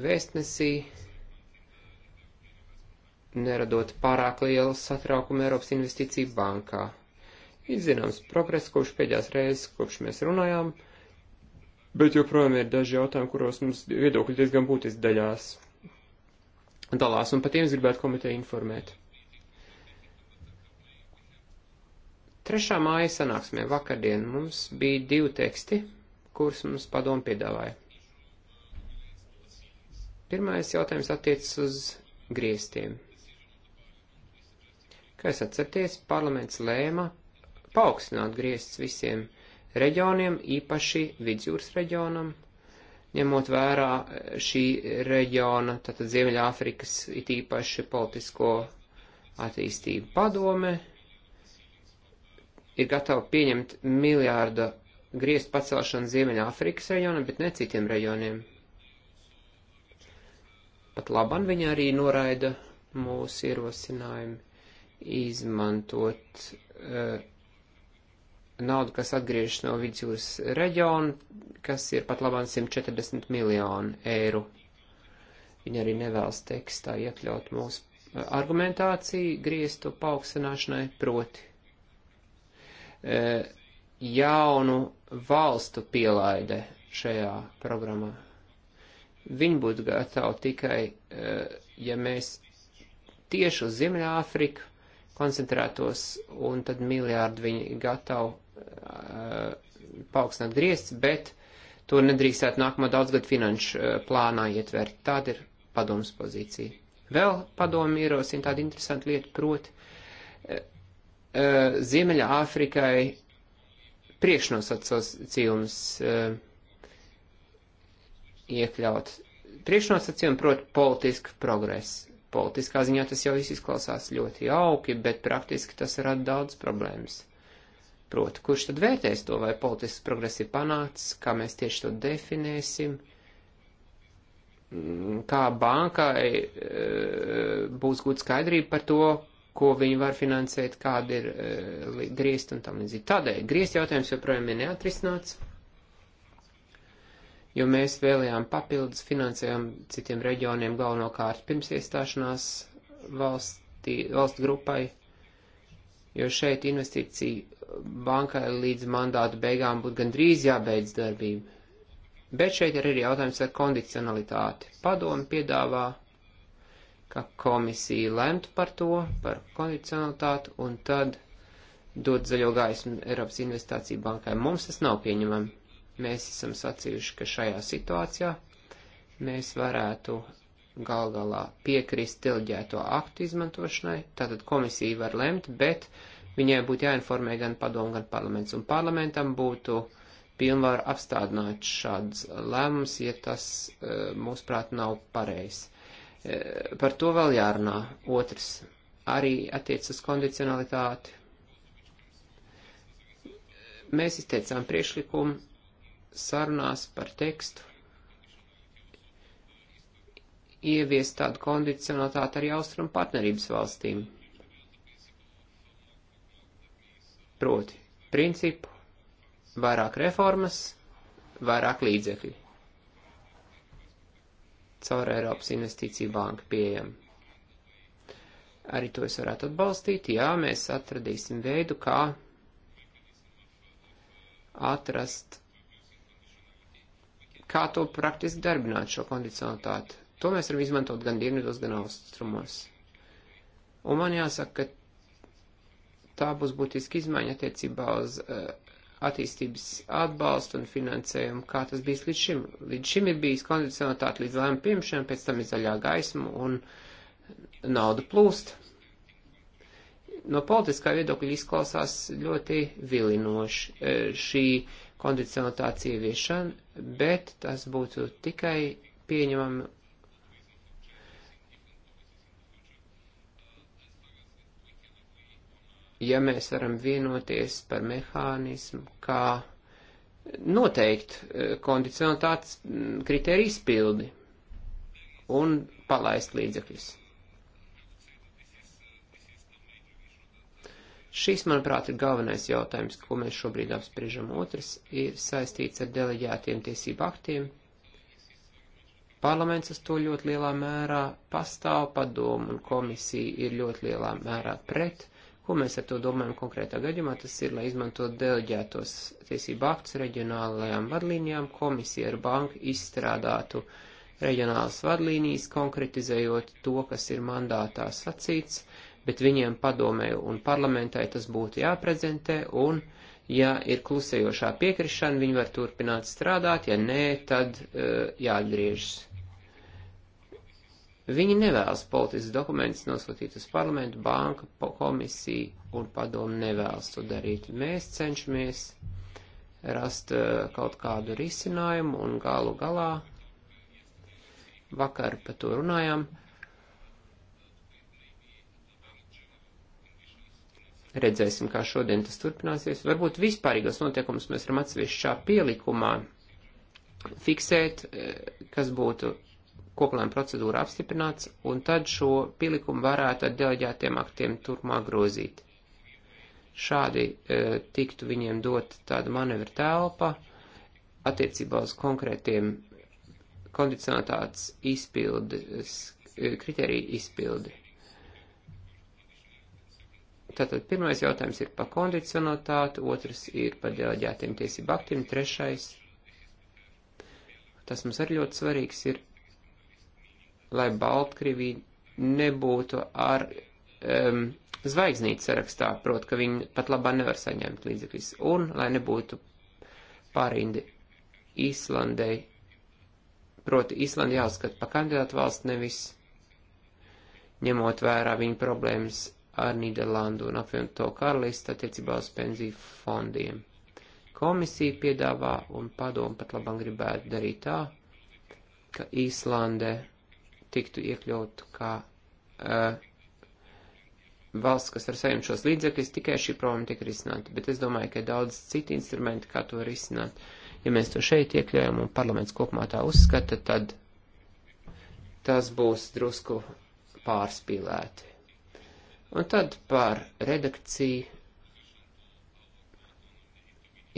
vēstnesī neradot pārāk lielu satraukumu Eiropas investīciju bankā. Ir zināms progress, kopš pēdējās reizes, kopš mēs runājām, bet joprojām ir daži jautājumi, kuros mums viedokļi diezgan būtiski daļās dalās, un par tiem es gribētu komiteju informēt. Trešā māja sanāksmē vakardien mums bija divi teksti, kurus mums padomu piedāvāja. Pirmais jautājums attiecas uz griestiem. Kā es atcerties, parlaments lēma paaugstināt griestus visiem reģioniem, īpaši vidjūras reģionam, ņemot vērā eh, šī reģiona, tātad Ziemeļāfrikas it īpaši politisko attīstību padome, ir gatava pieņemt miljārda griestu pacelšanu Ziemeļāfrikas reģionam, bet ne citiem reģioniem. Pat labam viņa arī noraida mūsu ierosinājumi izmantot uh, naudu, kas atgriežas no vidusjūras reģiona, kas ir pat labāk 140 miljonu eiro. Viņi arī nevēlas tekstā iekļaut mūsu eh, argumentāciju griestu paaugstināšanai proti eh, jaunu valstu pielaide šajā programmā. Viņi būtu gatavi tikai, ja mēs tieši uz Ziemeļāfriku koncentrētos, un tad miljārdi viņi gatavi uh, eh, paaugstināt griezt, bet to nedrīkstētu nākamo daudzgad finanšu uh, plānā ietvert. Tāda ir padomas pozīcija. Vēl padomu ierosina tādu interesantu lietu, proti, uh, eh, Ziemeļa Āfrikai priekšnosacījums iekļaut. Priekšnosacījumi, proti, politisku progresu Politiskā ziņā tas jau viss izklausās ļoti jauki, bet praktiski tas rada daudz problēmas. Proti, kurš tad vērtēs to, vai politisks progress ir panācis, kā mēs tieši to definēsim, mm, kā bankai eh, būs gūt skaidrību par to, ko viņi var finansēt, kāda ir eh, griezta un tam līdzīgi. Tādēļ griezta jautājums joprojām ir neatrisināts jo mēs vēlējām papildus finansējumu citiem reģioniem galvenokārt pirms iestāšanās valstī, valstu grupai, jo šeit investīcija bankai līdz mandātu beigām būtu gandrīz jābeidz darbība. Bet šeit ir arī jautājums ar kondicionalitāti. Padomu piedāvā, ka komisija lemtu par to, par kondicionalitāti, un tad dot zaļo gaismu Eiropas investīcija bankai. Mums tas nav pieņemami. Mēs esam sacījuši, ka šajā situācijā mēs varētu gal galā piekrist tilģēto aktu izmantošanai, tātad komisija var lemt, bet viņai būtu jāinformē gan padomu, gan parlaments, un parlamentam būtu pilnvaru apstādināt šāds lēmums, ja tas, e, mūsuprāt, nav pareizs. E, par to vēl jārunā. Otrs arī attiec uz kondicionalitāti. Mēs izteicām priekšlikumu sarunās par tekstu ieviest tādu kondicionalitāti arī austrumu partnerības valstīm. Proti, principu, vairāk reformas, vairāk līdzekļi. Caur Eiropas investīciju banku pieejam. Arī to es varētu atbalstīt, jā, mēs atradīsim veidu, kā atrast kā to praktiski darbināt šo kondicionalitāti. To mēs varam izmantot gan dienvidos, gan austrumos. Un man jāsaka, ka tā būs būtiski izmaiņa attiecībā uz uh, attīstības atbalstu un finansējumu, kā tas bijis līdz šim. Līdz šim ir bijis kondicionalitāte līdz lēmumu pieņemšanai, pēc tam ir zaļā gaisma un nauda plūst. No politiskā viedokļa izklausās ļoti vilinoši eh, šī kondicionalitātes ieviešanu, bet tas būtu tikai pieņemami. Ja mēs varam vienoties par mehānismu, kā noteikt eh, kondicionalitātes mm, kritēriju izpildi un palaist līdzekļus. Šis, manuprāt, ir galvenais jautājums, ko mēs šobrīd apspriežam. Otrs ir saistīts ar deleģētiem tiesību aktiem. Parlaments uz to ļoti lielā mērā pastāv, padomu un komisija ir ļoti lielā mērā pret. Ko mēs ar to domājam konkrētā gadījumā? Tas ir, lai izmantot deleģētos tiesību aktus reģionālajām vadlīnijām, komisija ar banku izstrādātu reģionālas vadlīnijas, konkretizējot to, kas ir mandātā sacīts bet viņiem padomēju un parlamentai tas būtu jāprezentē, un, ja ir klusējošā piekrišana, viņi var turpināt strādāt, ja nē, tad uh, jāatgriežas. Viņi nevēlas politisks dokuments nosūtīt uz parlamentu, banka, komisiju un padomu nevēlas to darīt. Mēs cenšamies rast uh, kaut kādu risinājumu un galu galā vakar par to runājām. Uh, Redzēsim, kā šodien tas turpināsies. Varbūt vispārīgos notiekumus mēs varam atsevišķā pielikumā fiksēt, eh, kas būtu koplēm procedūra apstiprināts, un tad šo pielikumu varētu ar deleģētiem aktiem turpmāk grozīt. Šādi e, tiktu viņiem dot tāda manevra telpa attiecībā uz konkrētiem kondicionatātes izpildes, eh, kriteriju izpildi. Tātad pirmais jautājums ir par kondicionotātu, otrs ir par deleģētiem tiesību aktiem, trešais, tas mums arī ļoti svarīgs ir, lai Baltkrievija nebūtu ar um, zvaigznīti sarakstā, prot, ka viņi pat labā nevar saņemt līdzekļus, un lai nebūtu pārindi Īslandei, proti Īslandi jāuzskata pa kandidātu valsts nevis ņemot vērā viņa problēmas ar Nīderlandu un apvienoto karalistu attiecībā uz pensiju fondiem. Komisija piedāvā un padomu pat labam gribētu darīt tā, ka Īslande tiktu iekļaut kā uh, valsts, kas var saņemt šos līdzekļus, tikai šī problēma tiek risināta. Bet es domāju, ka ir daudz citu instrumentu, kā to risināt. Ja mēs to šeit iekļaujam un parlaments kopumā tā uzskata, tad tas būs drusku pārspīlēti. Un tad par redakciju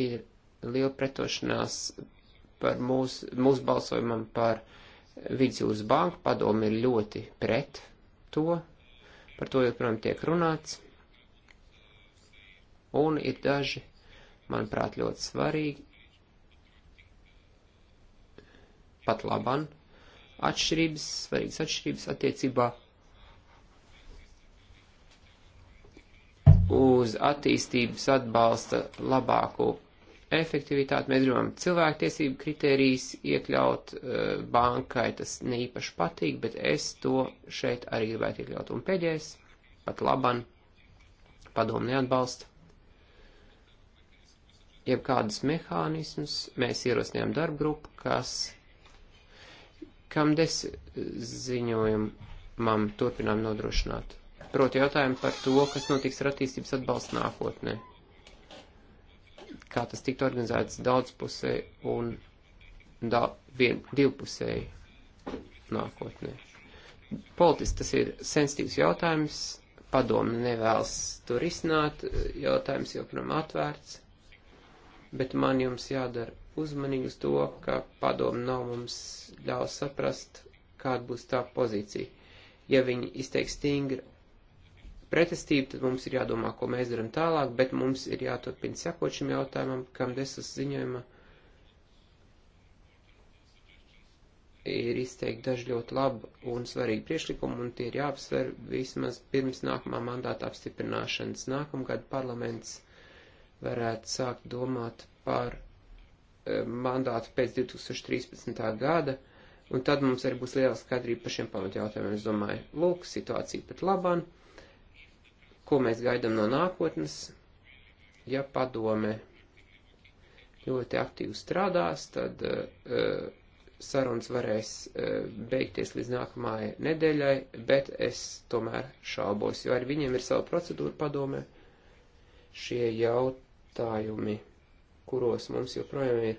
ir liela pretošanās par mūsu, mūsu balsojumam par vidusjūras banku. Padomi ir ļoti pret to. Par to joprojām tiek runāts. Un ir daži, manuprāt, ļoti svarīgi, pat laban, atšķirības, svarīgas atšķirības attiecībā uz attīstības atbalsta labāko efektivitāti. Mēs gribam cilvēktiesību kritērijas iekļaut eh, bankai, tas neīpaši patīk, bet es to šeit arī gribētu iekļaut. Un pēdējais, pat laban, padomu neatbalsta. Jeb kādus mehānismus mēs ierosinājām darba grupu, kas, kam des ziņojumam turpinām nodrošināt proti jautājumu par to, kas notiks ar attīstības atbalstu nākotnē. Kā tas tiktu organizēts daudzpusē un da, vien, divpusēji nākotnē. Politiski tas ir sensitīvs jautājums, padomu nevēlas tur izsnāt, jautājums joprojām atvērts, bet man jums jādara uzmanīgi uz to, ka padomu nav mums ļaus saprast, kāda būs tā pozīcija. Ja viņi izteiks stingru pretestību, tad mums ir jādomā, ko mēs darām tālāk, bet mums ir jāturpina sekot šim jautājumam, kam desas ziņojuma ir izteikti daži ļoti labi un svarīgi priešlikumi, un tie ir jāapsver vismaz pirms nākamā mandāta apstiprināšanas. Nākamgad parlaments varētu sākt domāt par eh, mandātu pēc 2013. gada, un tad mums arī būs liela skaidrība par šiem pamatjautājumiem, es domāju. Lūk, situācija pat labāk ko mēs gaidām no nākotnes. Ja padome ļoti aktīvi strādās, tad uh, sarunas varēs uh, beigties līdz nākamajai nedēļai, bet es tomēr šaubos, jo arī viņiem ir sava procedūra padome. Šie jautājumi, kuros mums joprojām ir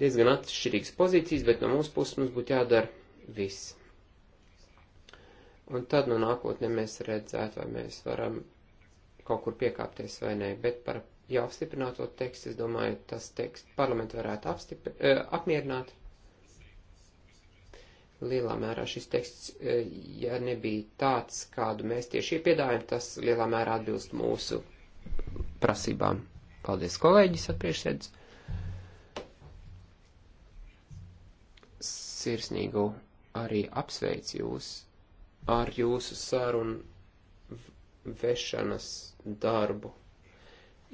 diezgan atšķirīgas pozīcijas, bet no mūsu puses mums būtu jādara viss. Un tad no nu nākotnē mēs redzētu, vai mēs varam kaut kur piekāpties vai nē. Bet par jau apstiprināto tekstu, es domāju, tas teksts parlamentu varētu apstipri, uh, apmierināt. Lielā mērā šis teksts, uh, ja nebija tāds, kādu mēs tieši piedāvājam, tas lielā mērā atbilst mūsu prasībām. Paldies, kolēģis, atpriekšsēdz. Sirsnīgu arī apsveic jūs ar jūsu sarunu vešanas darbu.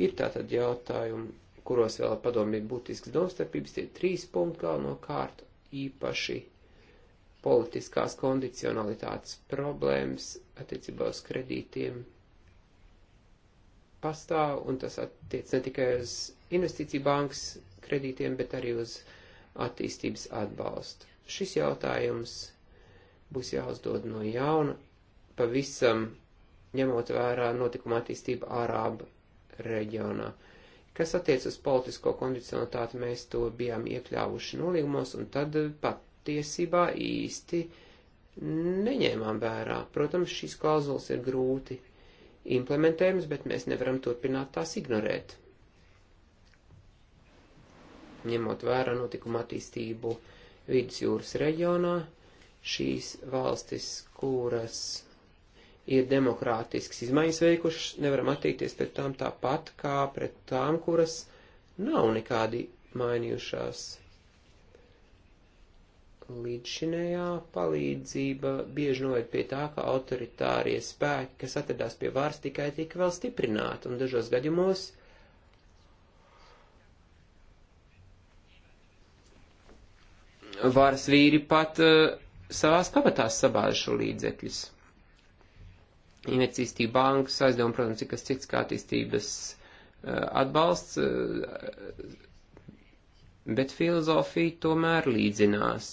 Ir tātad jautājumi, kuros vēl padomīgi būtisks domstarpības, tie trīs punkti galvenokārt īpaši politiskās kondicionalitātes problēmas attiecībā uz kredītiem pastāv, un tas attiec ne tikai uz investīciju bankas kredītiem, bet arī uz attīstības atbalstu. Šis jautājums būs jāuzdod no jauna, pavisam ņemot vērā notikuma attīstību Ārābu reģionā. Kas attiec uz politisko kondicionalitāti, mēs to bijām iekļāvuši nolīgumos, un tad patiesībā īsti neņēmām vērā. Protams, šīs klauzulas ir grūti implementējums, bet mēs nevaram turpināt tās ignorēt. Ņemot vērā notikuma attīstību vidusjūras reģionā, Šīs valstis, kuras ir demokrātisks izmaiņas veikušas, nevaram attīties pret tām tāpat kā pret tām, kuras nav nekādi mainījušās. Līdzšinējā palīdzība bieži noved pie tā, ka autoritārie spēki, kas atradās pie varas, tikai tika vēl stiprināti, un dažos gadījumos varas vīri pat uh, savās kabatās sabāž šo līdzekļus. Investīcija bankas aizdevumi, protams, ir kas cits kā attīstības eh, atbalsts, eh, bet filozofija tomēr līdzinās.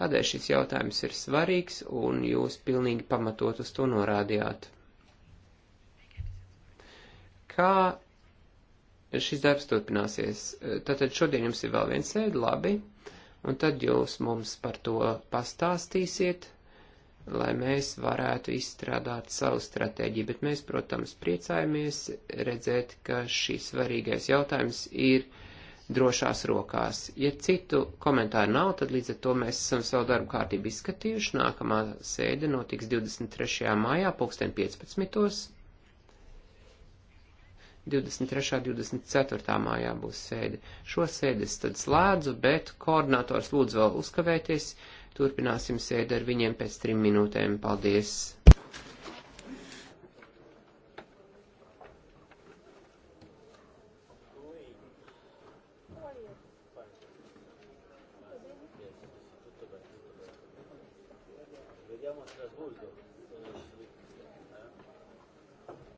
Tādēļ šis jautājums ir svarīgs, un jūs pilnīgi pamatot uz to norādījāt. Kā šis darbs turpināsies? Eh, tātad šodien jums ir vēl viens sēdi, labi un tad jūs mums par to pastāstīsiet, lai mēs varētu izstrādāt savu stratēģiju. Bet mēs, protams, priecājamies redzēt, ka šis svarīgais jautājums ir drošās rokās. Ja citu komentāru nav, tad līdz ar to mēs esam savu darbu kārtību izskatījuši. Nākamā sēde notiks 23. maijā, pulksten 15. 23. 24. mājā būs sēde. Šo sēdes tad slēdzu, bet koordinators lūdzu vēl uzkavēties. Turpināsim sēdi ar viņiem pēc trim minūtēm. Paldies!